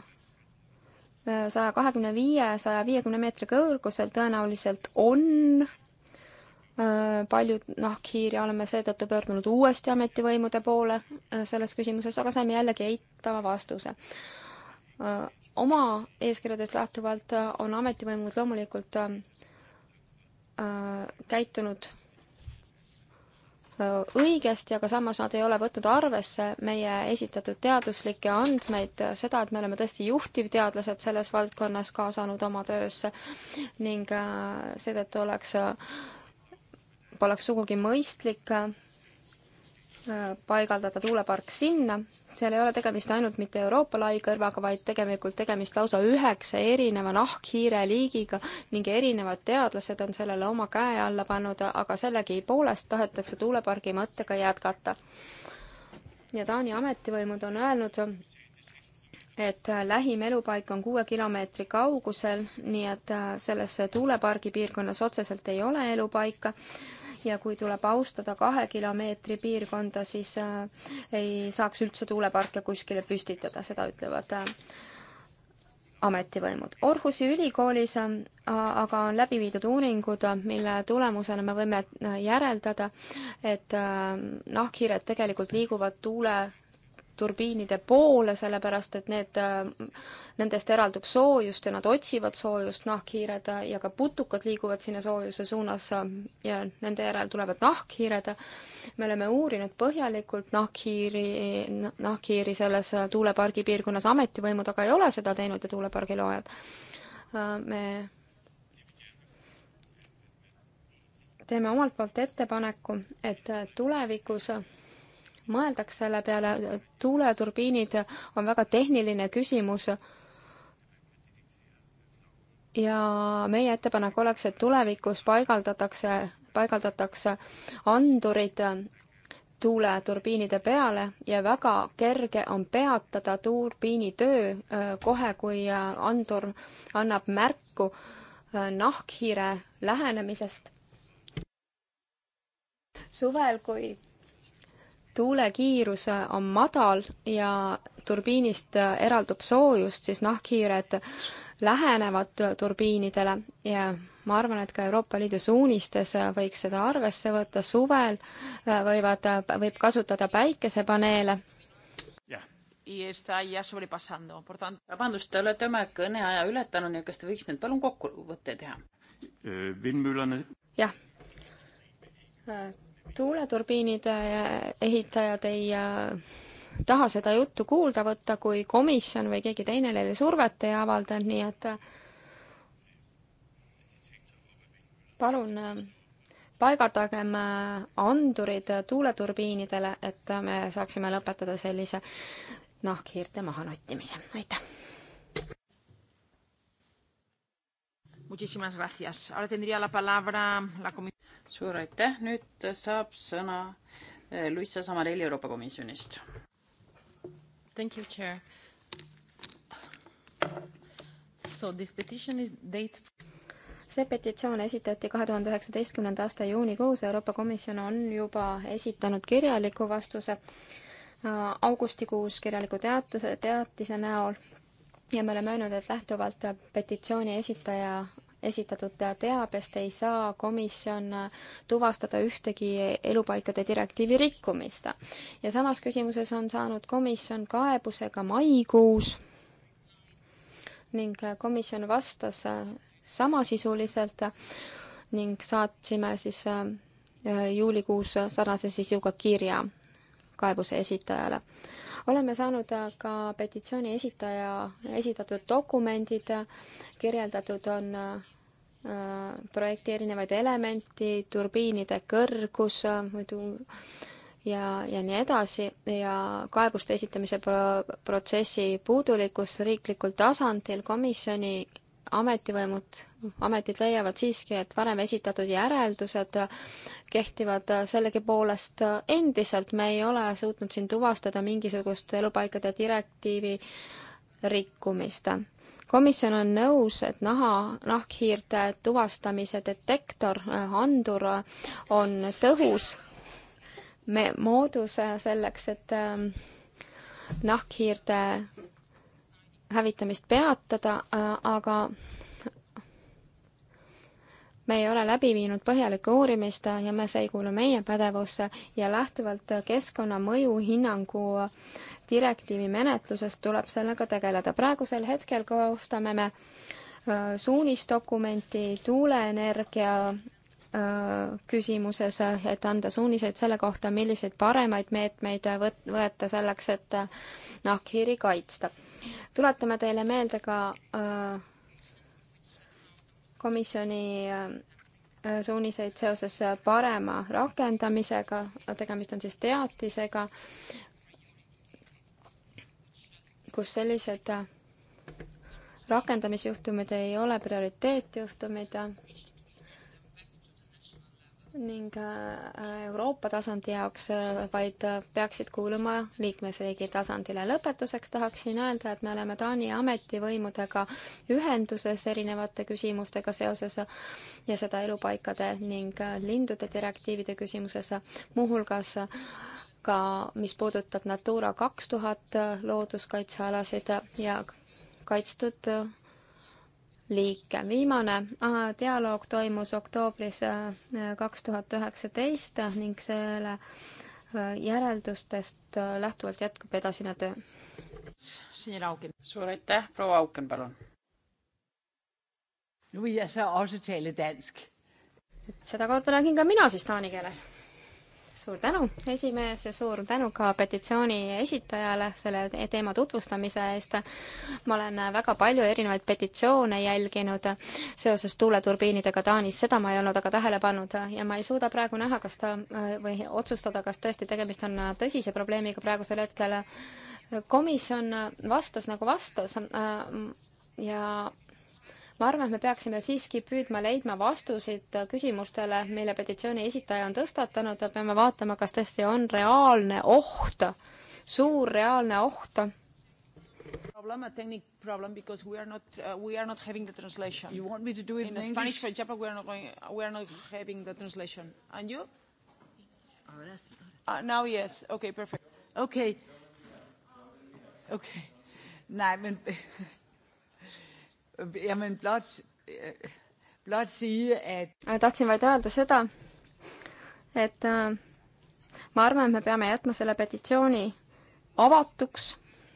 [SPEAKER 4] äh, saja kahekümne viie, saja viiekümne meetri kõrgusel tõenäoliselt on äh, paljud nahkhiiri, oleme seetõttu pöördunud uuesti ametivõimude poole äh, selles küsimuses, aga saime jällegi eitava vastuse. oma eeskirjadest lähtuvalt on ametivõimud loomulikult käitunud õigesti, aga samas nad ei ole võtnud arvesse meie esitatud teaduslikke andmeid, seda, et me oleme tõesti juhtivteadlased selles valdkonnas kaasanud oma töösse ning äh, seetõttu oleks, äh, poleks sugugi mõistlik äh, Äh, paigaldada tuulepark sinna, seal ei ole tegemist ainult mitte Euroopa laikõrvaga, vaid tegelikult tegemist lausa üheksa erineva nahkhiire liigiga ning erinevad teadlased on sellele oma käe alla pannud, aga sellegipoolest tahetakse tuulepargi mõttega jätkata. ja Taani ametivõimud on öelnud, et lähim elupaik on kuue kilomeetri kaugusel, nii et äh, selles tuulepargi piirkonnas otseselt ei ole elupaika ja kui tuleb austada kahe kilomeetri piirkonda, siis äh, ei saaks üldse tuuleparke kuskile püstitada, seda ütlevad äh, ametivõimud. Orhusi ülikoolis äh, aga on läbi viidud uuringud, mille tulemusena me võime järeldada, et nahkhiired tegelikult liiguvad tuule turbiinide poole, sellepärast et need, äh, nendest eraldub soojust ja nad otsivad soojust, nahkhiired, äh, ja ka putukad liiguvad sinna soojuse suunas äh, ja nende järel tulevad nahkhiired. me oleme uurinud põhjalikult nahkhiiri, nahkhiiri selles tuulepargi piirkonnas, ametivõimud aga ei ole seda teinud ja tuulepargi loojad. me teeme omalt poolt ettepaneku, et tulevikus mõeldaks selle peale, tuuleturbiinid on väga tehniline küsimus ja meie ettepanek oleks, et tulevikus paigaldatakse, paigaldatakse andurid tuuleturbiinide peale ja väga kerge on peatada turbiini töö kohe, kui andur annab märku nahkhiire lähenemisest. suvel, kui tuule kiirus on madal ja turbiinist eraldub soojust, siis nahkhiired lähenevad turbiinidele ja ma arvan, et ka Euroopa Liidu suunistes võiks seda arvesse võtta, suvel võivad, võib kasutada päikesepaneele.
[SPEAKER 2] vabandust, te olete oma kõneaja ületanud ja kas te võiks nüüd palun kokkuvõtte teha?
[SPEAKER 5] Äh,
[SPEAKER 4] jah tuuleturbiinide ehitajad ei äh, taha seda juttu kuulda võtta, kui komisjon või keegi teine neile survet ei avalda, nii et äh, palun äh, paigaldagem andurid tuuleturbiinidele, et me saaksime lõpetada sellise nahkhiirte mahanottimise.
[SPEAKER 1] aitäh! Muchísimas gracias. Ahora tendría la palabra la suur aitäh, nüüd saab sõna
[SPEAKER 2] eh, Luisa Samarelli Euroopa Komisjonist. Thank you, chair. So this petition is date
[SPEAKER 4] see petitsioon esitati kahe tuhande üheksateistkümnenda aasta juunikuus, Euroopa Komisjon on juba esitanud kirjaliku vastuse äh, augustikuus kirjaliku teatuse, teatise näol ja me oleme öelnud, et lähtuvalt petitsiooni esitaja esitatud teabest ei saa komisjon tuvastada ühtegi elupaikade direktiivi rikkumist. ja samas küsimuses on saanud komisjon kaebuse ka maikuus ning komisjon vastas samasisuliselt ning saatsime siis äh, juulikuus sarnase sisuga kirja kaebuse esitajale. oleme saanud äh, ka petitsiooni esitaja esitatud dokumendid, kirjeldatud on äh, projekti erinevaid elementi, turbiinide kõrgus äh, ja, ja nii edasi ja kaebuste esitamise pro protsessi puudulikkus riiklikul tasandil komisjoni ametivõimud, ametid leiavad siiski, et varem esitatud järeldused kehtivad sellegipoolest endiselt, me ei ole suutnud siin tuvastada mingisugust elupaikade direktiivi rikkumist komisjon on nõus, et naha, nahkhiirte tuvastamise detektor, äh, andur äh, on tõhus me-, moodus äh, selleks, et ähm, nahkhiirte hävitamist peatada, aga me ei ole läbi viinud põhjalikku uurimist ja me, see ei kuulu meie pädevusse ja lähtuvalt keskkonnamõju hinnangu äh, direktiivi menetlusest tuleb sellega tegeleda. praegusel hetkel koostame me äh, suunisdokumenti tuuleenergia äh, küsimuses, et anda suuniseid selle kohta, milliseid paremaid meetmeid võt-, võtta selleks, et äh, nahkhiiri kaitsta. tuletame teile meelde ka komisjoni suuniseid seoses parema rakendamisega, tegemist on siis teatisega, kus sellised äh, rakendamisjuhtumid ei ole prioriteetjuhtumid ning äh, Euroopa tasandi jaoks, äh, vaid peaksid kuuluma liikmesriigi tasandile. lõpetuseks tahaksin öelda, et me oleme Taani ametivõimudega ühenduses erinevate küsimustega seoses ja seda elupaikade ning lindude direktiivide küsimuses, muuhulgas ka mis puudutab Natura kaks tuhat looduskaitsealasid ja kaitstud liike. viimane dialoog toimus oktoobris äh, kaks tuhat üheksateist ning selle äh, järeldustest äh, lähtuvalt jätkub edasine töö.
[SPEAKER 2] suur aitäh, proua Auken, palun.
[SPEAKER 4] et sedakorda räägin ka mina siis taani keeles suur tänu, esimees, ja suur tänu ka petitsiooni esitajale selle teema tutvustamise eest. ma olen väga palju erinevaid petitsioone jälginud seoses tuuleturbiinidega Taanis, seda ma ei olnud aga tähele pannud ja ma ei suuda praegu näha, kas ta või otsustada, kas tõesti tegemist on tõsise probleemiga praegusel hetkel. komisjon vastas nagu vastas ja ma arvan, et me peaksime siiski püüdma leidma vastuseid küsimustele, mille petitsiooni esitaja on tõstatanud ja peame vaatama, kas tõesti on reaalne oht, suur reaalne oht.
[SPEAKER 1] Problem, a technical problem because we are not uh, we are not having the translation. You want
[SPEAKER 3] me to do it in, in Spanish?
[SPEAKER 1] For example, we are not going. We are not having the translation. And you? Ahora sí. Uh, now yes. Okay, perfect. Okay. Okay. Nein, men [laughs] Jamen blot, øh, blot sige,
[SPEAKER 7] at...
[SPEAKER 4] tahtsin vaid öelda seda, et äh, ma arvan, et me peame jätma selle petitsiooni avatuks,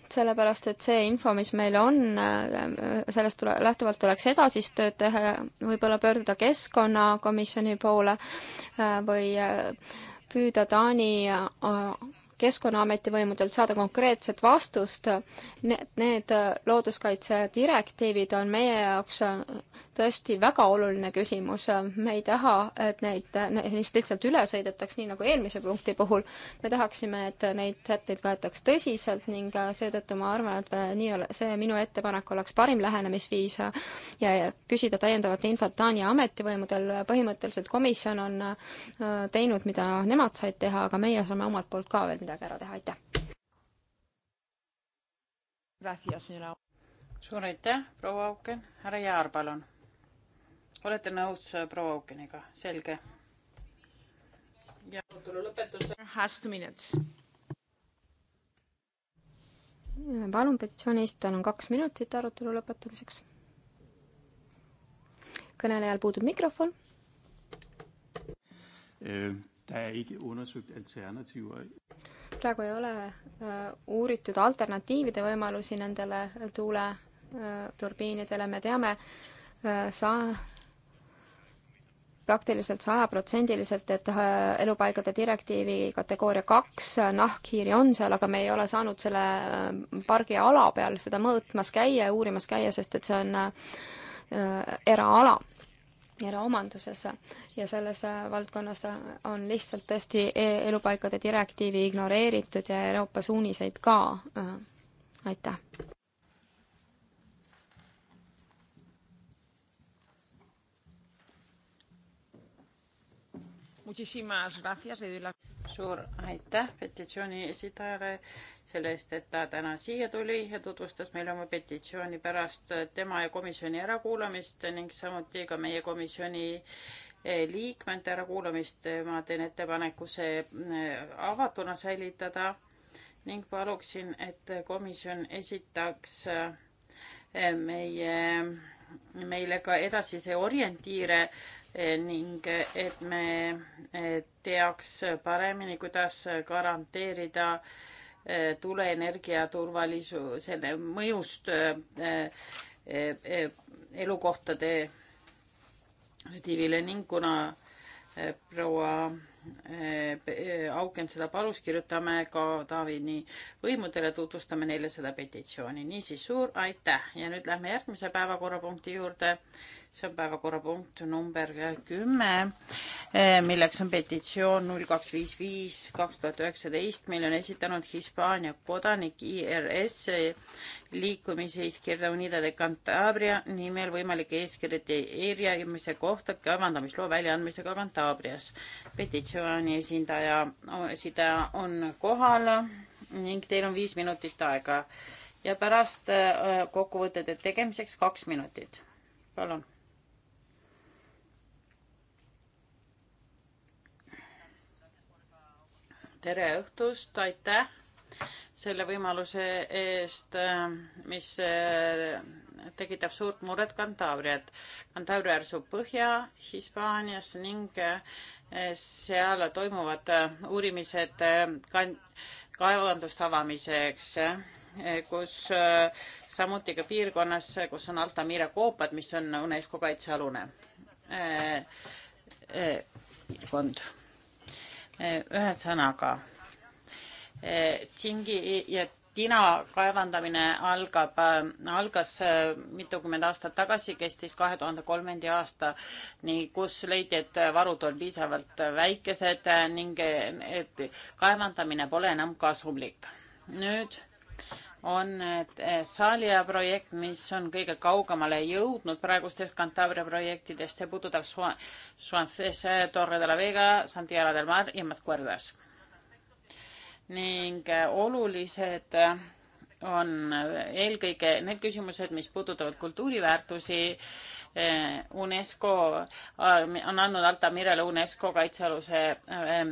[SPEAKER 4] sellepärast et see info, mis meil on, äh, sellest tule, lähtuvalt tuleks edasist tööd teha, võib-olla pöörduda keskkonnakomisjoni poole äh, või püüda Taani Keskkonnaameti võimudelt saada konkreetset vastust. Need, need äh, looduskaitse direktiivid on meie jaoks äh, tõesti väga oluline küsimus. me ei taha, et neid, äh, neist lihtsalt üle sõidetaks, nii nagu eelmise punkti puhul. me tahaksime, et neid sätteid võetaks tõsiselt ning seetõttu ma arvan, et nii ole, see minu ettepanek oleks parim lähenemisviis ja küsida täiendavat infot Taani ametivõimudel. põhimõtteliselt komisjon on teinud, mida nemad said teha, aga meie saame omalt poolt ka veel midagi midagi ära teha, aitäh!
[SPEAKER 2] suur aitäh, proua Auken, härra Jaar, palun. olete nõus äh, proua Aukeniga, selge. ja arutelu lõpetus. Has two
[SPEAKER 1] minutes.
[SPEAKER 4] palun, petitsiooni esitajal on kaks minutit arutelu lõpetamiseks. kõnelejal puudub mikrofon.
[SPEAKER 5] Äh, der er ikke undersøgt alternativer
[SPEAKER 4] praegu ei ole äh, uuritud alternatiivide võimalusi nendele äh, tuuleturbiinidele, me teame äh, sa-, praktiliselt sajaprotsendiliselt, et elupaigade direktiivi kategooria kaks nahkhiiri on seal, aga me ei ole saanud selle pargi ala peal seda mõõtmas käia ja uurimas käia, sest et see on äh, eraala eraomanduses ja selles valdkonnas on lihtsalt tõesti e- elupaikade direktiivi ignoreeritud ja Euroopa suuniseid ka. Äh, aitäh
[SPEAKER 1] suur aitäh
[SPEAKER 2] petitsiooni esitajale selle eest, et ta täna siia tuli ja tutvustas meile oma petitsiooni pärast tema ja komisjoni ärakuulamist ning samuti ka meie komisjoni eh, liikmete ärakuulamist. ma teen ettepaneku see eh, avatuna säilitada ning paluksin, et komisjon esitaks eh, meie, meile ka edasise orientiire ning et me teaks paremini, kuidas garanteerida eh, tuleenergia turvalisu-, selle mõjust eh, eh, elukohtade tivile ning kuna proua Auken seda palus, kirjutame ka Taavini võimudele, tutvustame neile seda petitsiooni. niisiis, suur aitäh ja nüüd lähme järgmise päevakorrapunkti juurde see on päevakorrapunkt number kümme, eh, milleks on petitsioon null kaks viis viis kaks tuhat üheksateist, mille on esitanud Hispaania kodanik IRS liikumise Izquierda Unida de Cantabria nimel võimalike eeskirjade eeljäämise kohta kaevandamisloa väljaandmisega Cantabrias. petitsiooni esindaja, esindaja on kohal ning teil on viis minutit aega ja pärast eh, kokkuvõtete tegemiseks kaks minutit. palun tere õhtust, aitäh selle võimaluse eest, mis äh, tekitab suurt muret Cantabriat. Cantabria asub Põhja-Hispaanias ning äh, seal toimuvad äh, uurimised kaevanduste avamiseks, kus samuti ka piirkonnas, kus on Altamira koopad, mis on UNESCO kaitsealune piirkond ühesõnaga, e, Tsingi ja tina kaevandamine algab, e, algas e, mitukümmend aastat tagasi, kestis kahe tuhande kolmendi aastani, kus leiti, et varud on piisavalt väikesed ning et kaevandamine pole enam kasumlik. nüüd on eh, Salia projekt, mis on kõige kaugemale jõudnud praegustest Cantabria projektidest, see puudutab Suances, eh, Torre de la Vega, Santiago del Mar ja Matcuerdas. ning eh, olulised on eelkõige need küsimused, mis puudutavad kultuuriväärtusi Eh, UNESCO eh, on andnud Altamirele UNESCO kaitsealuse eh,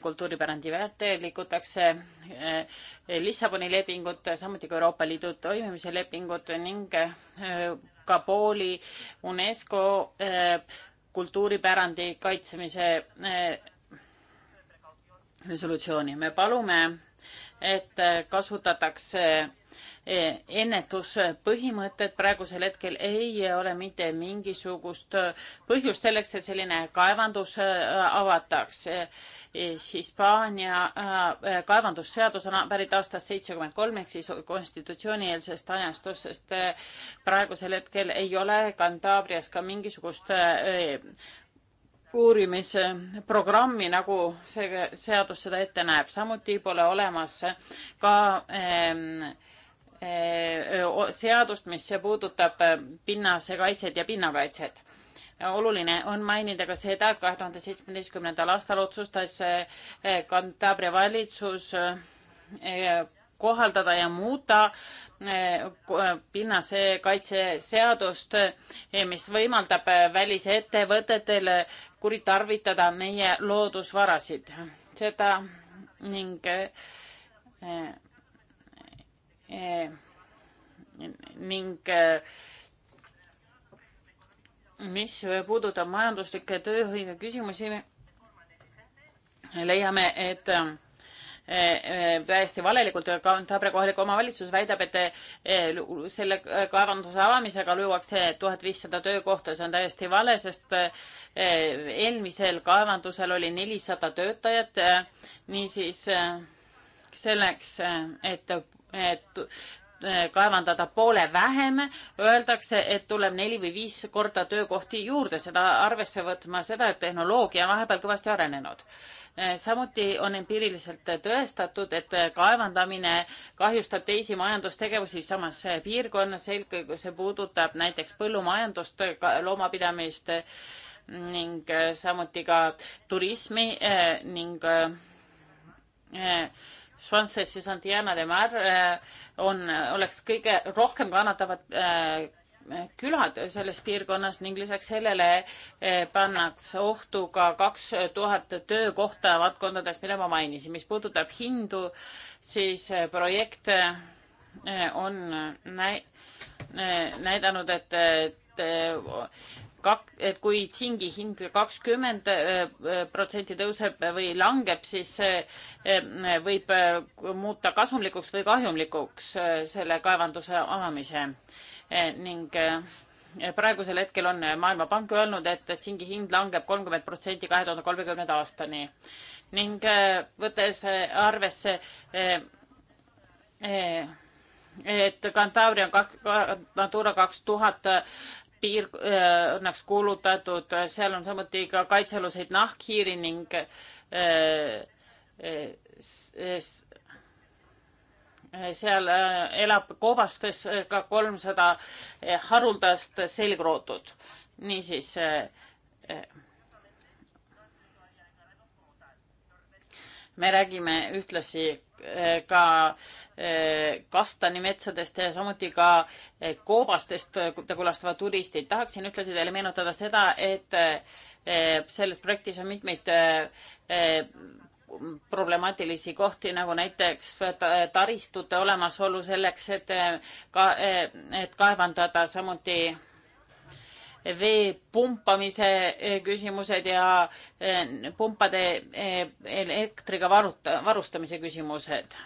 [SPEAKER 2] kultuuripärandi väärte, liigutakse Lissaboni lepingut, samuti ka Euroopa Liidu toimimise lepingut ning ka Pooli UNESCO kultuuripärandi kaitsmise resolutsiooni. me palume, et kasutatakse E, ennetuspõhimõtted praegusel hetkel ei ole mitte mingisugust äh, põhjust selleks, et selline kaevandus äh, avataks. E, e, Hispaania äh, kaevandusseadus on pärit aastast seitsekümmend kolm ehk siis konstitutsioonieelsest ajastust, sest praegusel hetkel ei ole Kantabrias ka mingisugust uurimisprogrammi, nagu see seadus seda ette näeb. samuti pole olemas ka ähm, Eh, seadust, mis puudutab eh, pinnase kaitset ja pinnakaitset. oluline on mainida ka seda, et kahe tuhande seitsmeteistkümnendal aastal otsustas eh, Cantabria valitsus kohaldada ja muuta pinnase kaitseseadust, mis võimaldab välisettevõtetel kuritarvitada meie loodusvarasid. seda ning Eh, ning eh, mis puudutab majanduslikke tööhõive küsimusi, leiame, et eh, täiesti valelikult Tabre kohalik omavalitsus väidab, et selle kaevanduse avamisega luuakse tuhat viissada töökohta, see on täiesti vale, sest eelmisel kaevandusel oli nelisada töötajat. niisiis selleks, et Eh, kaevandada poole vähem, öeldakse, et tuleb neli või viis korda töökohti juurde, seda arvesse võtma seda, et tehnoloogia on vahepeal kõvasti arenenud. Eh, samuti on empiiriliselt tõestatud, et kaevandamine kahjustab teisi majandustegevusi samas piirkonnas, eelkõige see puudutab näiteks põllumajandust, loomapidamist ning eh, samuti ka turismi ning Swanseas ja Santiana de Mar äh, on, oleks kõige rohkem kannatavad äh, külad selles piirkonnas ning lisaks sellele äh, pannakse ohtu ka kaks tuhat töökohta valdkondades, mida ma mainisin. mis puudutab hindu, siis projekt on näidanud, et kak-, et kui tsingi hind kakskümmend äh, protsenti tõuseb või langeb, siis see äh, võib äh, muuta kasumlikuks või kahjumlikuks selle kaevanduse avamise ning praegusel hetkel on Maailmapank öelnud, et tsingi hind langeb kolmkümmend protsenti kahe tuhande kolmekümnenda aastani ning võttes arvesse et Cantabria on kak-, Natura kaks tuhat piirkonnaks äh, kuulutatud, seal on samuti ka kaitsealuseid nahkhiiri ning äh, äh, seal elab koobastes ka kolmsada haruldast selgrootut. niisiis me räägime ühtlasi eh, ka eh, kastanimetsadest ja samuti ka eh, koobastest, mida külastavad turistid. tahaksin ühtlasi teile meenutada seda, et selles projektis on mitmeid problemaatilisi kohti, nagu näiteks taristute olemasolu selleks, et ka, et kaevandada, samuti vee pumpamise eh, küsimused ja eh, pumpade eh, elektriga varuta, varustamise küsimused.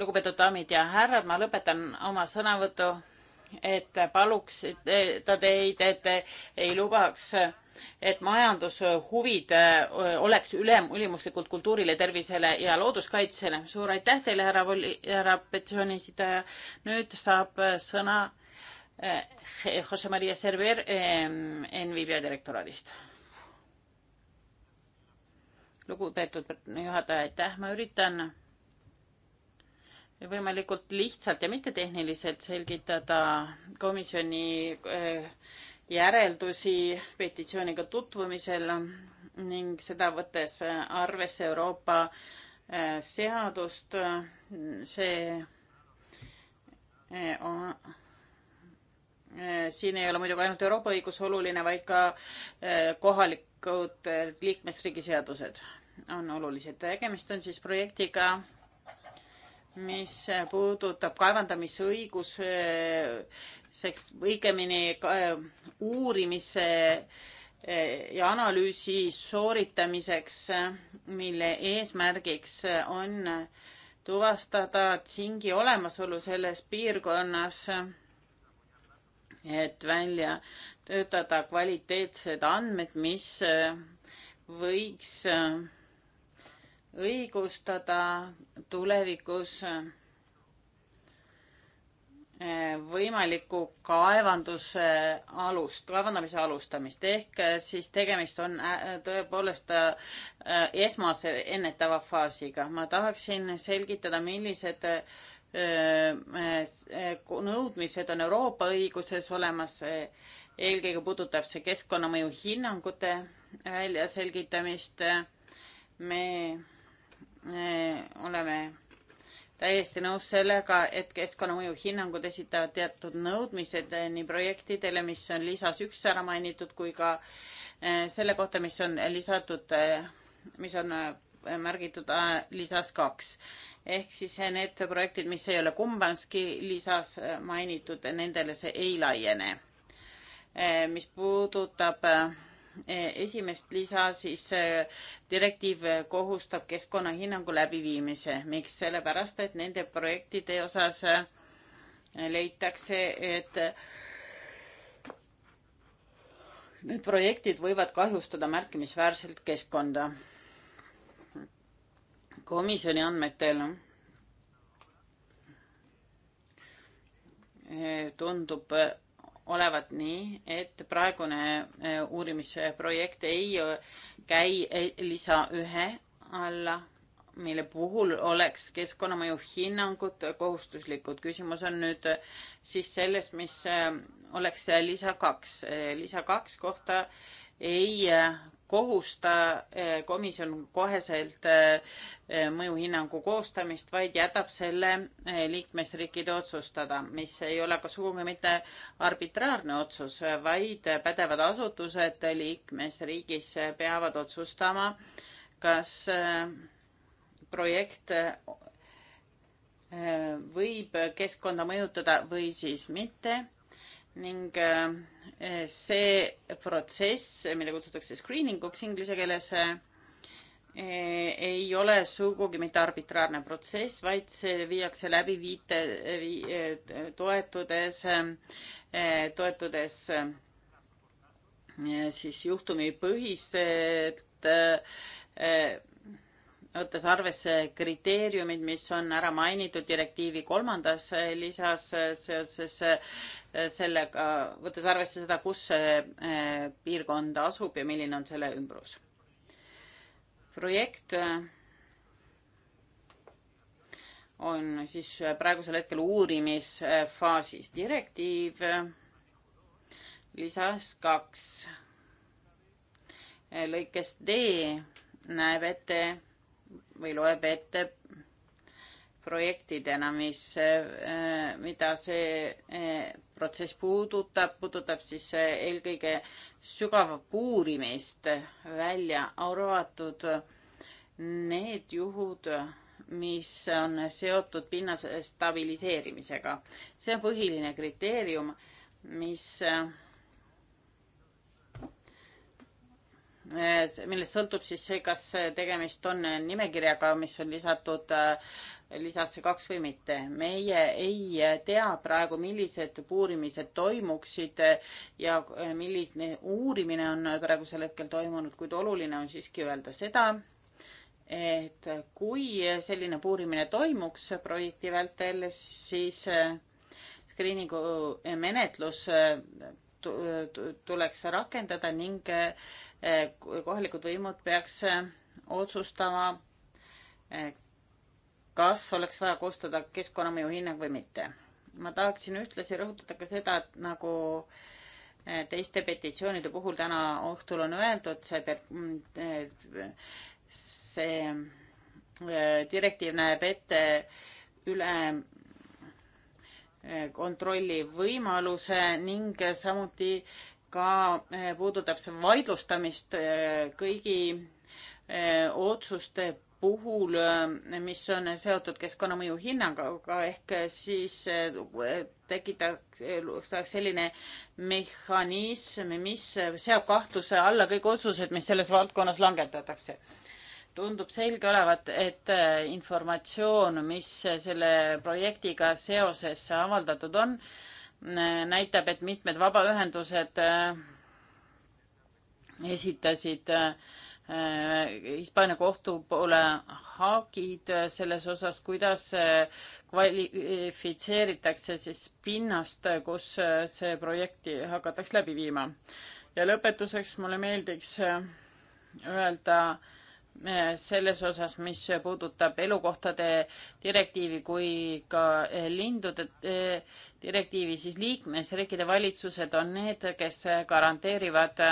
[SPEAKER 2] lugupeetud daamid ja härrad, ma lõpetan oma sõnavõtu, et paluks ta teid, et ei lubaks et majandushuvid oleks ülem, ülimuslikult kultuurile, tervisele ja looduskaitsele. suur aitäh teile, härra voli-, härra petitsiooni esitaja. nüüd saab sõna Eh, Jose Maria Server NVIDIA direktoraadist. lugupeetud juhataja, aitäh, ma üritan võimalikult lihtsalt ja mittetehniliselt selgitada komisjoni eh, järeldusi petitsiooniga tutvumisel ning seda võttes arvesse Euroopa eh, seadust, see on Eh, siin ei ole muidugi ainult Euroopa õigus oluline, vaid ka eh, kohalikud eh, liikmesriigi seadused on olulised. tegemist on siis projektiga, mis puudutab kaevandamisõiguseks, õigemini uurimise ja analüüsi sooritamiseks, mille eesmärgiks on tuvastada tsingi olemasolu selles piirkonnas et välja töötada kvaliteetsed andmed, mis äh, võiks äh, õigustada tulevikus äh, võimaliku kaevanduse alust, kaevandamise alustamist ehk siis tegemist on tõepoolest esmase ennetava faasiga. ma tahaksin selgitada, millised E, nõudmised on Euroopa õiguses olemas, e, eelkõige puudutab see keskkonnamõju hinnangute väljaselgitamist. me e, oleme täiesti nõus sellega, et keskkonnamõju hinnangud esitavad teatud nõudmised nii projektidele, mis on lisas üks ära mainitud, kui ka selle kohta, mis on lisatud, mis on märgitud äh, lisas kaks. ehk siis need projektid, mis ei ole kumbaski lisas äh, mainitud, nendele see ei laiene. Äh, mis puudutab e-, esimest lisa, siis direktiiv kohustab keskkonnahinnangu läbiviimise. miks? sellepärast, et nende projektide osas leitakse, et need projektid võivad kahjustada märkimisväärselt keskkonda komisjoni andmetel eh, tundub eh, olevat nii, et praegune eh, uurimisprojekt ei käi lisa ühe alla, mille puhul oleks keskkonnamõju hinnangud kohustuslikud. küsimus on nüüd siis selles, mis oleks lisa kaks. lisa kaks kohta ei kohusta eh, komisjon koheselt eh, mõjuhinnangu koostamist, vaid jätab selle eh, liikmesriikide otsustada, mis ei ole ka sugugi mitte arbitraarne otsus, vaid pädevad asutused liikmesriigis peavad otsustama, kas projekt võib keskkonda mõjutada või siis mitte ning äh, see protsess, mida kutsutakse screening uks inglise keeles, äh, ei ole sugugi mitte arbitraarne protsess, vaid see viiakse läbi viite vi,, äh, toetudes, toetudes siis juhtumipõhiselt, võttes arvesse kriteeriumid, mis on ära mainitud direktiivi kolmandas lisas seoses Äh, sellega, võttes arvesse seda, kus see äh, piirkond asub ja milline on selle ümbrus. projekt äh, on siis praegusel hetkel uurimisfaasis. direktiiv lisas kaks lõikes D näeb ette või loeb ette projektidena, mis, mida see protsess puudutab, puudutab siis äh, eelkõige sügava puurimist välja arvatud need juhud, mis on seotud pinnase stabiliseerimisega. see on põhiline kriteerium, mis, äh, millest sõltub siis see, kas tegemist on nimekirjaga, mis on lisatud äh, lisasse kaks või mitte. meie ei tea praegu, millised puurimised toimuksid ja äh, milline uurimine on praegusel hetkel toimunud, kuid oluline on siiski öelda seda, et kui selline puurimine toimuks projekti vältel, siis äh, screening'u äh, menetlus tuleks rakendada ning kohalikud võimud peaks otsustama kas oleks vaja koostada keskkonnamõju hinnang või mitte. ma tahaksin ühtlasi rõhutada ka seda, et nagu eh, teiste petitsioonide puhul täna õhtul on öeldud, see, mm, eh, see eh, direktiiv näeb ette üle kontrolli võimaluse ning samuti ka puudutab see vaidlustamist kõigi otsuste puhul, äh, mis on seotud keskkonnamõju hinnanguga, ehk siis äh, tekitaks äh, selline mehhanism, mis seab kahtluse alla kõik otsused, mis selles valdkonnas langetatakse. tundub selge olevat, et informatsioon, mis selle projektiga seoses avaldatud on, näitab, et mitmed vabaühendused esitasid äh, Hispaania kohtu poole haagid selles osas, kuidas kvalifitseeritakse siis pinnast, kus see projekti hakatakse läbi viima. ja lõpetuseks mulle meeldiks öelda, Äh, selles osas, mis puudutab elukohtade direktiivi kui ka äh, lindude äh, direktiivi, siis liikmesriikide valitsused on need, kes garanteerivad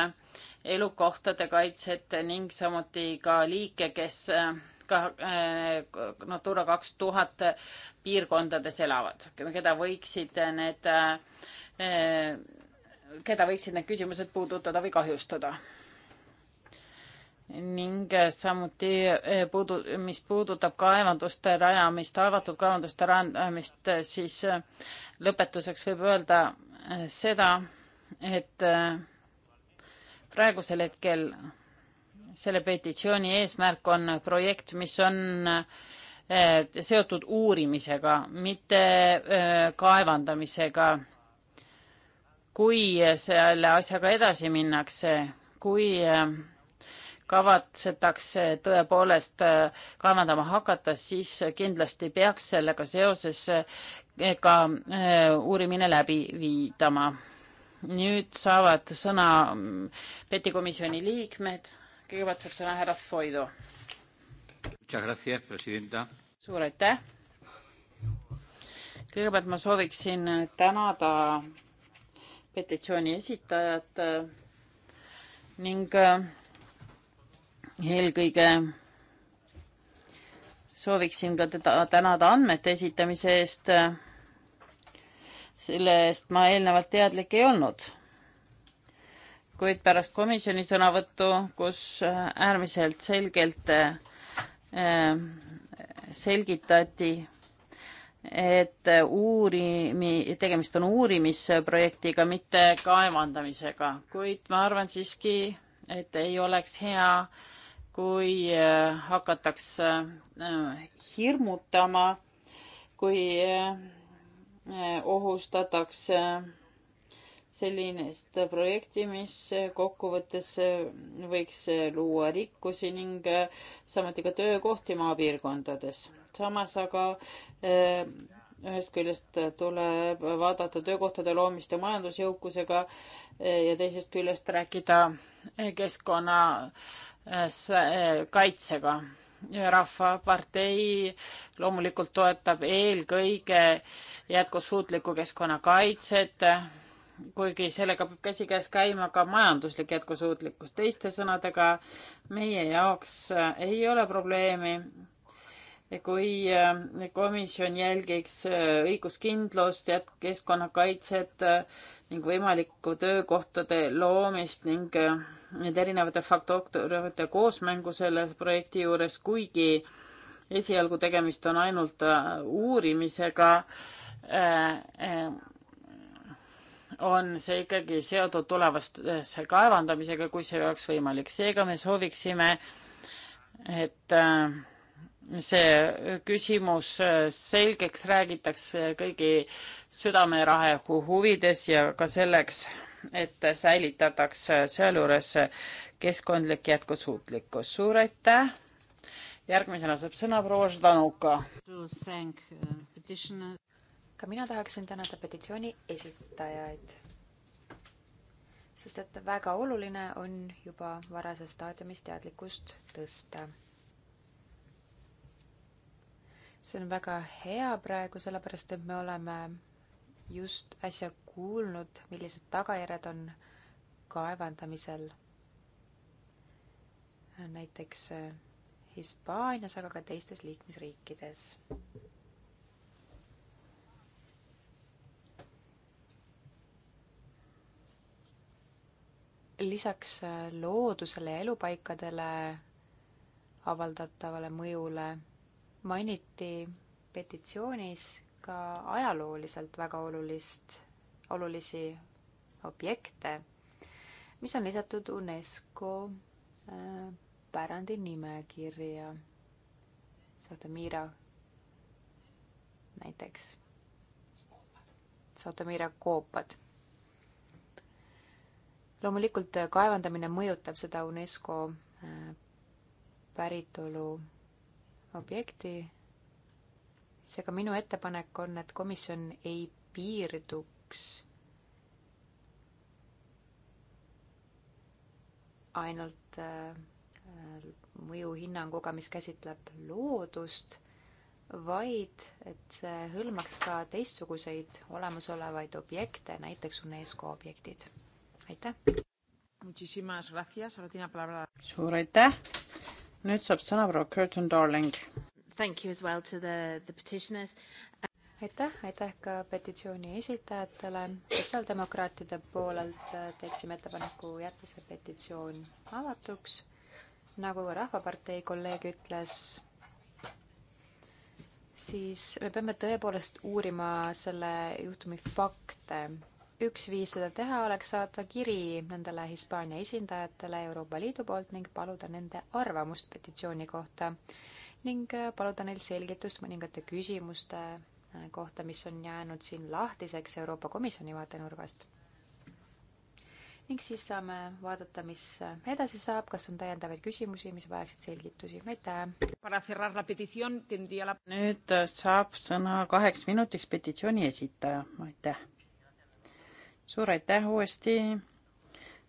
[SPEAKER 2] elukohtade kaitset ning samuti ka liike, kes ka Natura kaks tuhat piirkondades elavad, keda võiksid need, keda võiksid need küsimused puudutada või kahjustada ning eh, samuti eh, puudu-, mis puudutab kaevanduste rajamist, avatud kaevanduste rajamist, eh, siis lõpetuseks võib öelda seda, et praegusel hetkel selle petitsiooni eesmärk on projekt, mis on seotud uurimisega, mitte kaevandamisega. kui selle asjaga edasi minnakse, kui kavatsetakse tõepoolest äh, kaevandama hakata, siis kindlasti peaks sellega seoses äh, ka äh, uurimine läbi viidama. nüüd saavad sõna mm, petikomisjoni liikmed, kõigepealt saab sõna härra Foido. suur aitäh. kõigepealt ma sooviksin tänada petitsiooni esitajat ning eelkõige sooviksin ka teda tänada andmete esitamise eest. sellest ma eelnevalt teadlik ei olnud. kuid pärast komisjoni sõnavõttu, kus äärmiselt selgelt ähm, selgitati, et uurimi, tegemist on uurimisprojektiga, mitte kaevandamisega, kuid ma arvan siiski, et ei oleks hea äh, kui äh, hakatakse äh, hirmutama, kui äh, ohustatakse sellist projekti, mis kokkuvõttes võiks luua rikkusi ning samuti ka töökohti maapiirkondades. samas aga ühest küljest tuleb vaadata töökohtade loomist ja majandusjõukusega ja teisest küljest rääkida keskkonna Äh, äh, kaitsega. rahvapartei loomulikult toetab eelkõige jätkusuutlikku keskkonnakaitset, kuigi sellega peab käsikäes käima ka majanduslik jätkusuutlikkus. teiste sõnadega, meie jaoks äh, ei ole probleemi kui äh, komisjon jälgiks äh, õiguskindlust, keskkonnakaitset äh, ning võimalikku töökohtade loomist ning need erinevate faktorite koosmängu selle projekti juures, kuigi esialgu tegemist on ainult uurimisega, on see ikkagi seotud tulevastesse kaevandamisega, kui see oleks võimalik. seega me sooviksime, et äh, see küsimus äh, selgeks räägitakse kõigi südamerahu huvides ja ka selleks, et säilitataks sealjuures keskkondlik jätkusuutlikkus. suur aitäh! järgmisena saab sõna proua Ždanuka.
[SPEAKER 6] Uh, ka mina tahaksin tänada petitsiooni esitajaid, sest et väga oluline on juba varases staadiumis teadlikkust tõsta see on väga hea praegu, sellepärast et me oleme just äsja kuulnud, millised tagajärjed on kaevandamisel näiteks äh, Hispaanias, aga ka teistes liikmesriikides. lisaks äh, loodusele ja elupaikadele avaldatavale mõjule mainiti petitsioonis ka ajalooliselt väga olulist, olulisi objekte, mis on lisatud UNESCO äh, pärandi nimekirja. Sotomira näiteks. Sotomira koopad. loomulikult äh, kaevandamine mõjutab seda UNESCO äh, päritolu objekti. seega minu ettepanek on, et komisjon ei piirduks ainult äh, mõjuhinnanguga, mis käsitleb loodust, vaid et see hõlmaks ka teistsuguseid olemasolevaid
[SPEAKER 1] objekte, näiteks UNESCO objektid. aitäh! suur
[SPEAKER 2] aitäh! nüüd saab sõna proua Curtin Darling.
[SPEAKER 1] Thank
[SPEAKER 6] you as well to the, the petitioners aitäh, aitäh ka petitsiooni esitajatele. sotsiaaldemokraatide poolelt teeksime ettepaneku jätta see petitsioon avatuks. nagu ka Rahvapartei kolleeg ütles, siis me peame tõepoolest uurima selle juhtumi fakte üks viis seda teha oleks saata kiri nendele Hispaania esindajatele Euroopa Liidu poolt ning paluda nende arvamust petitsiooni kohta ning äh, paluda neil selgitust mõningate küsimuste äh, kohta, mis on jäänud siin lahtiseks Euroopa Komisjoni vaatenurgast. ning siis saame vaadata, mis äh, edasi saab, kas on täiendavaid küsimusi, mis vajaksid selgitusi. aitäh!
[SPEAKER 2] nüüd saab sõna kaheks minutiks petitsiooni esitaja, aitäh! suur aitäh uuesti,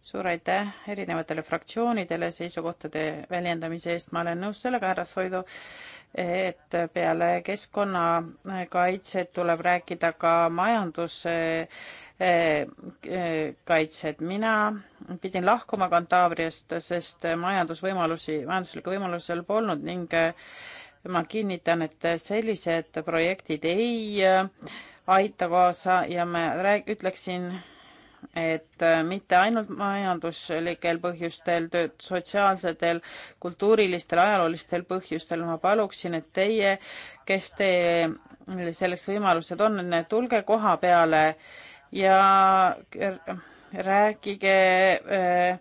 [SPEAKER 2] suur aitäh erinevatele fraktsioonidele seisukohtade väljendamise eest, ma olen nõus sellega, härra Soidu, et peale keskkonnakaitset tuleb rääkida ka majanduse eh, eh, kaitset. mina pidin lahkuma Kantaabriast, sest majandusvõimalusi, majanduslikke võimalusi seal polnud ning ma kinnitan, et sellised projektid ei aita kaasa ja me rääg-, ütleksin, et äh, mitte ainult majanduslikel põhjustel, tööd sotsiaalsetel, kultuurilistel, ajaloolistel põhjustel, ma paluksin, et teie, kes te äh, selleks võimalused on, tulge koha peale ja rääkige äh,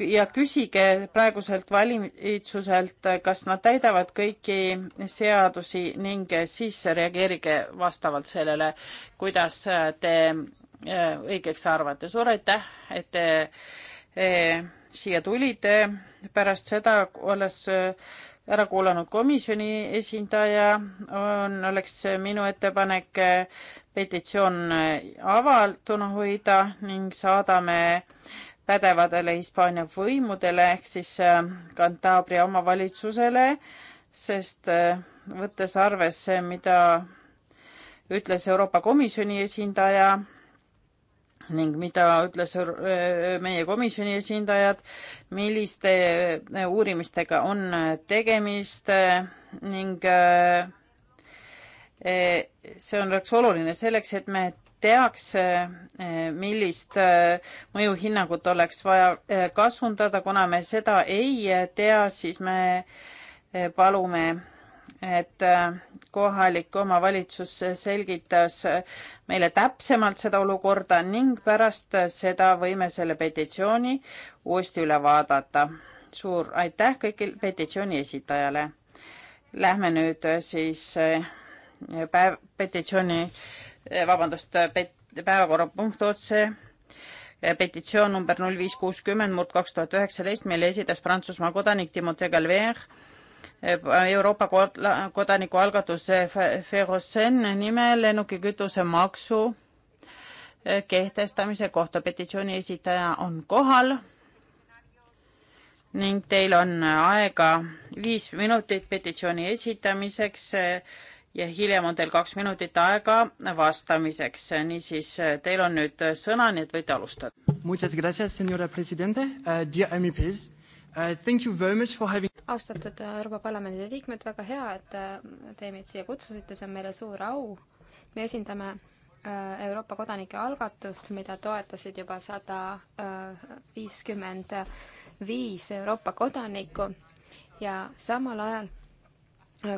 [SPEAKER 2] ja küsige praeguselt valitsuselt, kas nad täidavad kõiki seadusi ning siis reageerige vastavalt sellele, kuidas te äh, õigeks arvate. suur aitäh, et te äh, siia tulite. pärast seda, olles äh, ära kuulanud komisjoni esindaja, on, oleks minu ettepanek petitsioon avaltuna hoida ning saadame pädevatele Hispaania võimudele ehk siis äh, Cantabria omavalitsusele, sest äh, võttes arvesse, mida ütles Euroopa Komisjoni esindaja ning mida ütles äh, meie komisjoni esindajad, milliste uurimistega on tegemist ning see on, oleks oluline selleks, et me tehakse, eh, millist eh, mõjuhinnangut oleks vaja eh, kasundada, kuna me seda ei tea, siis me palume, et kohalik omavalitsus selgitas meile täpsemalt seda olukorda ning pärast seda võime selle petitsiooni uuesti üle vaadata. suur aitäh kõigile petitsiooni esitajale. Lähme nüüd siis päev, petitsiooni Eh, vabandust, eh, päevakorrapunkt otse, eh, petitsioon number null viis kuuskümmend murd kaks tuhat üheksateist, mille esitas Prantsusmaa kodanik Timothée Galver Euroopa kodanikualgatuse Ferozen nimel lennukikütuse maksu kehtestamise kohta. petitsiooni esitaja on kohal ning teil on aega viis minutit petitsiooni esitamiseks ja hiljem on teil kaks minutit aega vastamiseks. niisiis, teil on nüüd sõna, nii et võite alustada.
[SPEAKER 3] Muchas gracias, senora presidente uh,, dear MEP-s uh,. Thank you very much for having
[SPEAKER 4] austatud uh, Euroopa Parlamendi liikmed, väga hea, et uh, te meid siia kutsusite, see on meile suur au. me esindame uh, Euroopa kodanike algatust, mida toetasid juba sada viiskümmend viis Euroopa kodanikku ja samal ajal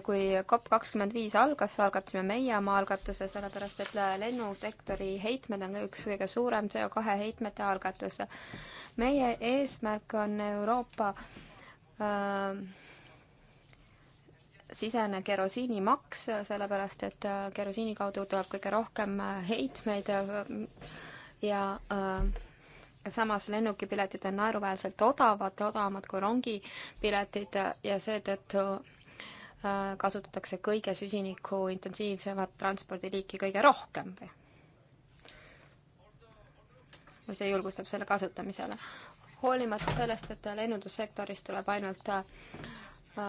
[SPEAKER 4] kui COP kakskümmend viis algas, algatasime meie oma algatuse, sellepärast et lennusektori heitmed on üks kõige suurem CO2 heitmete algatus. meie eesmärk on Euroopa äh, sisene kerosiinimaks, sellepärast et äh, kerosiini kaudu tuleb kõige rohkem äh, heitmeid ja, äh, ja äh, samas lennukipiletid on naeruväärselt odavad, odavamad kui rongipiletid ja seetõttu Äh, kasutatakse kõige süsiniku intensiivsemat transpordiliiki kõige rohkem või? või see julgustab selle kasutamisele? hoolimata sellest, et lennundussektoris tuleb ainult äh,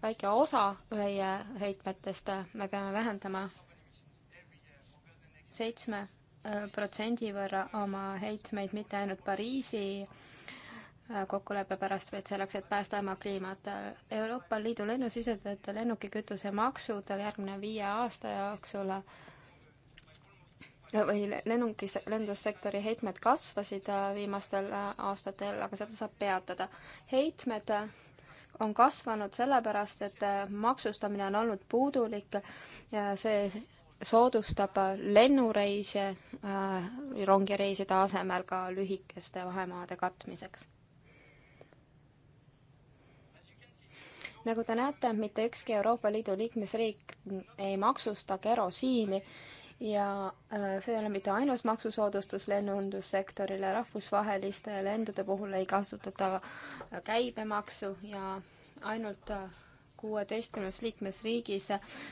[SPEAKER 4] väike osa meie heitmetest, me peame vähendama seitsme äh, protsendi võrra oma heitmeid mitte ainult Pariisi äh, Äh, kokkuleppe pärast, vaid selleks, et päästa oma kliimat. Euroopa Liidu lennusisendajate lennukikütuse maksud järgmine viie aasta jooksul äh, või lennukis, lendussektori heitmed kasvasid äh, viimastel aastatel, aga seda saab peatada. heitmed on kasvanud sellepärast, et maksustamine on olnud puudulik ja see soodustab lennureise äh, rongireiside asemel ka lühikeste vahemaade katmiseks nagu te näete, mitte ükski Euroopa Liidu liikmesriik ei maksusta kerosiini ja äh, see ei ole mitte ainus maksusoodustus lennundussektorile, rahvusvaheliste lendude puhul ei kasutata äh, käibemaksu ja ainult äh, kuueteistkümnes liikmesriigis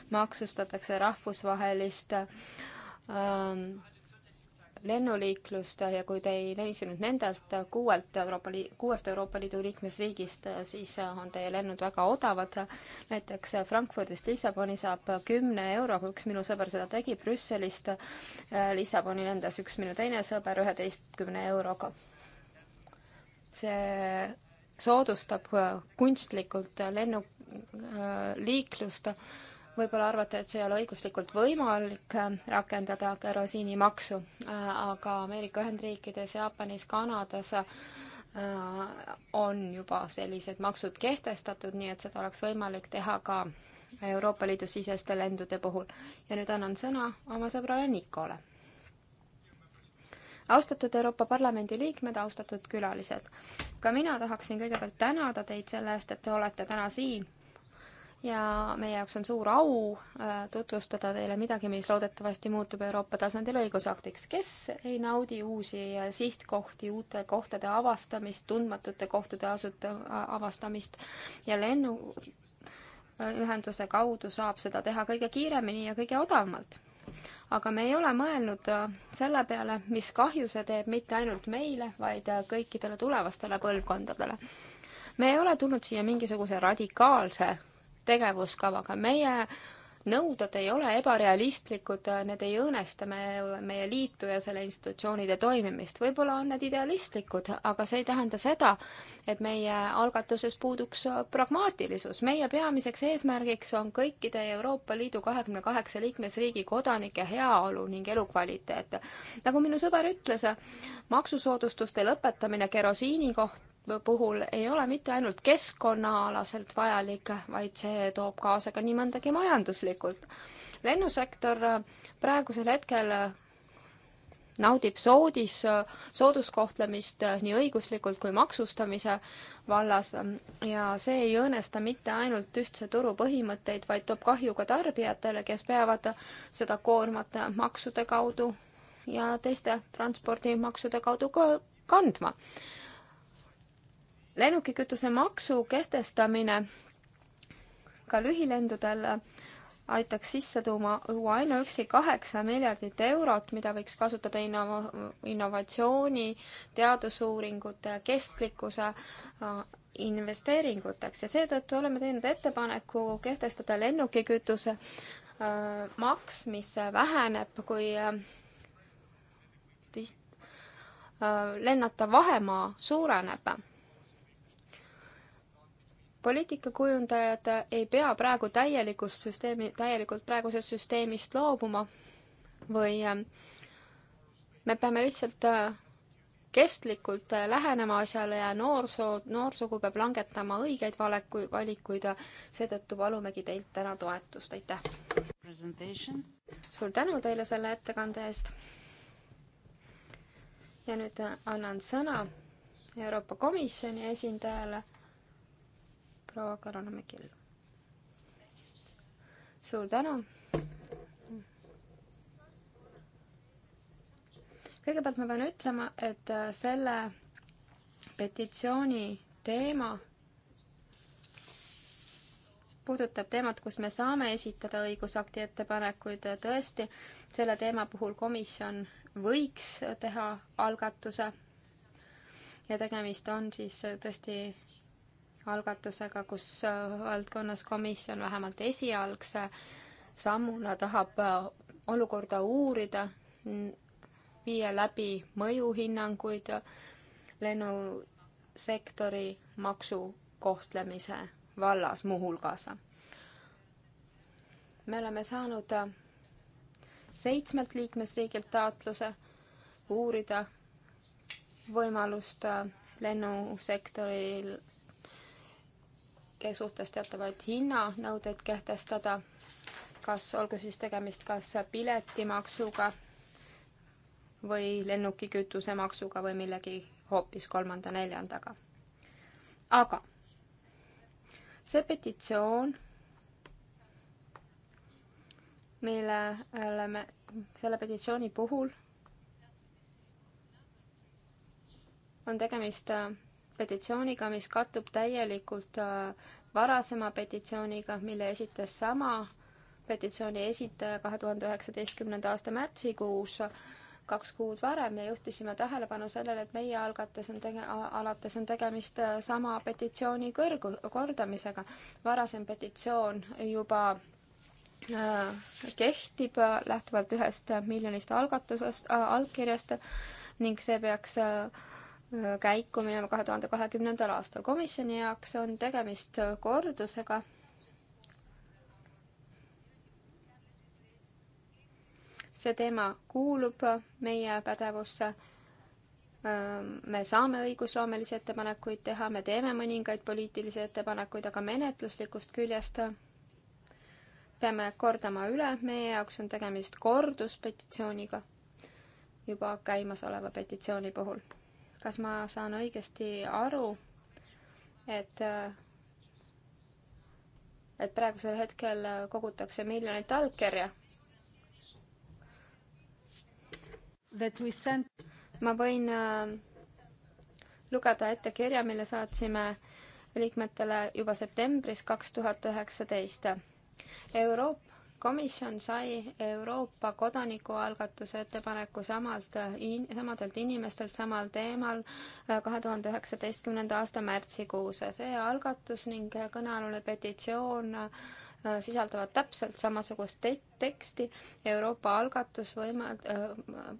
[SPEAKER 4] maksustatakse rahvusvahelist ähm, lennuliiklust ja kui te ei reisinud nendelt kuuelt Euroopa Liidu, kuuest Euroopa Liidu liikmesriigist, siis on teie lennud väga odavad. näiteks Frankfurdist Lissaboni saab kümne euroga, üks minu sõber seda tegi, Brüsselist äh, Lissaboni lendas üks minu teine sõber üheteistkümne euroga. see soodustab kunstlikult lennuliiklust äh, võib-olla arvate, et see ei ole õiguslikult võimalik äh, rakendada kerosiinimaksu, äh, aga Ameerika Ühendriikides, Jaapanis, Kanadas äh, on juba sellised maksud kehtestatud, nii et seda oleks võimalik teha ka Euroopa Liidu siseste lendude puhul. ja nüüd annan sõna oma sõbrale Nikole. austatud Euroopa Parlamendi liikmed, austatud külalised! ka mina tahaksin kõigepealt tänada teid selle eest, et te olete täna siin ja meie jaoks on suur au äh, tutvustada teile midagi, mis loodetavasti muutub Euroopa tasandil õigusaktiks. kes ei naudi uusi äh, sihtkohti, uute kohtade avastamist, tundmatute kohtade asut-, avastamist ja lennuühenduse äh, kaudu saab seda teha kõige kiiremini ja kõige odavamalt aga me ei ole mõelnud selle peale, mis kahju see teeb mitte ainult meile, vaid kõikidele tulevastele põlvkondadele. me ei ole tulnud siia mingisuguse radikaalse tegevuskavaga. meie nõuded ei ole ebarealistlikud, need ei õõnesta me, meie liitu ja selle institutsioonide toimimist. võib-olla on need idealistlikud, aga see ei tähenda seda, et meie algatuses puuduks pragmaatilisus. meie peamiseks eesmärgiks on kõikide Euroopa Liidu kahekümne kaheksa liikmesriigi kodanike heaolu ning elukvaliteet. nagu minu sõber ütles, maksusoodustuste lõpetamine kerosiini koht, puhul ei ole mitte ainult keskkonnaalaselt vajalik, vaid see toob kaasa ka nii mõndagi majanduslikult. lennusektor äh, praegusel hetkel äh, naudib soodis, äh, sooduskohtlemist nii õiguslikult kui maksustamise vallas ja see ei õõnesta mitte ainult ühtse turu põhimõtteid, vaid toob kahju ka tarbijatele, kes peavad seda koormat maksude kaudu ja teiste transpordimaksude kaudu ka kandma lennukikütuse maksu kehtestamine ka lühilendudel aitaks sisse tuua ainuüksi kaheksa miljardit eurot, mida võiks kasutada innova-, innovatsiooni, teadusuuringute, kestlikkuse äh, investeeringuteks ja seetõttu oleme teinud ettepaneku kehtestada lennukikütuse äh, maks, mis väheneb, kui äh, lennata vahemaa suureneb poliitikakujundajad ei pea praegu täielikust süsteemi, täielikult praegusest süsteemist loobuma või ähm, me peame lihtsalt äh, kestlikult äh, lähenema asjale ja noorsoo, noorsugu peab langetama õigeid valeku-, valikuid ja seetõttu palumegi teilt täna toetust, aitäh! suur tänu teile selle ettekande eest! ja nüüd äh, annan sõna Euroopa Komisjoni esindajale proua Karaname Kill. suur tänu. kõigepealt ma pean ütlema, et äh, selle petitsiooni teema puudutab teemat, kus me saame esitada õigusakti ettepanekuid, tõesti, selle teema puhul komisjon võiks teha algatuse ja tegemist on siis äh, tõesti algatusega, kus äh, valdkonnas komisjon vähemalt esialgse sammuna tahab äh, olukorda uurida, viia läbi mõjuhinnanguid äh, lennusektori maksukohtlemise vallas muuhulgas. me oleme saanud seitsmelt liikmesriigilt taotluse uurida võimalust lennusektoril suhtes teatavaid hinnanõudeid kehtestada, kas olgu siis tegemist kas piletimaksuga või lennuki kütusemaksuga või millegi hoopis kolmanda-neljandaga. aga see petitsioon, millele me, selle petitsiooni puhul on tegemist petitsiooniga, mis kattub täielikult äh, varasema petitsiooniga, mille esitas sama petitsiooni esitaja kahe tuhande üheksateistkümnenda aasta märtsikuus, kaks kuud varem ja juhtisime tähelepanu sellele, et meie algates on tege-, alates on tegemist äh, sama petitsiooni kõrgu-, kordamisega. varasem petitsioon juba äh, kehtib äh, lähtuvalt ühest miljonist algatusest äh,, allkirjast ning see peaks äh, käiku minema kahe tuhande kahekümnendal aastal. komisjoni jaoks on tegemist kordusega. see teema kuulub meie pädevusse. me saame õigusloomelisi ettepanekuid teha, me teeme mõningaid poliitilisi ettepanekuid, aga menetluslikust küljest peame kordama üle, meie jaoks on tegemist korduspetitsiooniga juba käimasoleva petitsiooni puhul kas ma saan õigesti aru, et et praegusel hetkel kogutakse miljonit allkirja. ma võin äh, lugeda ette kirja, mille saatsime liikmetele juba septembris kaks tuhat üheksateist. Euroopa komisjon sai Euroopa kodanikualgatuse ettepaneku samalt in,, samadelt inimestelt samal teemal äh, kahe tuhande üheksateistkümnenda aasta märtsikuus. see algatus ning kõnealune petitsioon äh, sisaldavad täpselt samasugust te teksti. Euroopa algatus võimald- äh,,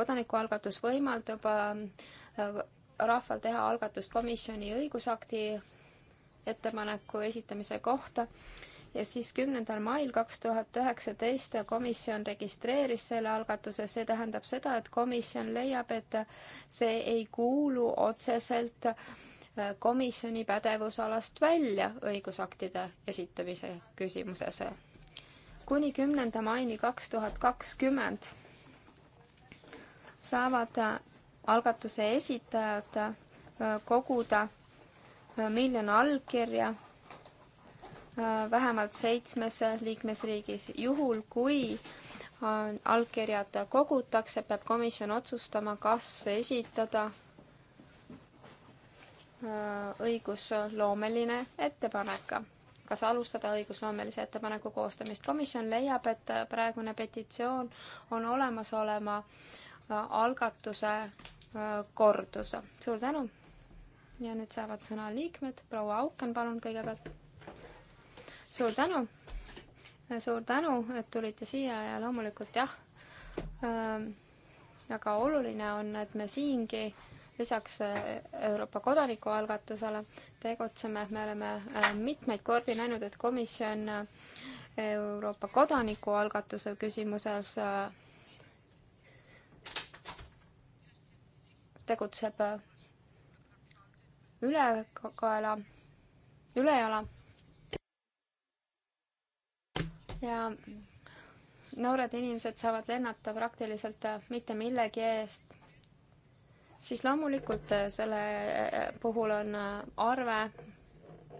[SPEAKER 4] kodanikualgatus võimaldab äh, rahval teha algatust komisjoni õigusakti ettepaneku esitamise kohta ja siis kümnendal mail kaks tuhat üheksateist komisjon registreeris selle algatuse, see tähendab seda, et komisjon leiab, et see ei kuulu otseselt äh, komisjoni pädevusalast välja õigusaktide esitamise küsimuses. kuni kümnenda maini kaks tuhat kakskümmend saavad äh, algatuse esitajad äh, koguda miljon allkirja Äh, vähemalt seitsmes liikmesriigis. juhul, kui äh, allkirjad kogutakse, peab komisjon otsustama, kas esitada äh, õigusloomeline ettepanek, kas alustada õigusloomelise ettepaneku koostamist. komisjon leiab, et praegune petitsioon on olemasoleva algatuse kordus. suur tänu! ja nüüd saavad sõna liikmed, proua Auken, palun kõigepealt suur tänu, suur tänu, et tulite siia ja loomulikult jah ähm,, väga oluline on, et me siingi lisaks äh, Euroopa kodanikualgatusele tegutseme, me oleme äh, mitmeid kordi näinud, et komisjon äh, Euroopa kodanikualgatuse küsimuses tegutseb ülekaela, ülejala ja noored inimesed saavad lennata praktiliselt äh, mitte millegi eest, siis loomulikult äh, selle äh, puhul on arve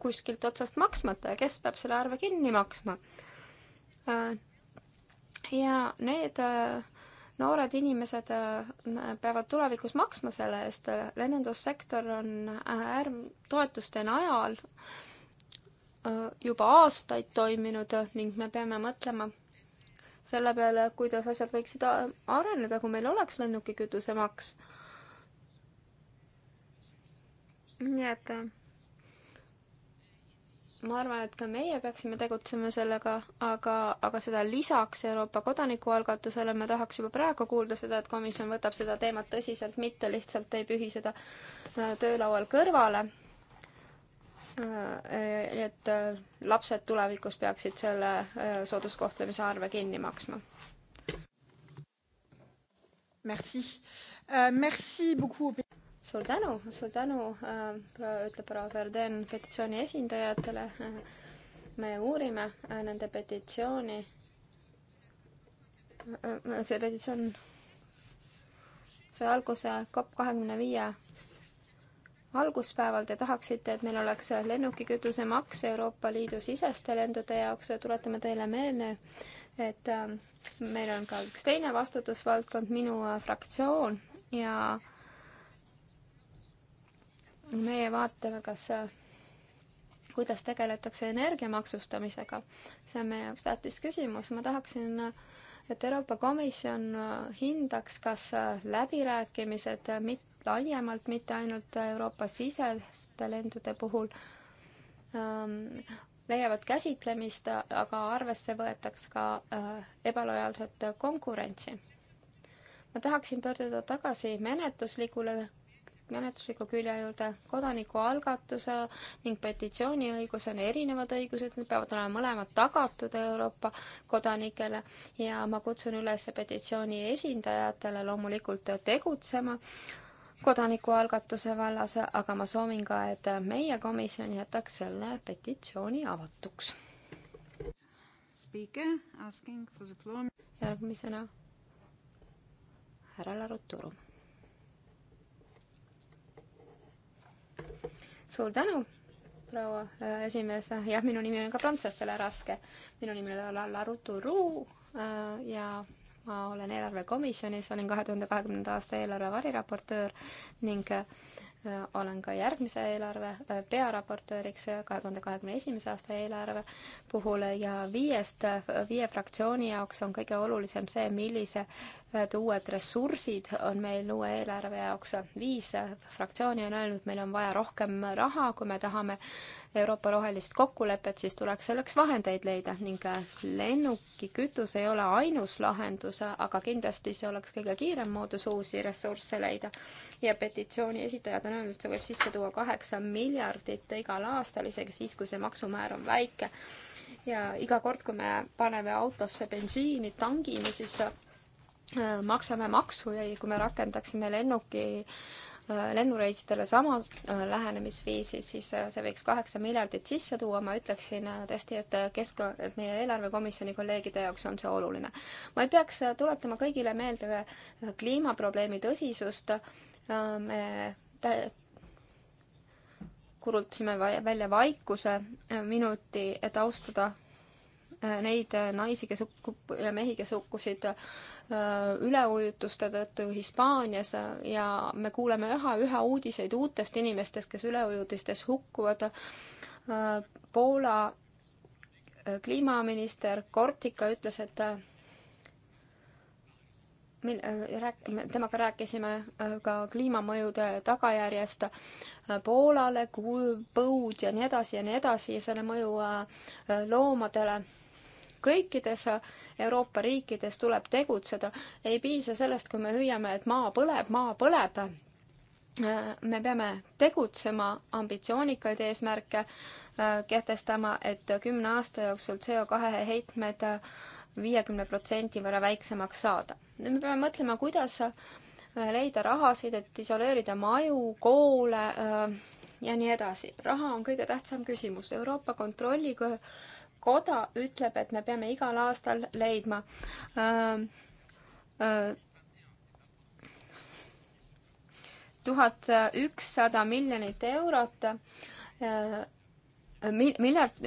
[SPEAKER 4] kuskilt otsast maksmata ja kes peab selle arve kinni maksma. ja need noored inimesed peavad tulevikus maksma selle eest, lennundussektor on äärm-, toetuste najal Äh, juba aastaid toiminud ning me peame mõtlema selle peale, kuidas asjad võiksid areneda, kui meil oleks lennukikütusemaks. nii et äh, ma arvan, et ka meie peaksime tegutsema sellega, aga, aga seda lisaks Euroopa kodanikualgatusele me tahaks juba praegu kuulda seda, et komisjon võtab seda teemat tõsiselt, mitte lihtsalt ei pühi seda äh, töölaual kõrvale Äh, et äh, lapsed tulevikus peaksid selle äh, sooduskohtlemise arve kinni maksma. Merci uh,, merci beaucoup. suur tänu, suur tänu uh,, ütleb proua Verden petitsiooni esindajatele. me uurime nende petitsiooni. see petitsioon sai alguse COP kahekümne viie alguspäeval te tahaksite, et meil oleks lennukikütuse maks Euroopa Liidu siseste lendude jaoks, tuletame teile meelde, et ähm, meil on ka üks teine vastutusvaldkond, minu äh, fraktsioon ja meie vaatame, kas, äh, kuidas tegeletakse energia maksustamisega. see on meie jaoks tähtis küsimus, ma tahaksin äh, et Euroopa Komisjon hindaks, kas läbirääkimised mit-, laiemalt, mitte ainult Euroopa siseste lendude puhul ähm,, leiavad käsitlemist, aga arvesse võetaks ka äh, ebalojaalset konkurentsi. ma tahaksin pöörduda tagasi menetluslikule menetlusliku külje juurde kodanikualgatuse ning petitsiooniõigus on erinevad õigused, need peavad olema mõlemad tagatud Euroopa kodanikele ja ma kutsun üles petitsiooni esindajatele loomulikult tegutsema kodanikualgatuse vallas, aga ma soovin ka, et meie komisjon jätaks selle petitsiooni avatuks.
[SPEAKER 7] järgmisena härra Laruturu.
[SPEAKER 4] suur tänu, proua äh, esimees, jah, minu nimi on ka prantslastele raske, minu nimi on Laruturu äh, ja ma olen eelarvekomisjonis, olin kahe tuhande kahekümnenda aasta eelarve variraportöör ning äh, olen ka järgmise eelarve äh, pearaportööriks kahe tuhande kahekümne esimese aasta eelarve puhul ja viiest, äh, viie fraktsiooni jaoks on kõige olulisem see, millised uued ressursid on meil uue eelarve jaoks. viis fraktsiooni on öelnud, meil on vaja rohkem raha, kui me tahame Euroopa rohelist kokkulepet, siis tuleks selleks vahendeid leida ning äh, lennukikütus ei ole ainus lahendus, aga kindlasti see oleks kõige kiirem moodus uusi ressursse leida. ja petitsiooni esitajad on öelnud, et see võib sisse tuua kaheksa miljardit igal aastal, isegi siis, kui see maksumäär on väike. ja iga kord, kui me paneme autosse bensiini, tangime, siis äh, maksame maksu ja kui me rakendaksime lennuki Äh, lennureisidele sama äh, lähenemisviisi, siis äh, see võiks kaheksa miljardit sisse tuua, ma ütleksin tõesti, et kesk-, meie eelarvekomisjoni kolleegide jaoks on see oluline. ma ei peaks tuletama kõigile meelde kliimaprobleemi tõsisust, me kuulutasime välja vaikuse minuti, et austada Äh, neid äh, naisi, kes hukk- ja mehi, kes hukkusid äh, üleujutuste tõttu Hispaanias ja me kuuleme üha, üha uudiseid uutest inimestest, kes üleujutistes hukkuvad. Poola kliimaminister Kortika ütles, et min-, rääk-, temaga rääkisime ka kliimamõjude tagajärjest Poolale, põud ja nii edasi ja nii edasi ja selle mõju loomadele kõikides Euroopa riikides tuleb tegutseda. ei piisa sellest, kui me hüüame, et maa põleb, maa põleb. me peame tegutsema, ambitsioonikaid eesmärke kehtestama, et kümne aasta jooksul CO2 heitmed viiekümne protsendi võrra väiksemaks saada. nüüd me peame mõtlema, kuidas leida rahasid, et isoleerida maju, koole ja nii edasi. raha on kõige tähtsam küsimus. Euroopa Kontrollikoja koda ütleb, et me peame igal aastal leidma ähm, äh, tuhat ükssada miljonit eurot, äh, miljard,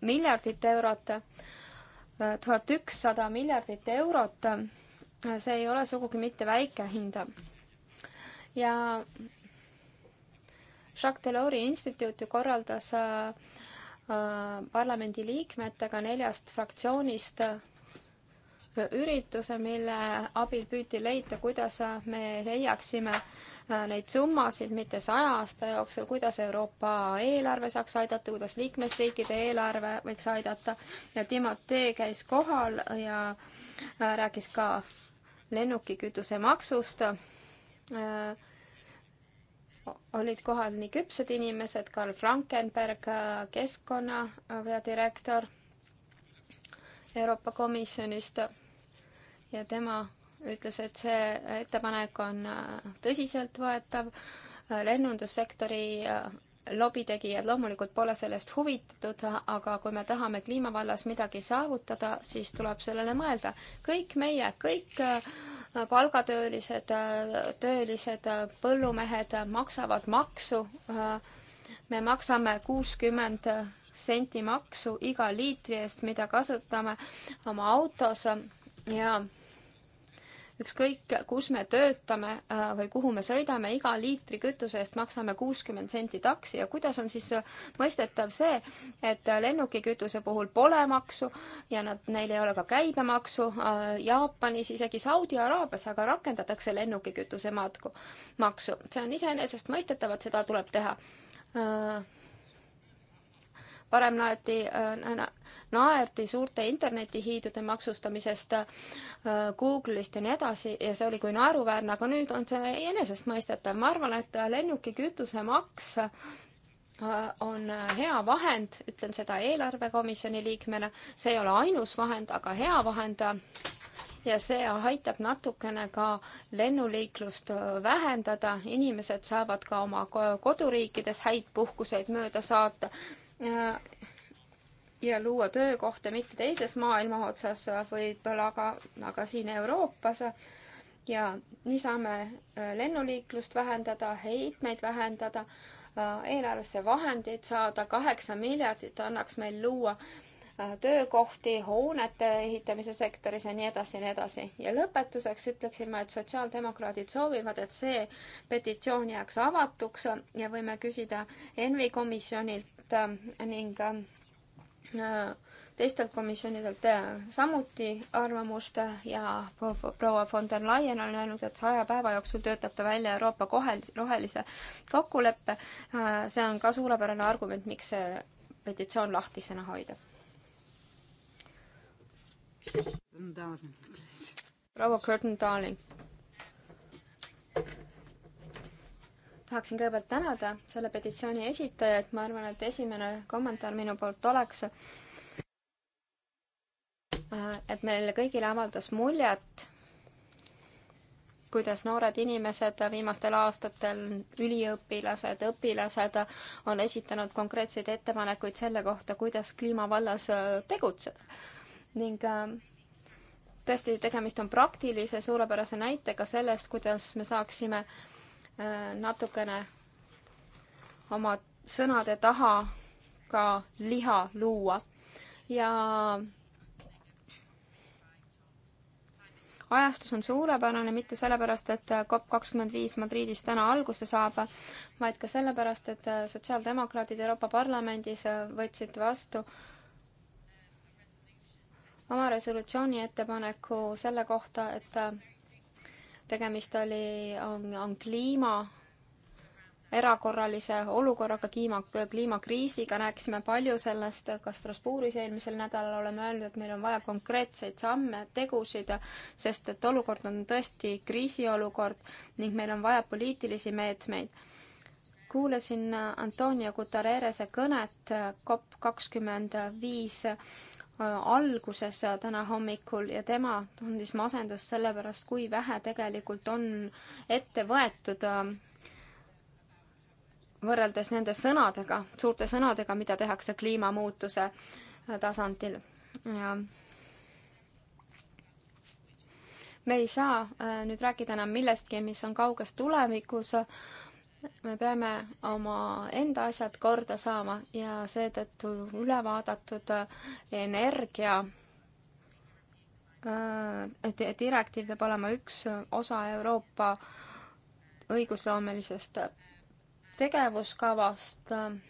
[SPEAKER 4] miljardit eurot, äh, tuhat ükssada miljardit eurot, see ei ole sugugi mitte väike hind. ja Jacques Delors'i instituut ju korraldas äh, Äh, parlamendiliikmetega neljast fraktsioonist äh, ürituse, mille abil püüti leida, kuidas me leiaksime äh, neid summasid mitte saja aasta jooksul, kuidas Euroopa eelarve saaks aidata, kuidas liikmesriikide eelarve võiks aidata ja Timotee käis kohal ja rääkis ka lennukikütuse maksust olid kohal nii küpsed inimesed, Karl Frankenberg, keskkonna peadirektor Euroopa Komisjonist ja tema ütles, et see ettepanek on äh, tõsiseltvõetav lennundussektori äh, lobitegijad loomulikult pole sellest huvitatud, aga kui me tahame kliima vallas midagi saavutada, siis tuleb sellele mõelda. kõik meie, kõik äh, palgatöölised, äh, töölised, äh, põllumehed maksavad maksu. me maksame kuuskümmend senti maksu iga liitri eest, mida kasutame oma autos ja ükskõik, kus me töötame äh, või kuhu me sõidame, iga liitri kütuse eest maksame kuuskümmend senti taksi ja kuidas on siis äh, mõistetav see, et äh, lennukikütuse puhul pole maksu ja nad, neil ei ole ka käibemaksu Jaapanis, isegi Saudi Araabias aga rakendatakse lennukikütuse matku, maksu. see on iseenesestmõistetav, et seda tuleb teha varem naerdi, äh, naerdi suurte internetihiidude maksustamisest, äh, Google'ist ja nii edasi ja see oli kui naeruväärne, aga nüüd on see enesestmõistetav. ma arvan, et lennuki kütusemaks äh, on hea vahend, ütlen seda eelarvekomisjoni liikmena, see ei ole ainus vahend, aga hea vahend ja see aitab natukene ka lennuliiklust vähendada, inimesed saavad ka oma koduriikides häid puhkuseid mööda saata ja luua töökohta mitte teises maailma otsas võib-olla, aga, aga siin Euroopas. ja nii saame äh, lennuliiklust vähendada, heitmeid vähendada, äh, eelarvesse vahendeid saada, kaheksa miljardit annaks meil luua äh, töökohti hoonete ehitamise sektoris ja nii edasi ja nii edasi. ja lõpetuseks ütleksin ma, et sotsiaaldemokraadid soovivad, et see petitsioon jääks avatuks ja võime küsida ENVI komisjonilt, komisjonilt äh, ning äh, teistelt komisjonidelt äh, samuti arvamust ja proua von der Leyen on öelnud, et saja päeva jooksul töötab ta välja Euroopa kohel-, rohelise kokkuleppe. see on ka suurepärane argument, miks see petitsioon lahtisena hoida. proua Curtin Darling. tahaksin kõigepealt tänada selle petitsiooni esitajaid, ma arvan, et esimene kommentaar minu poolt oleks, äh, et meile kõigile avaldas muljet, kuidas noored inimesed viimastel aastatel, üliõpilased, õpilased on esitanud konkreetseid ettepanekuid selle kohta, kuidas kliima vallas äh, tegutseda. ning äh, tõesti, tegemist on praktilise suurepärase näitega sellest, kuidas me saaksime äh, natukene oma sõnade taha ka liha luua ja ajastus on suurepärane mitte sellepärast, et COP kakskümmend viis Madridis täna alguse saab, vaid ka sellepärast, et sotsiaaldemokraadid Euroopa Parlamendis võtsid vastu oma resolutsiooni ettepaneku selle kohta, et tegemist oli, on, on kliima erakorralise olukorraga, kliima, kliimakriisiga, rääkisime palju sellest ka Strasbourgis eelmisel nädalal, oleme öelnud, et meil on vaja konkreetseid samme, tegusid, sest et olukord on tõesti kriisiolukord ning meil on vaja poliitilisi meetmeid. kuulasin Antonio Guterrese kõnet COP kakskümmend viis Äh, alguses täna hommikul ja tema tundis masendust selle pärast, kui vähe tegelikult on ette võetud äh, võrreldes nende sõnadega, suurte sõnadega, mida tehakse kliimamuutuse äh, tasandil ja me ei saa nüüd rääkida enam millestki, mis on kauges tulevikus me peame omaenda asjad korda saama ja seetõttu üle vaadatud energia äh, direktiiv peab olema üks osa Euroopa õigusloomelisest tegevuskavast äh,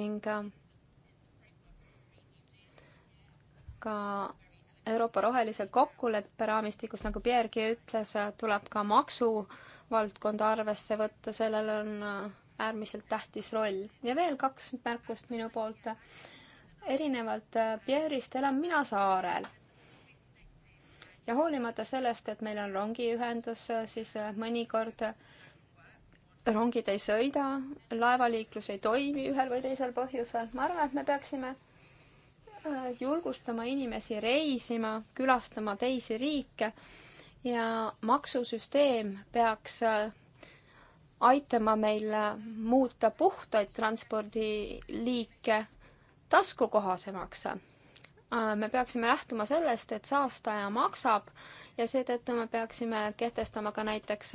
[SPEAKER 4] ning äh, ka Euroopa rohelise kokkuleppe raamistikus, nagu Pierregi ütles, tuleb ka maksuvaldkonda arvesse võtta, sellel on äh, äärmiselt tähtis roll. ja veel kaks märkust minu poolt. erinevalt äh, Pierre'ist elan mina saarel. ja hoolimata sellest, et meil on rongiühendus, äh, siis mõnikord rongid ei sõida, laevaliiklus ei toimi ühel või teisel põhjusel. ma arvan, et me peaksime Äh, julgustama inimesi reisima, külastama teisi riike ja maksusüsteem peaks äh, aitama meil äh, muuta puhtaid transpordiliike taskukohasemaks. me peaksime lähtuma sellest, et saastaja maksab ja seetõttu me peaksime kehtestama ka näiteks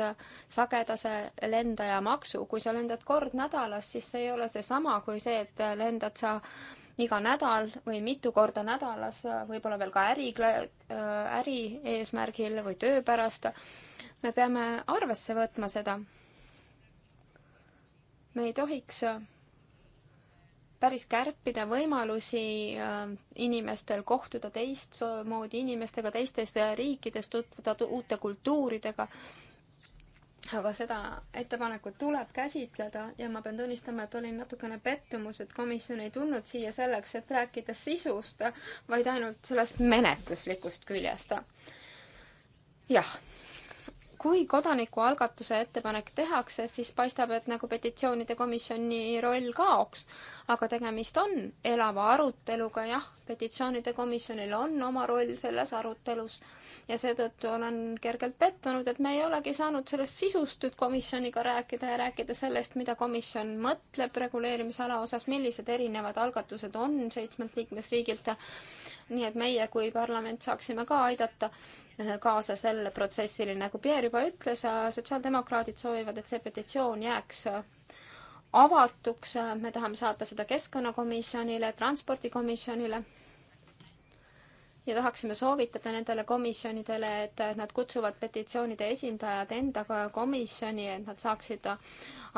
[SPEAKER 4] sagedase lendaja maksu. kui sa lendad kord nädalas, siis see ei ole seesama kui see, et lendad sa iga nädal või mitu korda nädalas, võib-olla veel ka äri, äh, äri eesmärgil või töö pärast. me peame arvesse võtma seda. me ei tohiks äh, päris kärpida võimalusi äh, inimestel kohtuda teistmoodi inimestega teistes riikides, tutvuda uute kultuuridega aga seda ettepanekut tuleb käsitleda ja ma pean tunnistama, et olin natukene pettumus, et komisjon ei tulnud siia selleks, et rääkida sisust, vaid ainult sellest menetluslikust küljest. jah kui kodanikualgatuse ettepanek tehakse, siis paistab, et nagu petitsioonide komisjoni roll kaoks. aga tegemist on elava aruteluga, jah, petitsioonide komisjonil on oma roll selles arutelus ja seetõttu olen kergelt pettunud, et me ei olegi saanud sellest sisust nüüd komisjoniga rääkida ja rääkida sellest, mida komisjon mõtleb reguleerimisala osas, millised erinevad algatused on seitsmelt liikmesriigilt. nii et meie kui parlament saaksime ka aidata kaasa sellele protsessile, nagu Pierre juba ütles, äh, sotsiaaldemokraadid soovivad, et see petitsioon jääks äh, avatuks, äh, me tahame saata seda Keskkonnakomisjonile, Transpordikomisjonile ja tahaksime soovitada nendele komisjonidele, et nad kutsuvad petitsioonide esindajad endaga komisjoni, et nad saaksid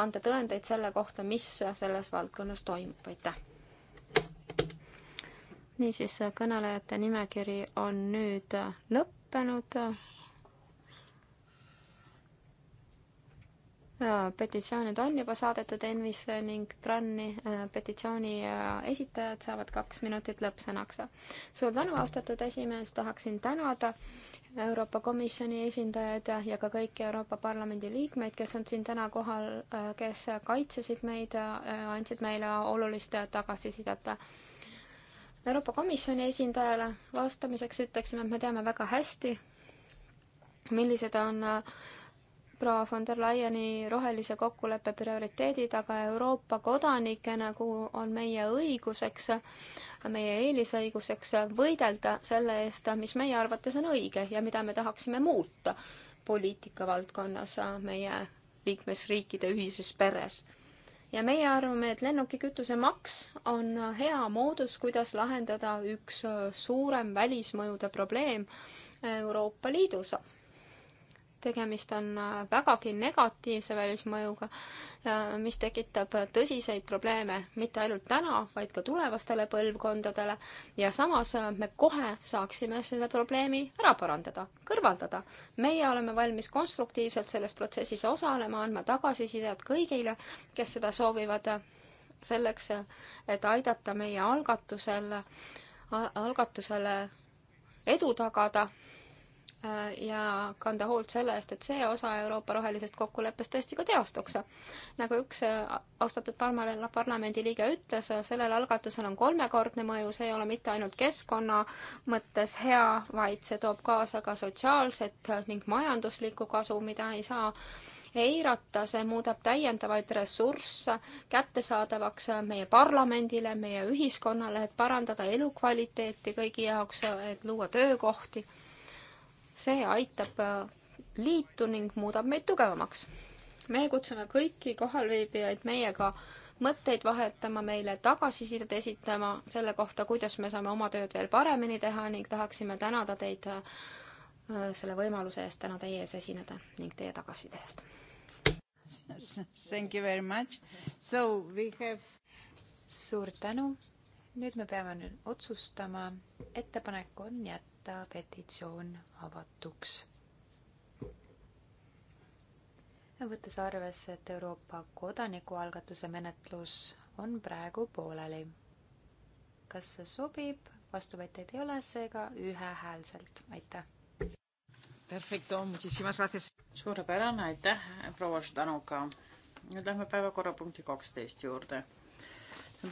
[SPEAKER 4] anda tõendeid selle kohta, mis selles valdkonnas toimub, aitäh. niisiis, kõnelejate nimekiri on nüüd lõpp lõppenud. Äh, äh, petitsioonid on juba saadetud ENVisse ning TRAN-i äh, petitsiooni esitajad saavad kaks minutit lõppsõnaks. suur tänu, austatud esimees, tahaksin tänada Euroopa Komisjoni esindajaid ja, ja ka kõiki Euroopa Parlamendi liikmeid, kes on siin täna kohal, kes kaitsesid meid, andsid meile olulist tagasisidet Euroopa Komisjoni esindajale vastamiseks ütleksime, et me teame väga hästi, millised on äh, proua von der Leyeni rohelise kokkuleppe prioriteedid, aga Euroopa kodanikena, kuhu on meie õiguseks, meie eelisõiguseks võidelda selle eest, mis meie arvates on õige ja mida me tahaksime muuta poliitika valdkonnas meie liikmesriikide ühises peres ja meie arvame, et lennukikütuse maks on hea moodus, kuidas lahendada üks äh, suurem välismõjude probleem äh, Euroopa Liidus tegemist on äh, vägagi negatiivse välismõjuga, mis tekitab tõsiseid probleeme mitte ainult täna, vaid ka tulevastele põlvkondadele ja samas äh, me kohe saaksime selle probleemi ära parandada, kõrvaldada. meie oleme valmis konstruktiivselt selles protsessis osalema, andma tagasisidet kõigile, kes seda soovivad, äh, selleks, et aidata meie algatusel, algatusele edu tagada Äh, ja kanda hoolt selle eest, et see osa Euroopa rohelisest kokkuleppest tõesti ka teostuks. nagu üks äh, austatud parlamendi liige ütles, äh, sellel algatusel on kolmekordne mõju, see ei ole mitte ainult keskkonna mõttes hea, vaid see toob kaasa ka sotsiaalset ning majanduslikku kasu, mida ei saa eirata, see muudab täiendavaid ressursse kättesaadavaks meie parlamendile, meie ühiskonnale, et parandada elukvaliteeti kõigi jaoks, et luua töökohti see aitab äh, liitu ning muudab meid tugevamaks. me kutsume kõiki kohalviibijaid meiega mõtteid vahetama, meile tagasisidet esitama selle kohta, kuidas me saame oma tööd veel paremini teha ning tahaksime tänada teid äh, selle võimaluse eest täna teie ees esineda ning
[SPEAKER 6] teie tagasiside eest. Thank you very much. So we have. suur tänu. nüüd me peame nüüd otsustama, ettepanek on jätta jätta petitsioon avatuks. võttes arvesse, et Euroopa kodanikualgatuse menetlus on praegu pooleli. kas see sobib? vastuvõtjaid ei ole, seega ühehäälselt, aitäh.
[SPEAKER 1] Perfecto, muchísimas gracias.
[SPEAKER 2] suurepärane, aitäh, proua Ždanuka. nüüd lähme päevakorrapunkti kaksteist juurde.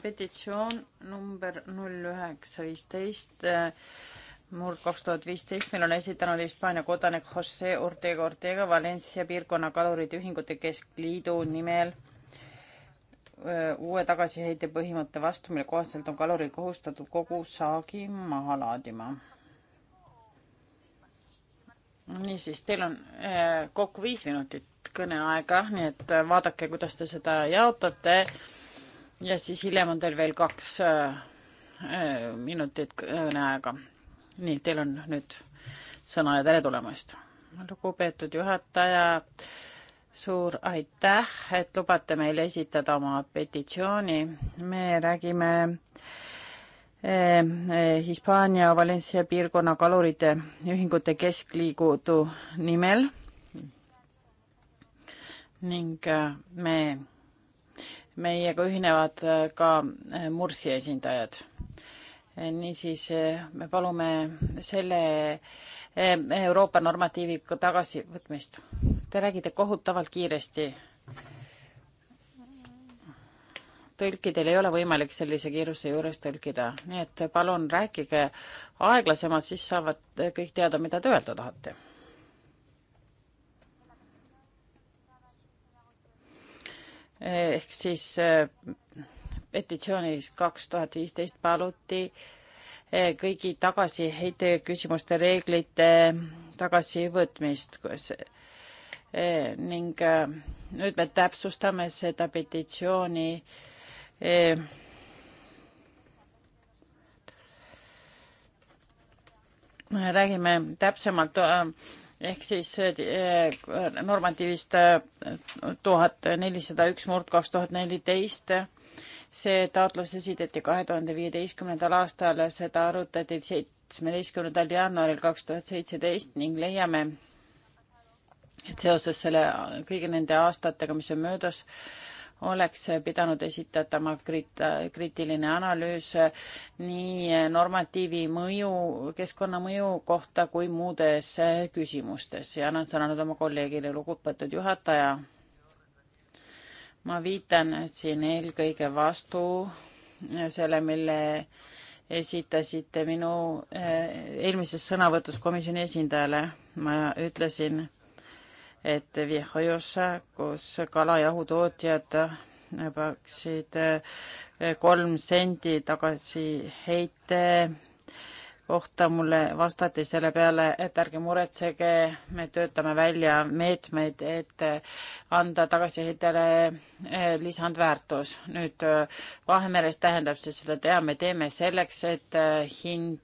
[SPEAKER 2] petitsioon number null üheksa viisteist murd kaks tuhat viisteist, mille on esitanud Hispaania kodanik Jose Ortega Ortega Valencia piirkonna kalurite ühingute keskliidu nimel uue tagasiheite põhimõtte vastu, mille kohaselt on kaluril kohustatud kogu saagi maha laadima. niisiis, teil on kokku viis minutit kõneaega, nii et vaadake, kuidas te seda jaotate. ja siis hiljem on teil veel kaks minutit kõneaega nii, teil on nüüd sõna ja tere tulemast. lugupeetud juhataja, suur aitäh, et lubate meil esitada oma petitsiooni. me räägime eh, Hispaania Valencia piirkonna kalurite ühingute keskliigudu nimel ning eh, me, meiega ühinevad eh, ka Mursi esindajad niisiis me palume selle eh, Euroopa normatiivi tagasivõtmist. Te räägite kohutavalt kiiresti. tõlkidel ei ole võimalik sellise kiiruse juures tõlkida, nii et palun rääkige aeglasemalt, siis saavad kõik teada, mida te öelda tahate. ehk siis eh, petitsioonis kaks tuhat viisteist paluti eh, kõigi tagasiheite küsimuste reeglite tagasivõtmist eh, ning eh, nüüd me täpsustame seda petitsiooni räägime täpsemalt ehk siis normatiivist tuhat nelisada üks murd kaks tuhat neliteist see taotlus esitati kahe tuhande viieteistkümnendal aastal, seda arutati seitsmeteistkümnendal jaanuaril kaks tuhat seitseteist ning leiame, et seoses selle, kõigi nende aastatega, mis on möödas, oleks pidanud esitatama krit-, kriitiline analüüs nii normatiivi mõju, keskkonnamõju kohta kui muudes küsimustes ja annan sõna nüüd oma kolleegile, lugupeetud juhataja ma viitan siin eelkõige vastu selle, mille esitasite minu eh, eelmises sõnavõtus komisjoni esindajale. ma ütlesin, et Viejojosa, kus kalajahutootjad peaksid eh, kolm sendi tagasi heite kohta mulle vastati selle peale, et ärge muretsege, me töötame välja meetmeid, et anda tagasiehitele eh, lisandväärtus. nüüd eh, Vahemeres tähendab see seda teha, me teeme selleks, et eh, hind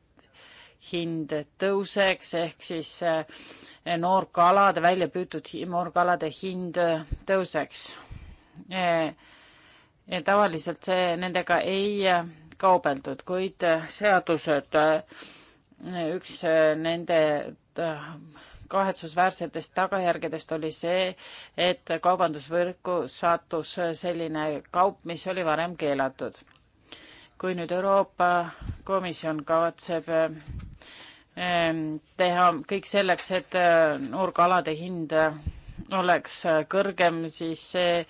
[SPEAKER 2] hind tõuseks, ehk siis noorkalade, välja püütud noorkalade hind tõuseks. tavaliselt see nendega ei kaubeldud, kuid äh, seadused, äh, üks äh, nende kahetsusväärsetest tagajärgedest oli see, et kaubandusvõrku sattus selline kaup, mis oli varem keelatud. kui nüüd Euroopa Komisjon kavatseb teha kõik selleks, et nurgaalade hind oleks kõrgem, siis see,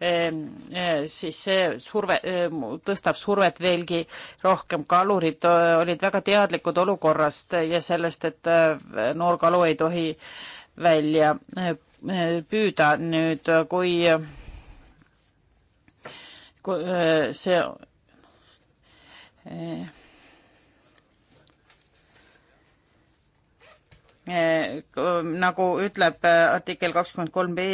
[SPEAKER 2] ehm, ehm, siis see surve, ehm, tõstab survet veelgi rohkem. kalurid äh, olid väga teadlikud olukorrast ja sellest, et äh, noorkalu ei tohi välja äh, püüda. nüüd, kui, kui see Eh, nagu ütleb eh, artikkel kakskümmend kolm B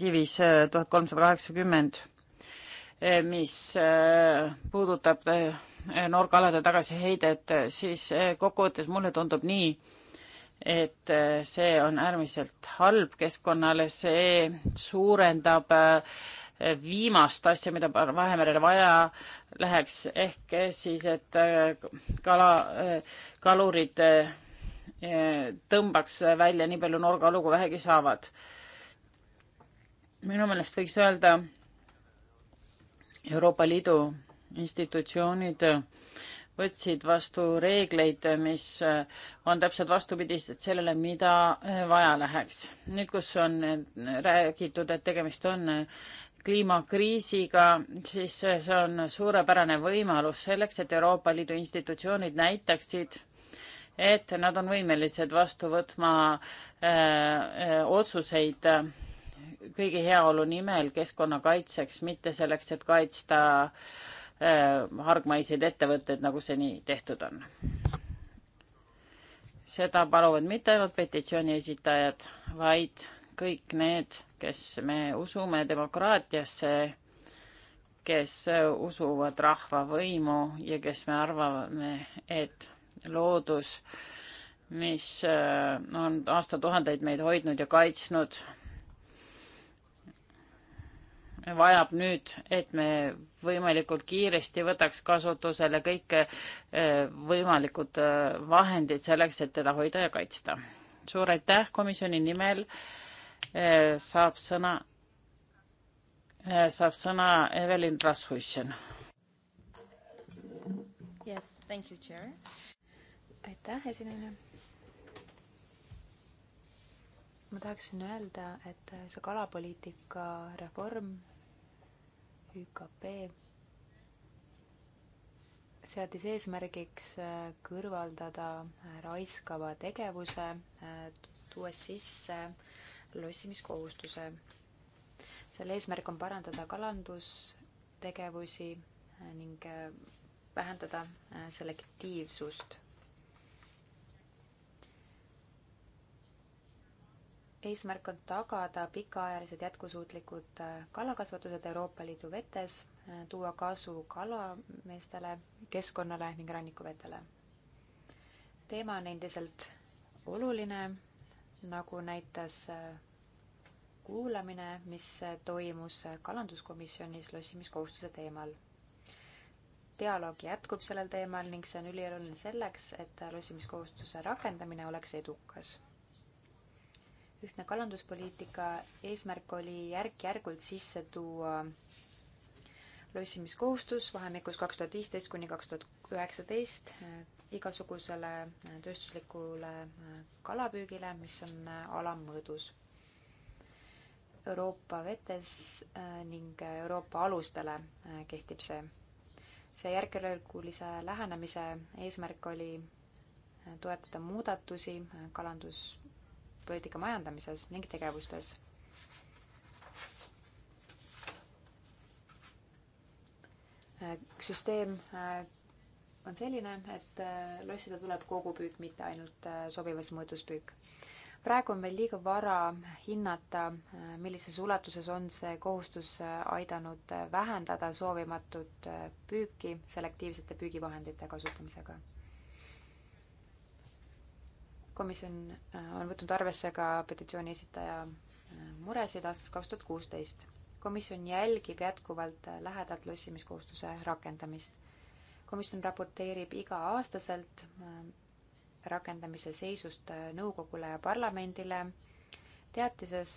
[SPEAKER 2] divis eh, tuhat kolmsada kaheksakümmend, mis puudutab norgalade tagasiheidet, siis kokkuvõttes mulle tundub nii, et see on äärmiselt halb keskkonnale, see suurendab viimast asja, mida Vahemerele vaja läheks, ehk siis, et kala, kalurid tõmbaks välja nii palju nurgalu, kui vähegi saavad. minu meelest võiks öelda Euroopa Liidu institutsioonid võtsid vastu reegleid, mis on täpselt vastupidised sellele, mida vaja läheks. nüüd, kus on räägitud, et tegemist on kliimakriisiga, siis see on suurepärane võimalus selleks, et Euroopa Liidu institutsioonid näitaksid, et nad on võimelised vastu võtma öö, äh, öö, äh, otsuseid äh, kõigi heaolu nimel keskkonnakaitseks, mitte selleks, et kaitsta öö, hargmaiseid ettevõtteid, nagu seni tehtud on. seda paluvad mitte ainult petitsiooni esitajad, vaid kõik need, kes me usume demokraatiasse, kes usuvad rahva võimu ja kes me arvame, et loodus, mis äh, on aastatuhandeid meid hoidnud ja kaitsnud, vajab nüüd, et me võimalikult kiiresti võtaks kasutusele kõik äh, võimalikud äh, vahendid selleks, et teda hoida ja kaitsta. suur aitäh komisjoni nimel, saab sõna, saab sõna Evelyn Rasmussen.
[SPEAKER 7] Yes, thank you, chair aitäh,
[SPEAKER 6] esinaine. ma tahaksin öelda, et see kalapoliitika reform, ÜKP, seadis eesmärgiks kõrvaldada raiskava tegevuse, tuues sisse lossimiskohustuse. selle eesmärk on parandada kalandustegevusi ning vähendada selektiivsust eesmärk on tagada pikaajalised jätkusuutlikud äh, kalakasvatused Euroopa Liidu vetes, äh, tuua kasu kalameestele, keskkonnale ning rannikuvetele. teema on endiselt oluline, nagu näitas äh, kuulamine, mis toimus kalanduskomisjonis lossimiskohustuse teemal. dialoog jätkub sellel teemal ning see on ülioluline selleks, et lossimiskohustuse rakendamine oleks edukas ühtne kalanduspoliitika eesmärk oli järk-järgult sisse tuua lossimiskohustus vahemikus kaks tuhat viisteist kuni kaks tuhat üheksateist eh, igasugusele eh, tööstuslikule eh, kalapüügile, mis on alammõõdus Euroopa vetes ning Euroopa alustele kehtib see. see järk-järgulise lähenemise eesmärk oli toetada muudatusi kalandus poliitika majandamises ning tegevustes. Äh, süsteem äh, on selline, et äh, lossida tuleb kogu püük, mitte ainult sobivas mõõdus püük. praegu on veel liiga vara hinnata, millises ulatuses on see kohustus aidanud vähendada soovimatut püüki selektiivsete püügivahendite kasutamisega komisjon äh, on võtnud arvesse ka petitsiooni esitaja äh, muresid aastast kaks tuhat kuusteist. komisjon jälgib jätkuvalt äh, lähedalt lossimiskohustuse rakendamist. komisjon raporteerib iga-aastaselt rakendamise seisust nõukogule ja parlamendile teatises,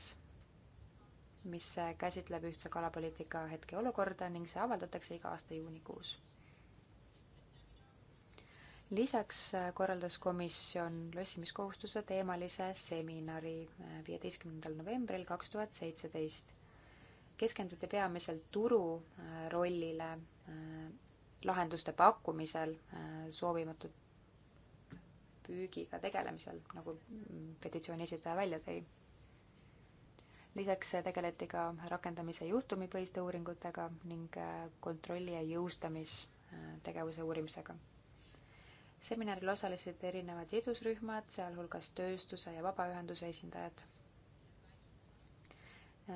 [SPEAKER 6] mis käsitleb ühtse kalapoliitika hetkeolukorda ning see avaldatakse iga aasta juunikuus lisaks äh, korraldas komisjon lössimiskohustuse teemalise seminari äh, viieteistkümnendal novembril kaks tuhat seitseteist. keskenduti peamiselt turu äh, rollile lahenduste pakkumisel soovimatu püügiga tegelemisel, nagu mm, petitsiooni esitaja välja tõi. lisaks tegeleti ka rakendamise juhtumipõhiste uuringutega ning kontrolli ja jõustamistegevuse uurimisega seminaril osalesid erinevad sidusrühmad, sealhulgas tööstuse ja vabaühenduse esindajad. Äh,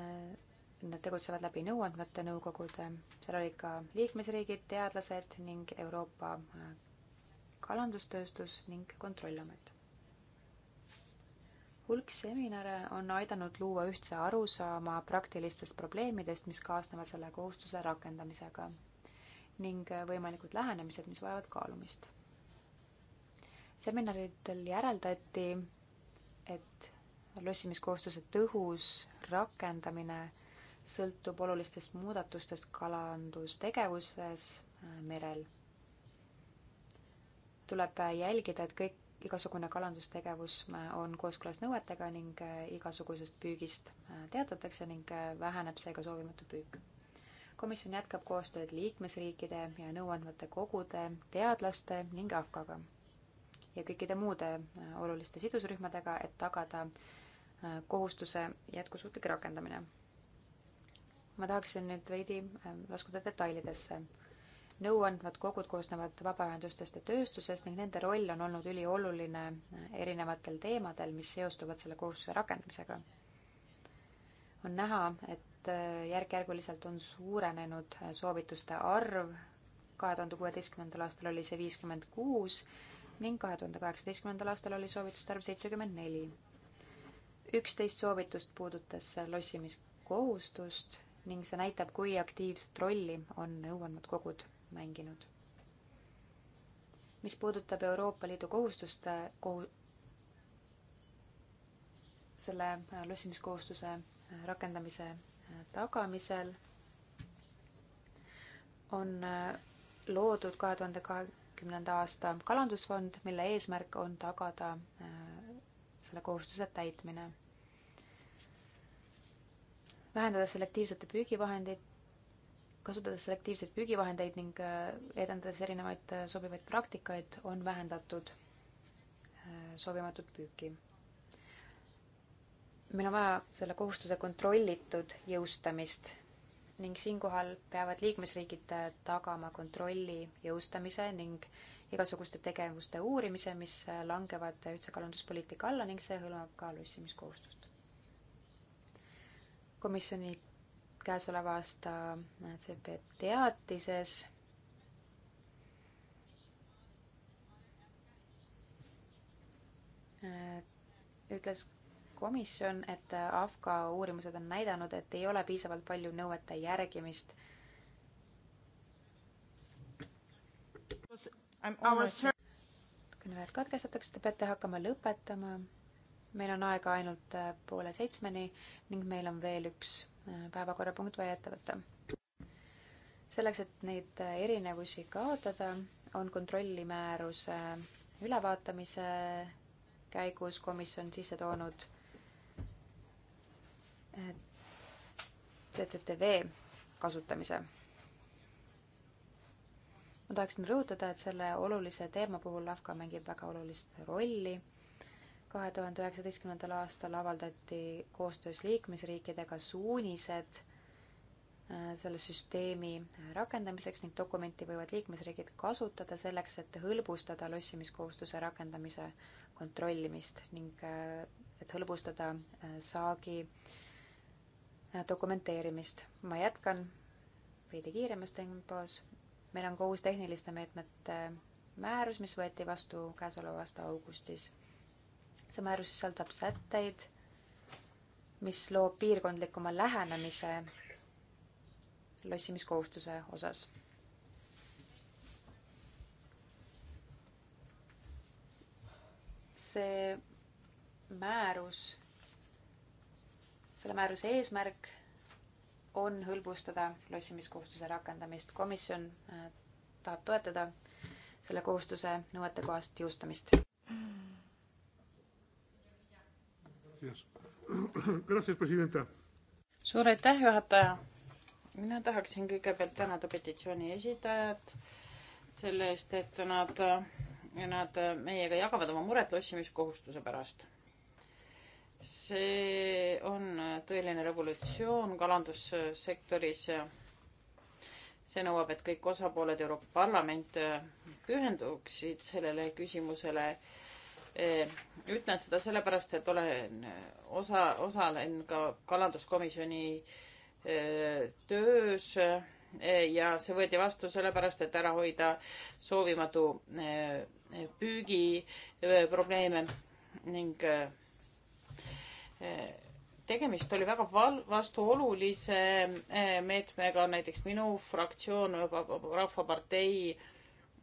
[SPEAKER 6] nad tegutsevad läbi nõuandvate nõukogude, seal olid ka liikmesriigid, teadlased ning Euroopa äh, kalandustööstus ning Kontrollamet. hulk seminare on aidanud luua ühtse arusaama praktilistest probleemidest, mis kaasnevad selle kohustuse rakendamisega ning äh, võimalikud lähenemised, mis vajavad kaalumist seminaridel järeldati, et lossimiskohustuse tõhus rakendamine sõltub olulistest muudatustest kalandustegevuses äh, merel. tuleb jälgida, et kõik, igasugune kalandustegevus äh, on kooskõlas nõuetega ning äh, igasugusest püügist teatatakse ning väheneb seega soovimatu püük. komisjon jätkab koostööd liikmesriikide ja nõuandvate kogude, teadlaste ning AFCAga ja kõikide muude äh, oluliste sidusrühmadega, et tagada äh, kohustuse jätkusuutlik rakendamine. ma tahaksin nüüd veidi äh, laskuda detailidesse. nõuandvad kogud koosnevad vabaühendustest ja tööstusest ning nende roll on olnud ülioluline erinevatel teemadel, mis seostuvad selle kohustuse rakendamisega. on näha, et järk-järguliselt on suurenenud soovituste arv, kahe tuhande kuueteistkümnendal aastal oli see viiskümmend kuus ning kahe tuhande kaheksateistkümnendal aastal oli soovituste arv seitsekümmend neli. üksteist soovitust puudutas lossimiskohustust ning see näitab, kui aktiivset rolli on nõuandvad kogud mänginud. mis puudutab Euroopa Liidu kohustuste kohu-, selle äh, lossimiskohustuse äh, rakendamise äh, tagamisel on loodud kahe tuhande kahe kümnenda aasta kalandusfond, mille eesmärk on tagada äh, selle kohustuse täitmine. vähendada selektiivsete püügivahendit, kasutades selektiivseid püügivahendeid ning äh, edendades erinevaid äh, sobivaid praktikaid, on vähendatud sobimatut püüki. meil on vaja selle kohustuse kontrollitud jõustamist ning siinkohal peavad liikmesriigid äh, tagama kontrolli jõustamise ning igasuguste tegevuste uurimise, mis äh, langevad ühtse kalanduspoliitika alla ning see hõlmab ka lossimiskohustust. komisjoni käesoleva aasta äh, CP teatises ütles komisjon, et AFCA uurimused on näidanud, et ei ole piisavalt palju nõuete järgimist. kõnelejad katkestatakse, te peate hakkama lõpetama. meil on aega ainult äh, poole seitsmeni ning meil on veel üks äh, päevakorrapunkt vaja ette võtta. selleks, et neid äh, erinevusi kaotada, on kontrollimääruse ülevaatamise käigus komisjon sisse toonud CCTV kasutamise. ma tahaksin rõhutada, et selle olulise teema puhul Lavka mängib väga olulist rolli. kahe tuhande üheksateistkümnendal aastal avaldati koostöös liikmesriikidega suunised äh, selle süsteemi rakendamiseks ning dokumenti võivad liikmesriigid kasutada selleks, et hõlbustada lossimiskohustuse rakendamise kontrollimist ning äh, et hõlbustada äh, saagi äh, dokumenteerimist. ma jätkan veidi kiiremas tempos. meil on ka uus tehniliste meetmete määrus, mis võeti vastu käesoleva aasta augustis. see määrus sisaldab sätteid, mis loob piirkondlikuma lähenemise lossimiskohustuse osas. see määrus selle määruse eesmärk on hõlbustada lossimiskohustuse rakendamist. komisjon äh, tahab toetada selle kohustuse nõuetekohast jõustamist.
[SPEAKER 5] [clears throat]
[SPEAKER 2] suur aitäh, juhataja! mina tahaksin kõigepealt tänada petitsiooni esitajat selle eest, et nad, nad meiega jagavad oma muret lossimiskohustuse pärast see on tõeline revolutsioon kalandussektoris. see nõuab, et kõik osapooled, Euroopa Parlament äh, pühenduksid sellele küsimusele. Äh, ütlen seda sellepärast, et olen äh, osa, osalen ka kalanduskomisjoni töös ja see võeti vastu sellepärast, et ära hoida soovimatu püügiprobleeme ning tegemist oli väga val-, vastuolulise eh, meetmega, näiteks minu fraktsioon, Rahvapartei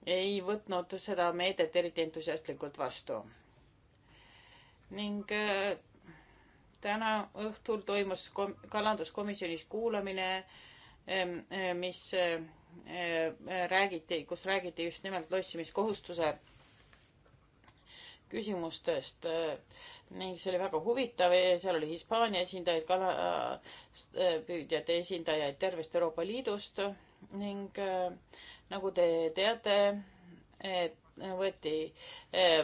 [SPEAKER 2] ei võtnud seda meedet eriti entusiastlikult vastu. ning eh, täna õhtul toimus kom-, kalanduskomisjonis kuulamine, eh, mis räägiti, kus räägiti just nimelt lossimiskohustuse küsimustest ning see oli väga huvitav, seal oli Hispaania esindajaid, kalapüüdjate äh, esindajaid tervest Euroopa Liidust ning äh, nagu te teate, et võeti äh,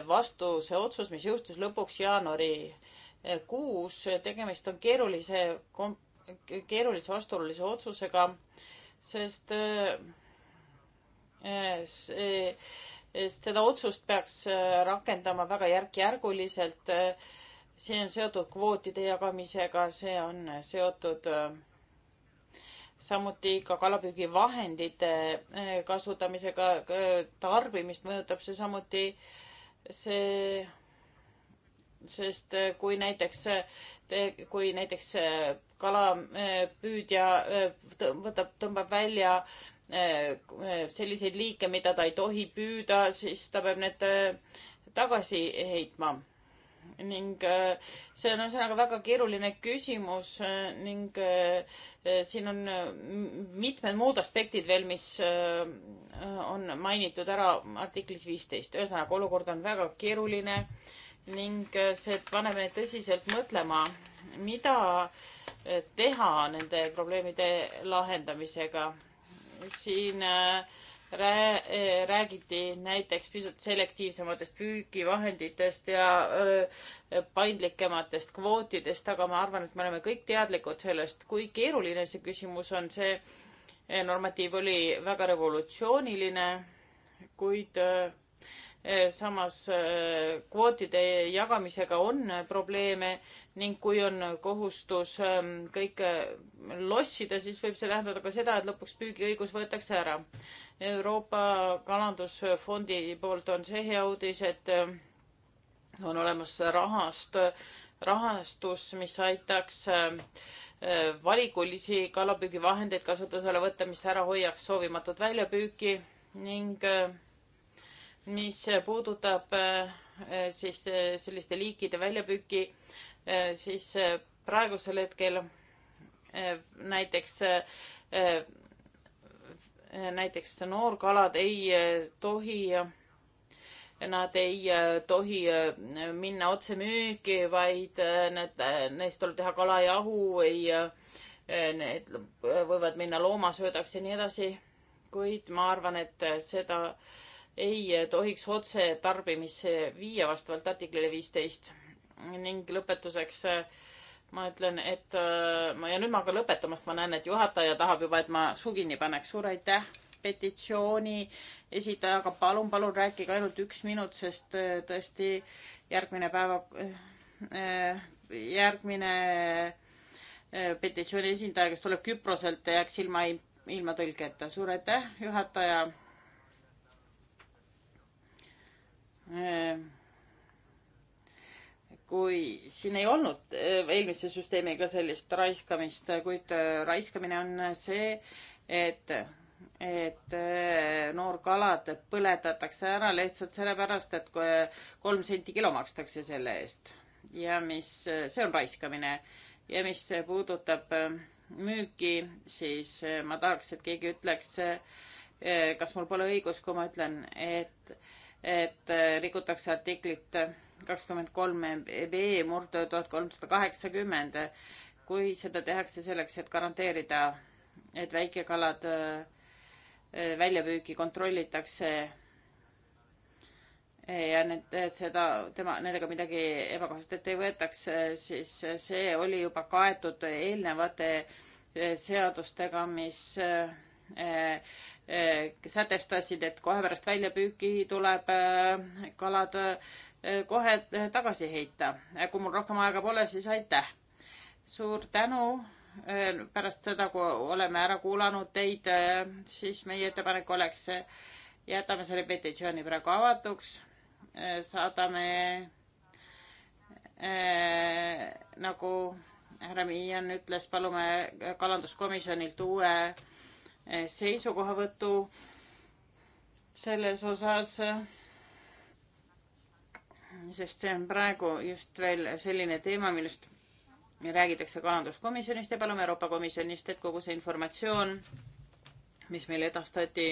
[SPEAKER 2] vastu see otsus, mis jõustus lõpuks jaanuarikuus. tegemist on keerulise, keerulise vastuolulise otsusega, sest see, seda otsust peaks rakendama väga järk-järguliselt see on seotud kvootide jagamisega, see on seotud äh, samuti ka kalapüügivahendite äh, kasutamisega, äh, tarbimist mõjutab see samuti, see, sest kui näiteks, kui näiteks kalapüüdja võtab, tõmbab välja selliseid liike, mida ta ei tohi püüda, siis ta peab need tagasi heitma ning äh, see on ühesõnaga väga keeruline küsimus äh, ning äh, siin on mitmed muud aspektid veel, mis on mainitud ära artiklis viisteist. ühesõnaga, olukord on väga keeruline ning see paneb meid tõsiselt mõtlema, mida teha nende probleemide lahendamisega. siin äh, Eh, räägiti näiteks pisut selektiivsematest püügivahenditest ja eh, paindlikematest kvootidest, aga ma arvan, et me oleme kõik teadlikud sellest, kui keeruline see küsimus on. see eh, normatiiv oli väga revolutsiooniline, kuid samas kvootide jagamisega on probleeme ning kui on kohustus ähm, kõike lossida, siis võib see tähendada ka seda, et lõpuks püügiõigus võetakse ära. Euroopa Kalandusfondi poolt on see hea uudis, et ähm, on olemas rahast, rahastus, mis aitaks äh, valikulisi kalapüügivahendeid kasutusele võtta, mis ära hoiaks soovimatut väljapüüki ning äh, mis puudutab äh, siis selliste liikide väljapüüki, Eh, siis eh, praegusel hetkel eh, näiteks näiteks noorkalad ei tohi, nad ei tohi minna otse müüki, vaid need, neist tuleb teha kalajahu, ei, need võivad minna loomasöödaks ja nii edasi. kuid ma arvan, et seda ei tohiks otse tarbimisse viia vastavalt artiklile viisteist ning lõpetuseks äh, ma ütlen, et äh, ma ja nüüd ma ka lõpetan, sest ma näen, et juhataja tahab juba, et ma suu kinni paneks. suur aitäh petitsiooni esitajaga, palun, palun rääkige ainult üks minut, sest äh, tõesti järgmine päeva, järgmine petitsiooni esindaja, kes tuleb Küproselt, jääks ilma, ilma tõlgeta. suur aitäh, juhataja kui siin ei olnud eh, eelmise süsteemiga sellist raiskamist, kuid eh, raiskamine on see, et, et eh, noorkalad põletatakse ära lihtsalt sellepärast, et kolm senti kilo makstakse selle eest ja mis, see on raiskamine ja mis puudutab müüki, siis ma tahaks, et keegi ütleks, kas mul pole õigus, kui ma ütlen, et, et rikutakse artiklit kakskümmend kolm B murd tuhat kolmsada kaheksakümmend, kui seda tehakse selleks, et garanteerida, et väikekalad äh, väljapüüki kontrollitakse ja need, seda, tema, nendega midagi ebakohaselt ette ei võetaks, siis see oli juba kaetud eelnevate äh, seadustega, mis äh, sätestasid, et kohe pärast väljapüüki tuleb kalad kohe tagasi heita. kui mul rohkem aega pole, siis aitäh. suur tänu. Äh, pärast seda, kui oleme ära kuulanud teid, äh, siis meie ettepanek oleks, äh, jätame selle petitsiooni praegu avatuks, saadame äh, nagu härra Miian ütles, palume kalanduskomisjonilt uue seisukohavõtu selles osas sest see on praegu just veel selline teema, millest räägitakse kalanduskomisjonist ja palume Euroopa Komisjonist, et kogu see informatsioon, mis meile edastati,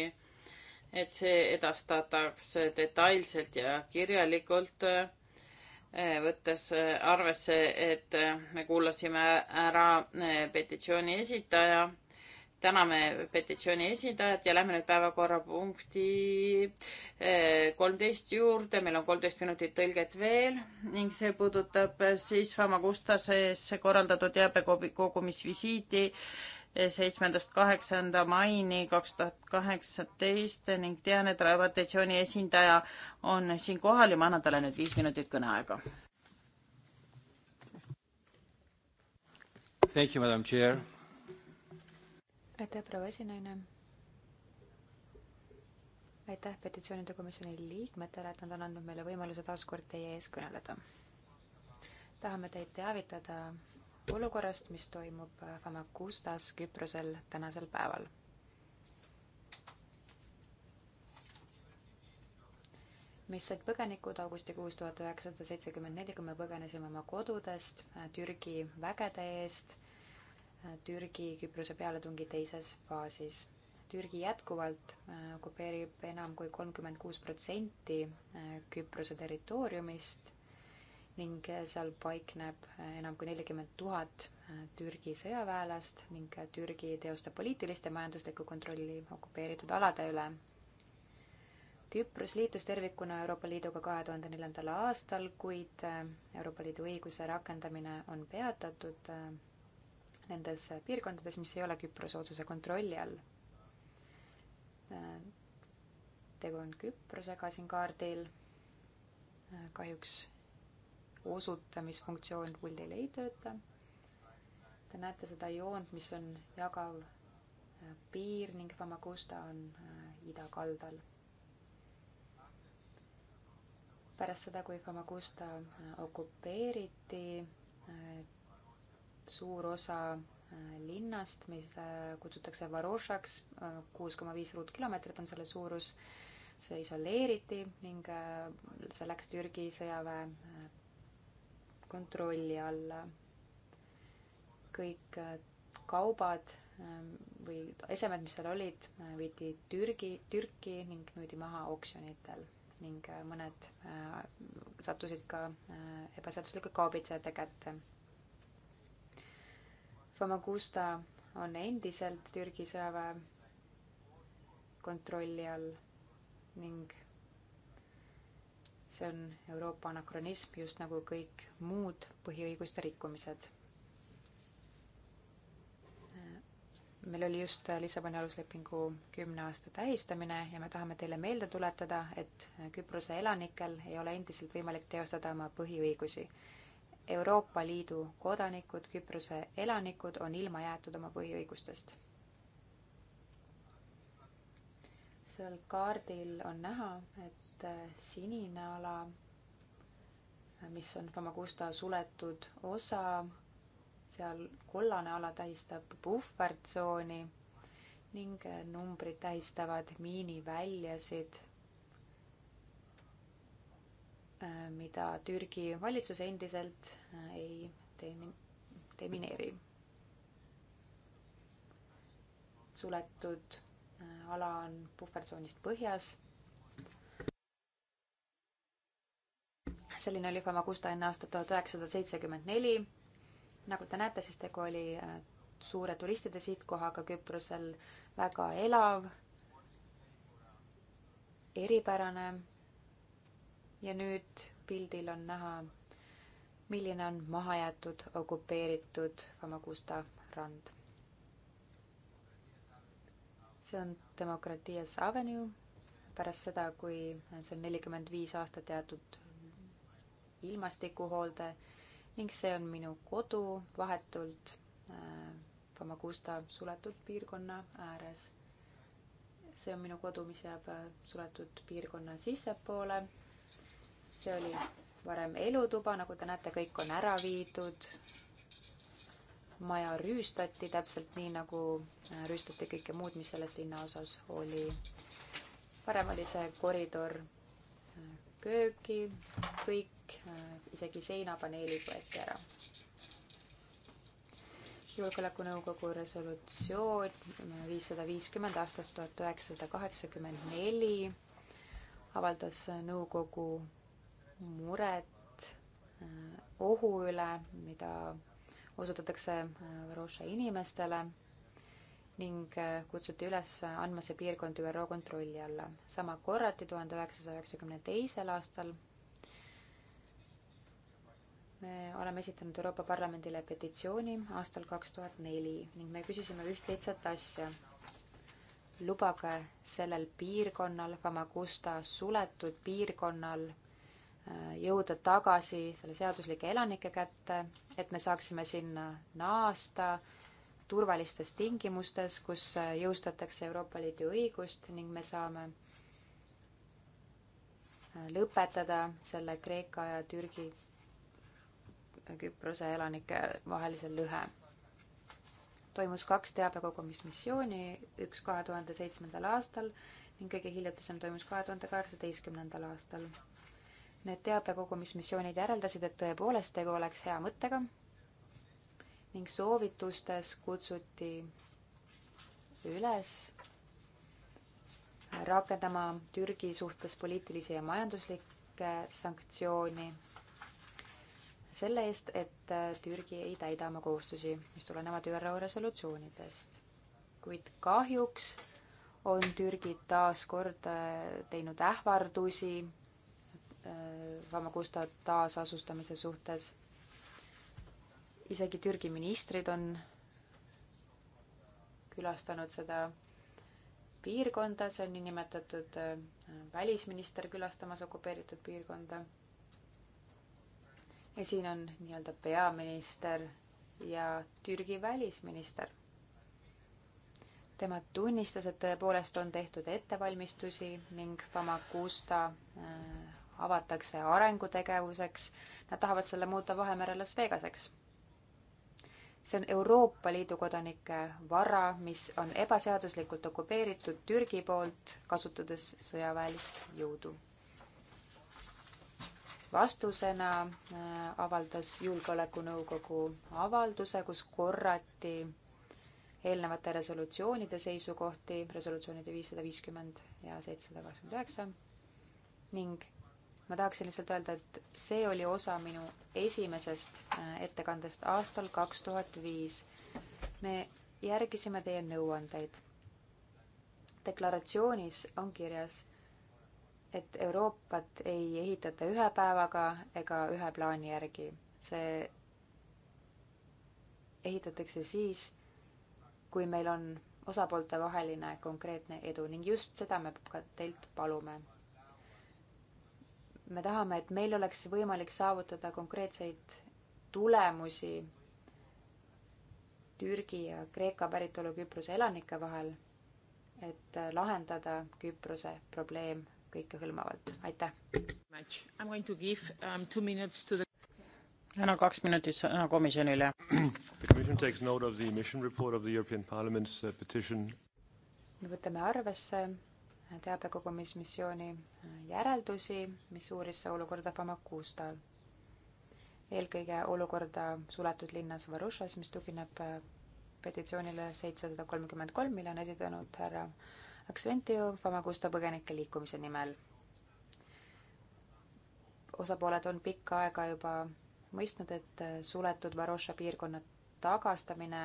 [SPEAKER 2] et see edastatakse detailselt ja kirjalikult, eh, võttes arvesse, et me kuulasime ära eh, petitsiooni esitaja täname petitsiooni esindajat ja lähme nüüd päevakorrapunkti eh, kolmteist juurde, meil on kolmteist minutit tõlget veel ning see puudutab eh, siis Famagustas'es korraldatud jääbekogumisvisiiti eh, seitsmendast kaheksanda maini kaks tuhat kaheksateist ning tean, et petitsiooni esindaja on siin kohal ja ma annan talle nüüd viis minutit kõneaega.
[SPEAKER 5] Thank you, madam chair
[SPEAKER 6] aitäh, proua esinaine. aitäh petitsioonide komisjoni liikmetele, et nad on andnud meile võimaluse taas kord teie ees kõneleda. tahame teid teavitada olukorrast, mis toimub Famakustas Küprosel tänasel päeval mis said põgenikud augustikuus tuhat üheksasada seitsekümmend neli, kui me põgenesime oma kodudest Türgi vägede eest Türgi Küprose pealetungi teises faasis. Türgi jätkuvalt äh, okupeerib enam kui kolmkümmend kuus protsenti äh, Küprose territooriumist ning äh, seal paikneb enam kui nelikümmend tuhat Türgi sõjaväelast ning Türgi teostab poliitilist ja majanduslikku kontrolli okupeeritud alade üle. Küpros liitus tervikuna Euroopa Liiduga kahe tuhande neljandal aastal, kuid Euroopa Liidu õiguse rakendamine on peatatud nendes piirkondades, mis ei ole Küprose otsuse kontrolli all. tegu on Küprosega siin kaardil. kahjuks osutamisfunktsioon puldil ei tööta. Te näete seda joont, mis on jagav piir ning Famagusta on äh, idakaldal. pärast seda, kui Famagusta okupeeriti, äh, suur osa äh, linnast, mida äh, kutsutakse Varošaks, äh, kuus koma viis ruutkilomeetrit on selle suurus, see isoleeriti ning see läks Türgi sõjaväe kontrolli alla. kõik kaubad ähm, või esemed, mis seal olid, viidi Türgi, Türki ning müüdi maha oksjonitel ning mõned sattusid ka ebaseaduslike kaubitsejate kätte Famagusta on endiselt Türgi sõjaväe kontrolli all ning see on Euroopa anakronism, just nagu kõik muud põhiõiguste rikkumised. meil oli just Lissaboni aluslepingu kümne aasta tähistamine ja me tahame teile meelde tuletada, et Küprose elanikel ei ole endiselt võimalik teostada oma põhiõigusi Euroopa Liidu kodanikud, Küprose elanikud on ilma jäetud oma põhiõigustest. seal kaardil on näha, et äh, sinine ala, mis on Famagusta suletud osa, seal kollane ala tähistab puhvertsooni ning äh, numbrid tähistavad miiniväljasid Äh, mida Türgi valitsus endiselt äh, ei teeni, demineeri. suletud äh, ala on puhvertsoonist põhjas. selline oli Famagusta enne aastat tuhat üheksasada seitsekümmend neli. nagu te näete, siis tegu oli suure turistide sihtkohaga Küprosel, väga elav, eripärane ja nüüd pildil on näha, milline on mahajäetud okupeeritud Famagusta rand. see on Demokratias Avenue pärast seda, kui see on nelikümmend viis aastat jäetud ilmastikuhoolde ning see on minu kodu vahetult äh, Famagusta suletud piirkonna ääres. see on minu kodu, mis jääb äh, suletud piirkonna sissepoole see oli varem elutuba, nagu te näete, kõik on ära viidud. maja rüüstati täpselt nii, nagu äh, rüüstati kõike muud, mis selles linnaosas oli. varem oli see koridor äh, kööki, kõik, äh, isegi seinapaneelid võeti ära. julgeolekunõukogu resolutsioon viissada viiskümmend aastast tuhat üheksasada kaheksakümmend neli avaldas nõukogu muret äh, ohu üle, mida osutatakse Varosha äh, inimestele ning äh, kutsuti üles andma see piirkond ÜRO kontrolli alla. sama korrati tuhande üheksasaja üheksakümne teisel aastal. me oleme esitanud Euroopa Parlamendile petitsiooni aastal kaks tuhat neli ning me küsisime üht lihtsat asja. lubage sellel piirkonnal, Famagusta suletud piirkonnal jõuda tagasi selle seaduslike elanike kätte, et me saaksime sinna naasta turvalistes tingimustes, kus jõustatakse Euroopa Liidu õigust ning me saame lõpetada selle Kreeka ja Türgi, Küprose elanike vahelise lõhe. toimus kaks teabekogumismissiooni, üks kahe tuhande seitsmendal aastal ning kõige hiljutisem toimus kahe tuhande kaheksateistkümnendal aastal Need teabekogumismissioonid järeldasid, et tõepoolest tegu oleks hea mõttega ning soovitustes kutsuti üles rakendama Türgi suhtes poliitilisi ja majanduslikke sanktsioone selle eest, et Türgi ei täida oma kohustusi, mis tulenevad ÜRO resolutsioonidest. kuid kahjuks on Türgi taas kord äh, teinud ähvardusi Äh, Vamagusta taasasustamise suhtes. isegi Türgi ministrid on külastanud seda piirkonda, see on niinimetatud äh, välisminister külastamas okupeeritud piirkonda. ja siin on nii-öelda peaminister ja Türgi välisminister. tema tunnistas, et tõepoolest on tehtud ettevalmistusi ning Famagusta äh, avatakse arengutegevuseks, nad tahavad selle muuta Vahemere Las Vegaseks. see on Euroopa Liidu kodanike vara, mis on ebaseaduslikult okupeeritud Türgi poolt, kasutades sõjaväelist jõudu. vastusena äh, avaldas Julgeolekunõukogu avalduse, kus korrati eelnevate resolutsioonide seisukohti, resolutsioonide viissada viiskümmend ja seitsesada kakskümmend üheksa ning ma tahaksin lihtsalt öelda, et see oli osa minu esimesest äh, ettekandest aastal kaks tuhat viis. me järgisime teie nõuandeid. deklaratsioonis on kirjas, et Euroopat ei ehitata ühe päevaga ega ühe plaani järgi. see ehitatakse siis, kui meil on osapoolte vaheline konkreetne edu ning just seda me ka teilt palume me tahame, et meil oleks võimalik saavutada konkreetseid tulemusi Türgi ja Kreeka päritolu Küprose elanike vahel, et lahendada Küprose probleem kõikehõlmavalt. aitäh!
[SPEAKER 2] annan um, kaks minutit sõna komisjonile. Uh,
[SPEAKER 6] me võtame arvesse teabekogumismissiooni järeldusi, mis uuris olukorda Pamakustal. eelkõige olukorda suletud linnas Varušas, mis tugineb äh, petitsioonile seitsesada kolmkümmend kolm, mille on esitanud härra Aksventjev Pamakusta põgenike liikumise nimel. osapooled on pikka aega juba mõistnud, et äh, suletud Varuša piirkonna tagastamine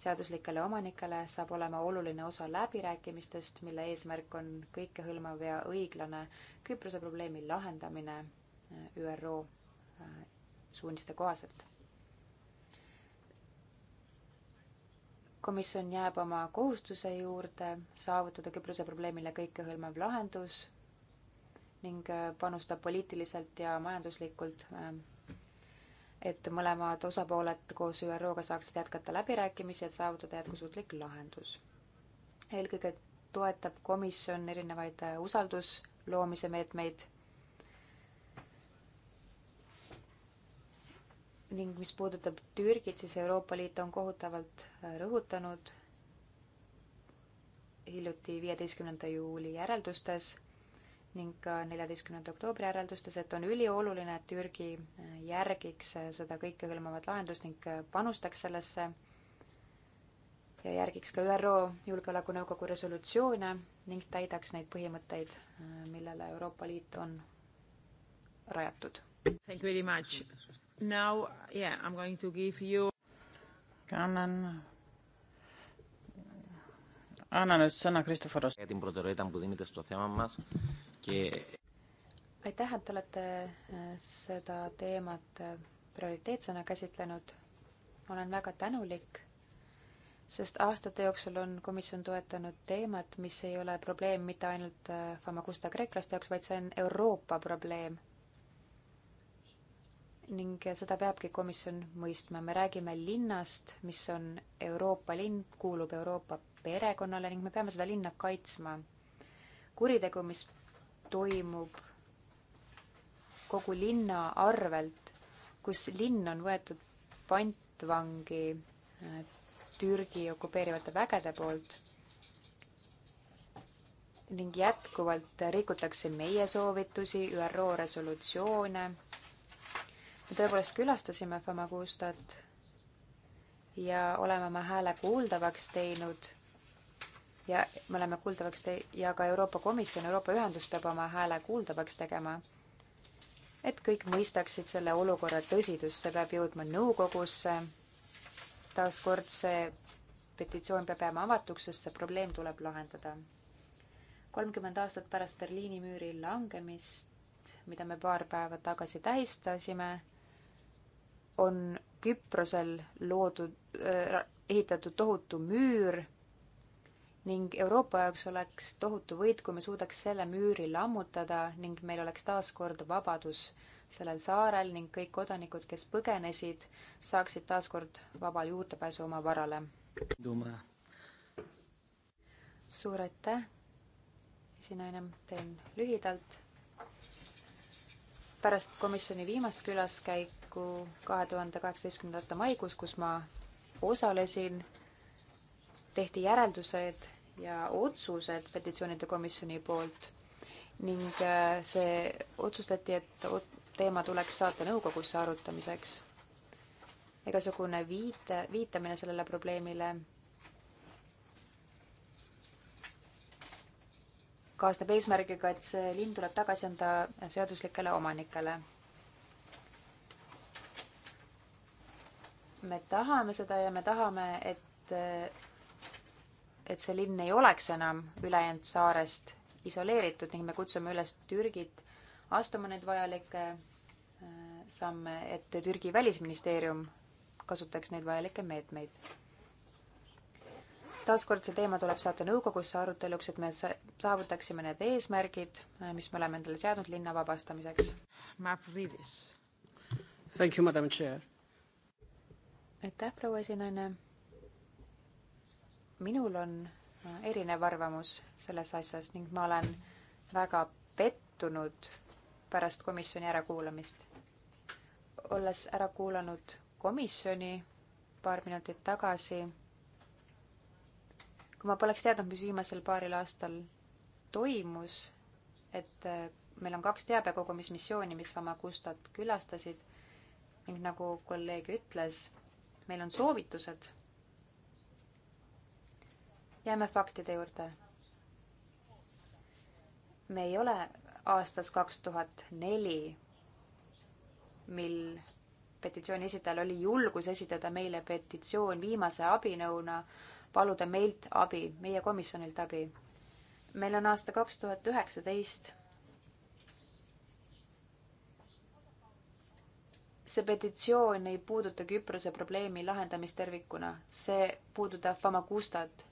[SPEAKER 6] seaduslikele omanikele saab olema oluline osa läbirääkimistest, mille eesmärk on kõikehõlmav ja õiglane Küprose probleemi lahendamine äh, ÜRO äh, suuniste kohaselt. komisjon jääb oma kohustuse juurde saavutada Küprose probleemile kõikehõlmav lahendus ning äh, panustab poliitiliselt ja majanduslikult et mõlemad osapooled koos ÜRO-ga saaksid jätkata läbirääkimisi, et saavutada jätkusuutlik lahendus. eelkõige toetab komisjon erinevaid usaldusloomise meetmeid ning mis puudutab Türgit, siis Euroopa Liit on kohutavalt rõhutanud hiljuti viieteistkümnenda juuli järeldustes ning ka neljateistkümnenda oktoobri järeldustes, et on ülioluline, et Türgi äh, järgiks äh, seda kõikehõlmavat lahendust ning äh, panustaks sellesse ja järgiks ka ÜRO Julgeolekunõukogu resolutsioone ning täidaks neid
[SPEAKER 1] põhimõtteid, millele Euroopa Liit on rajatud. Thank you very much. Now yeah, I am going to give you
[SPEAKER 2] annan annan nüüd sõna Kristoforos
[SPEAKER 6] aitäh, et olete äh, seda teemat äh, prioriteetsena käsitlenud. olen väga tänulik, sest aastate jooksul on komisjon toetanud teemat, mis ei ole probleem mitte ainult äh, Famagusta kreeklaste jaoks, vaid see on Euroopa probleem. ning seda peabki komisjon mõistma. me räägime linnast, mis on Euroopa linn, kuulub Euroopa perekonnale ning me peame seda linna kaitsma. kuritegu, mis toimub kogu linna arvelt, kus linn on võetud pantvangi äh, Türgi okupeerivate vägede poolt ning jätkuvalt rikutakse meie soovitusi, ÜRO resolutsioone. me tõepoolest külastasime Famagustat ja oleme oma hääle kuuldavaks teinud ja me oleme kuuldavaks te- ja ka Euroopa Komisjon, Euroopa Ühendus peab oma hääle kuuldavaks tegema, et kõik mõistaksid selle olukorra tõsidust, see peab jõudma nõukogusse, taaskord see petitsioon peab jääma avatuks, sest see probleem tuleb lahendada. kolmkümmend aastat pärast Berliini müüri langemist, mida me paar päeva tagasi tähistasime, on Küprosel loodud, äh, ehitatud tohutu müür ning Euroopa jaoks oleks tohutu võit, kui me suudaks selle müüri lammutada ning meil oleks taaskord vabadus sellel saarel ning kõik kodanikud, kes põgenesid, saaksid taaskord vaba juurdepääsu oma varale. suur aitäh, esinaine, teen lühidalt pärast komisjoni viimast külaskäiku kahe tuhande kaheksateistkümnenda aasta maikuus, kus ma osalesin, tehti järeldused ja otsused petitsioonide komisjoni poolt ning äh, see otsustati, et teema tuleks saata nõukogusse arutamiseks. igasugune viite, viitamine sellele probleemile kaasneb eesmärgiga, et see linn tuleb tagasi anda seaduslikele omanikele. me tahame seda ja me tahame, et äh, et see linn ei oleks enam ülejäänud saarest isoleeritud ning me kutsume üles Türgit astuma neid vajalikke äh, samme, et Türgi välisministeerium kasutaks neid vajalikke meetmeid. taaskord see teema tuleb saata nõukogusse aruteluks, et me saavutaksime need eesmärgid, äh, mis me oleme endale seadnud linna vabastamiseks. aitäh, proua esinaine minul on erinev arvamus selles asjas ning ma olen väga pettunud pärast komisjoni ärakuulamist. olles ära kuulanud komisjoni paar minutit tagasi, kui ma poleks teadnud, mis viimasel paaril aastal toimus, et äh, meil on kaks teabekogumismissiooni, mis Famagustat külastasid ning nagu kolleeg ütles, meil on soovitused jääme faktide juurde. me ei ole aastas kaks tuhat neli, mil petitsiooni esitajal oli julgus esitada meile petitsioon viimase abinõuna, paluda meilt abi, meie komisjonilt abi. meil on aasta kaks tuhat üheksateist. see petitsioon ei puuduta Küprose probleemi lahendamist tervikuna, see puudutab Famagustat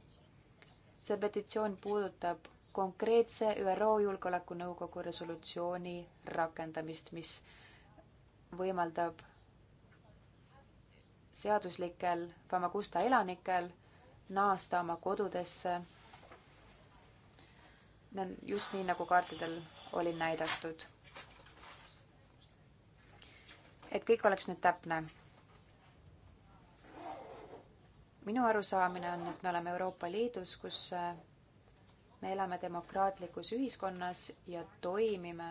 [SPEAKER 6] see petitsioon puudutab konkreetse ÜRO Julgeolekunõukogu resolutsiooni rakendamist, mis võimaldab seaduslikel Famagusta elanikel naasta oma kodudesse just nii, nagu kaartidel oli näidatud. et kõik oleks nüüd täpne minu arusaamine on, et me oleme Euroopa Liidus, kus äh, me elame demokraatlikus ühiskonnas ja toimime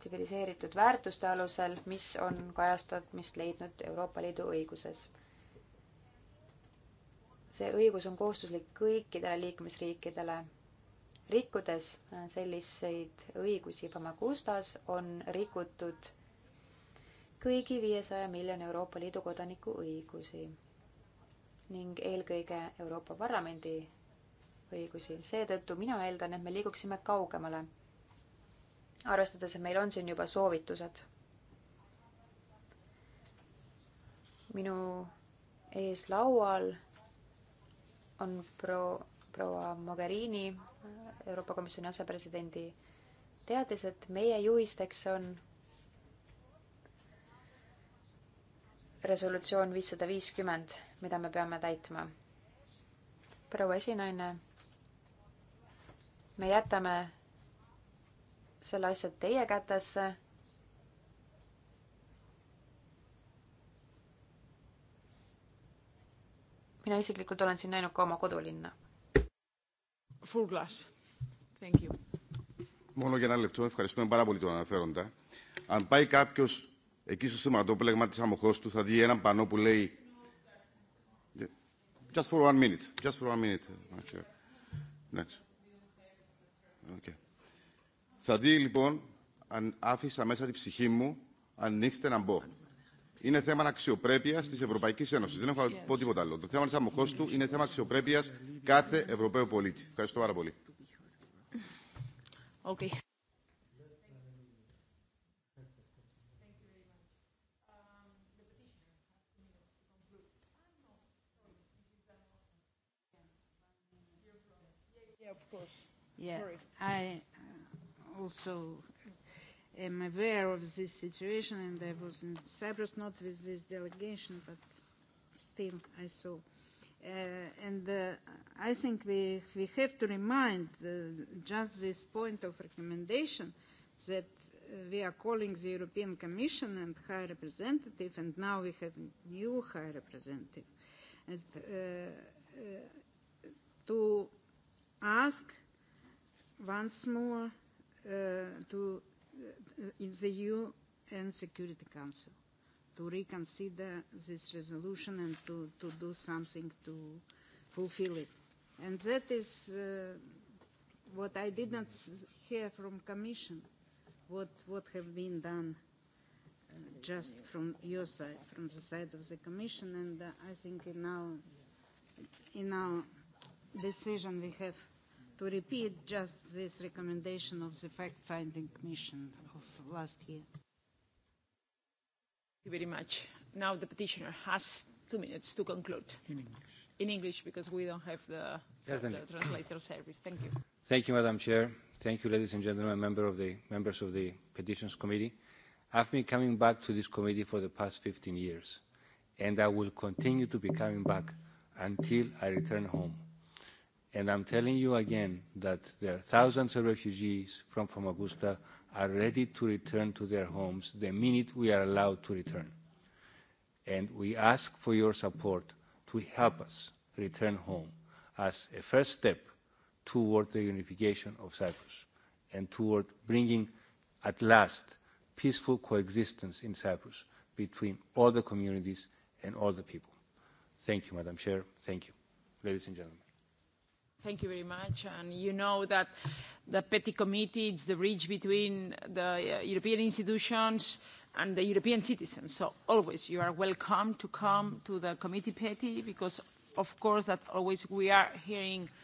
[SPEAKER 6] tsiviliseeritud väärtuste alusel, mis on kajastamist leidnud Euroopa Liidu õiguses. see õigus on kohustuslik kõikidele liikmesriikidele rikkudes äh, selliseid õigusi Famagustas on rikutud kõigi viiesaja miljoni Euroopa Liidu kodaniku õigusi ning eelkõige Euroopa Parlamendi õigusi. seetõttu mina eeldan, et me liiguksime kaugemale. arvestades, et meil on siin juba soovitused. minu ees laual on pro-, proua Mogherini, Euroopa Komisjoni asepresidendi teadis, et meie juhisteks on resolutsioon viissada viiskümmend mida me peame täitma. proua esinaine, me jätame selle asja teie kätesse mina isiklikult olen siin näinud ka oma kodulinna. Full glass, thank you.
[SPEAKER 5] Μόνο για ένα λεπτό, ευχαριστούμε πάρα πολύ τον αναφέροντα. Αν πάει κάποιο εκεί στο σηματόπλεγμα τη αμοχώ του, θα δει έναν πανό που λέει Just for one minute. Just for one minute. Uh, okay. Next. Okay. Θα δει λοιπόν αν άφησα μέσα την ψυχή μου αν νίξτε να μπω. Είναι θέμα αξιοπρέπεια τη Ευρωπαϊκή Ένωση. Δεν έχω να πω τίποτα άλλο. Το θέμα τη αμοχώστου είναι θέμα αξιοπρέπεια κάθε Ευρωπαίου πολίτη. Ευχαριστώ πάρα πολύ. Okay.
[SPEAKER 1] Yeah, of course. Yeah. Sorry.
[SPEAKER 7] I uh, also am aware of this situation, and I was in Cyprus, not with this delegation, but still I saw. Uh, and uh, I think we, we have to remind uh, just this point of recommendation that uh, we are calling the European Commission and High Representative, and now we have new High Representative, and, uh, uh, to ask once more uh, to uh, in the EU and Security Council to reconsider this resolution and to, to do something to fulfill it. And that is uh, what I did not hear from Commission, what, what have been done uh, just from your side, from the side of the Commission, and uh, I think in our, in our decision we have to repeat just this recommendation
[SPEAKER 1] of the fact-finding commission of last year. Thank you very much. Now the petitioner has two minutes to conclude. In English. In English, because we don't have the, the translator service. Thank you.
[SPEAKER 5] Thank you, Madam Chair. Thank you, ladies and gentlemen, member of the, members of the Petitions Committee. I've been coming back to this committee for the past 15 years, and I will continue to be coming back until I return home And I'm telling you again that there are thousands of refugees from Famagusta are ready to return to their homes the minute we are allowed to return. And we ask for your support to help us return home as a first step toward the unification of Cyprus and toward bringing at last peaceful coexistence in Cyprus between all the communities and all the people. Thank you, Madam Chair. Thank you, ladies and gentlemen.
[SPEAKER 1] Thank you very much. And you know that the PETI committee is the bridge between the uh, European institutions and the European citizens. So always you are welcome to come to the committee PETI because of course that always we are hearing uh,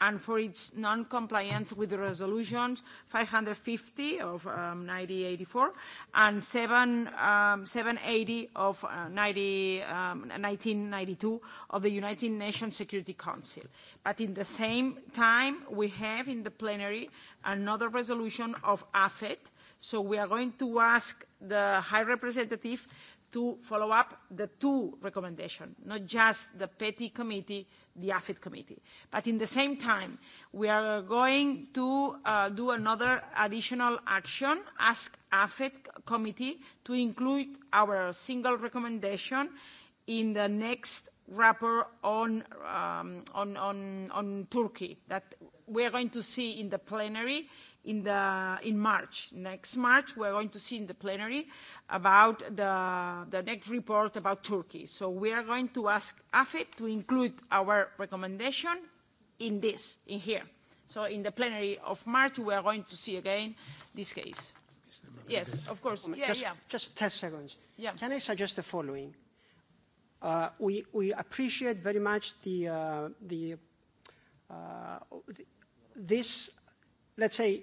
[SPEAKER 1] and for its non-compliance with the resolutions 550 of um, 1984 and 7, um, 780 of uh, 90, um, 1992 of the United Nations Security Council. But in the same time, we have in the plenary another resolution of AFET. So we are going to ask the High Representative to follow up the two recommendations, not just the PETI committee, the AFID committee. But in the same time, we are going to uh, do another additional action, ask AFID committee to include our single recommendation in the next rapport on, um, on, on, on Turkey that we're going to see in the plenary in, the, in March. Next March, we're going to see in the plenary about the, the next report about Turkey. So we are going to ask AFIP to include our recommendation in this, in here. So in the plenary of March, we are going to see again this case. Yes, of course. Yeah, just, yeah.
[SPEAKER 3] Just 10 seconds. Yeah. Can I suggest the following? Uh, we, we appreciate very much the, uh, the, uh, the, this, let's say,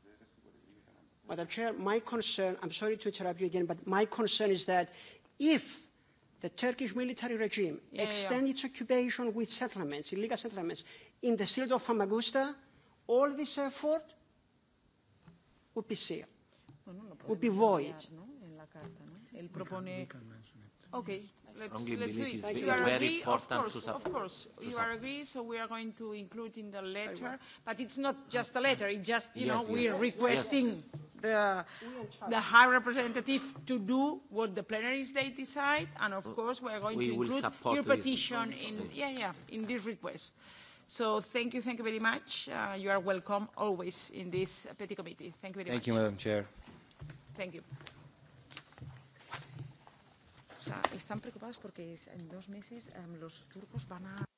[SPEAKER 3] Madam Chair, my concern, I'm sorry to interrupt you again, but my concern is that if the Turkish military regime yeah, extend yeah. its occupation with settlements, illegal settlements, in the Strait of Famagusta, all this effort would be sealed, bueno, no would be void. Cambiar, ¿no? En la
[SPEAKER 7] carta, ¿no? Él propone...
[SPEAKER 1] Okay, let's, Only let's do it. Like you are agree, of course, of course. You are agree, so we are going to include in the letter, but it's not just a letter, it's just, you yes, know, yes. we're requesting... Yes the, the High Representative to do what the plenaries they decide, and of course we are going we to include your petition in, yeah, yeah, in this request. So thank you, thank you very much. Uh, you are welcome always in this Petty Committee. Thank you very thank much. Thank you, Madam Chair. Thank you. O sea, están preocupados porque en dos meses um, los turcos van a...